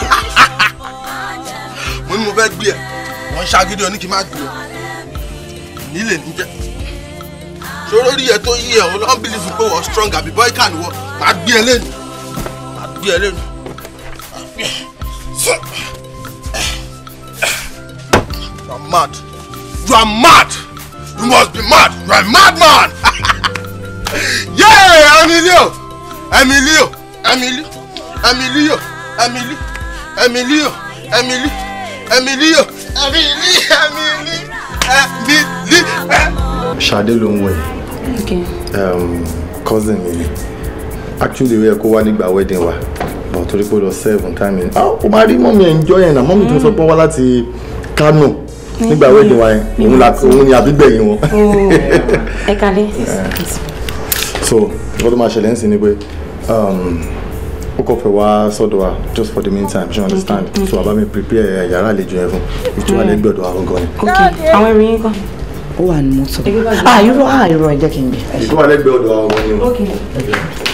Mo ní mo fẹ́ gbé ẹ̀, wọ́n ṣagídí ọ ní kí n má gbé ẹ̀, nílé níjẹ́ sọ̀rọ̀ rí ẹ tó yí ẹ ọlọ́run bìlífù pé wọ́n strong àbí boy can wọ́ máa gbé ẹ lẹ́nu máa gbé ẹ lẹ́nu. You are mad. You are mad. You must be mad. You are a mad man. yeah, Emilio. Emilio. Emilio. Emilio. Emilio. Emilio. Emilio. Emilio. Emilio. Emilio. Emilio. Ṣadé ló ń wẹ̀. Okay. Um, cousin mi ni actually ó yẹ kó wá nígbà wedding wa but torí pé ó lọ seven time ah ó máa rí mọ́mí enjoy yẹn na mọ́mí tó sọ pé ó wá láti Kano nígbà wedding wa yẹn òun la òun ni àbígbẹ̀yìn wọn. Oh, ẹ kalẹ̀. (laughs) so nǹkan tó máa ṣẹlẹ̀ ń sìn ni pé um, ó kọ́ fẹ́ wá sọ́dọ̀ wa just for the meantime you understand so àbá mi prepare eh, yàrá àlejò yẹn fún ìtura lẹ́gbẹ̀ọ́dọ̀ àwọn gan-an. ok àwọn ẹrù kan ó wà ní mọ́tò. àìrọ̀ ah, àìrọ̀ ah, ẹ jẹ́ kí n bẹ̀. ìtumọ̀ lẹ́gbẹ̀ẹ́ ọ̀dọ̀ àwọn ọmọ ni o.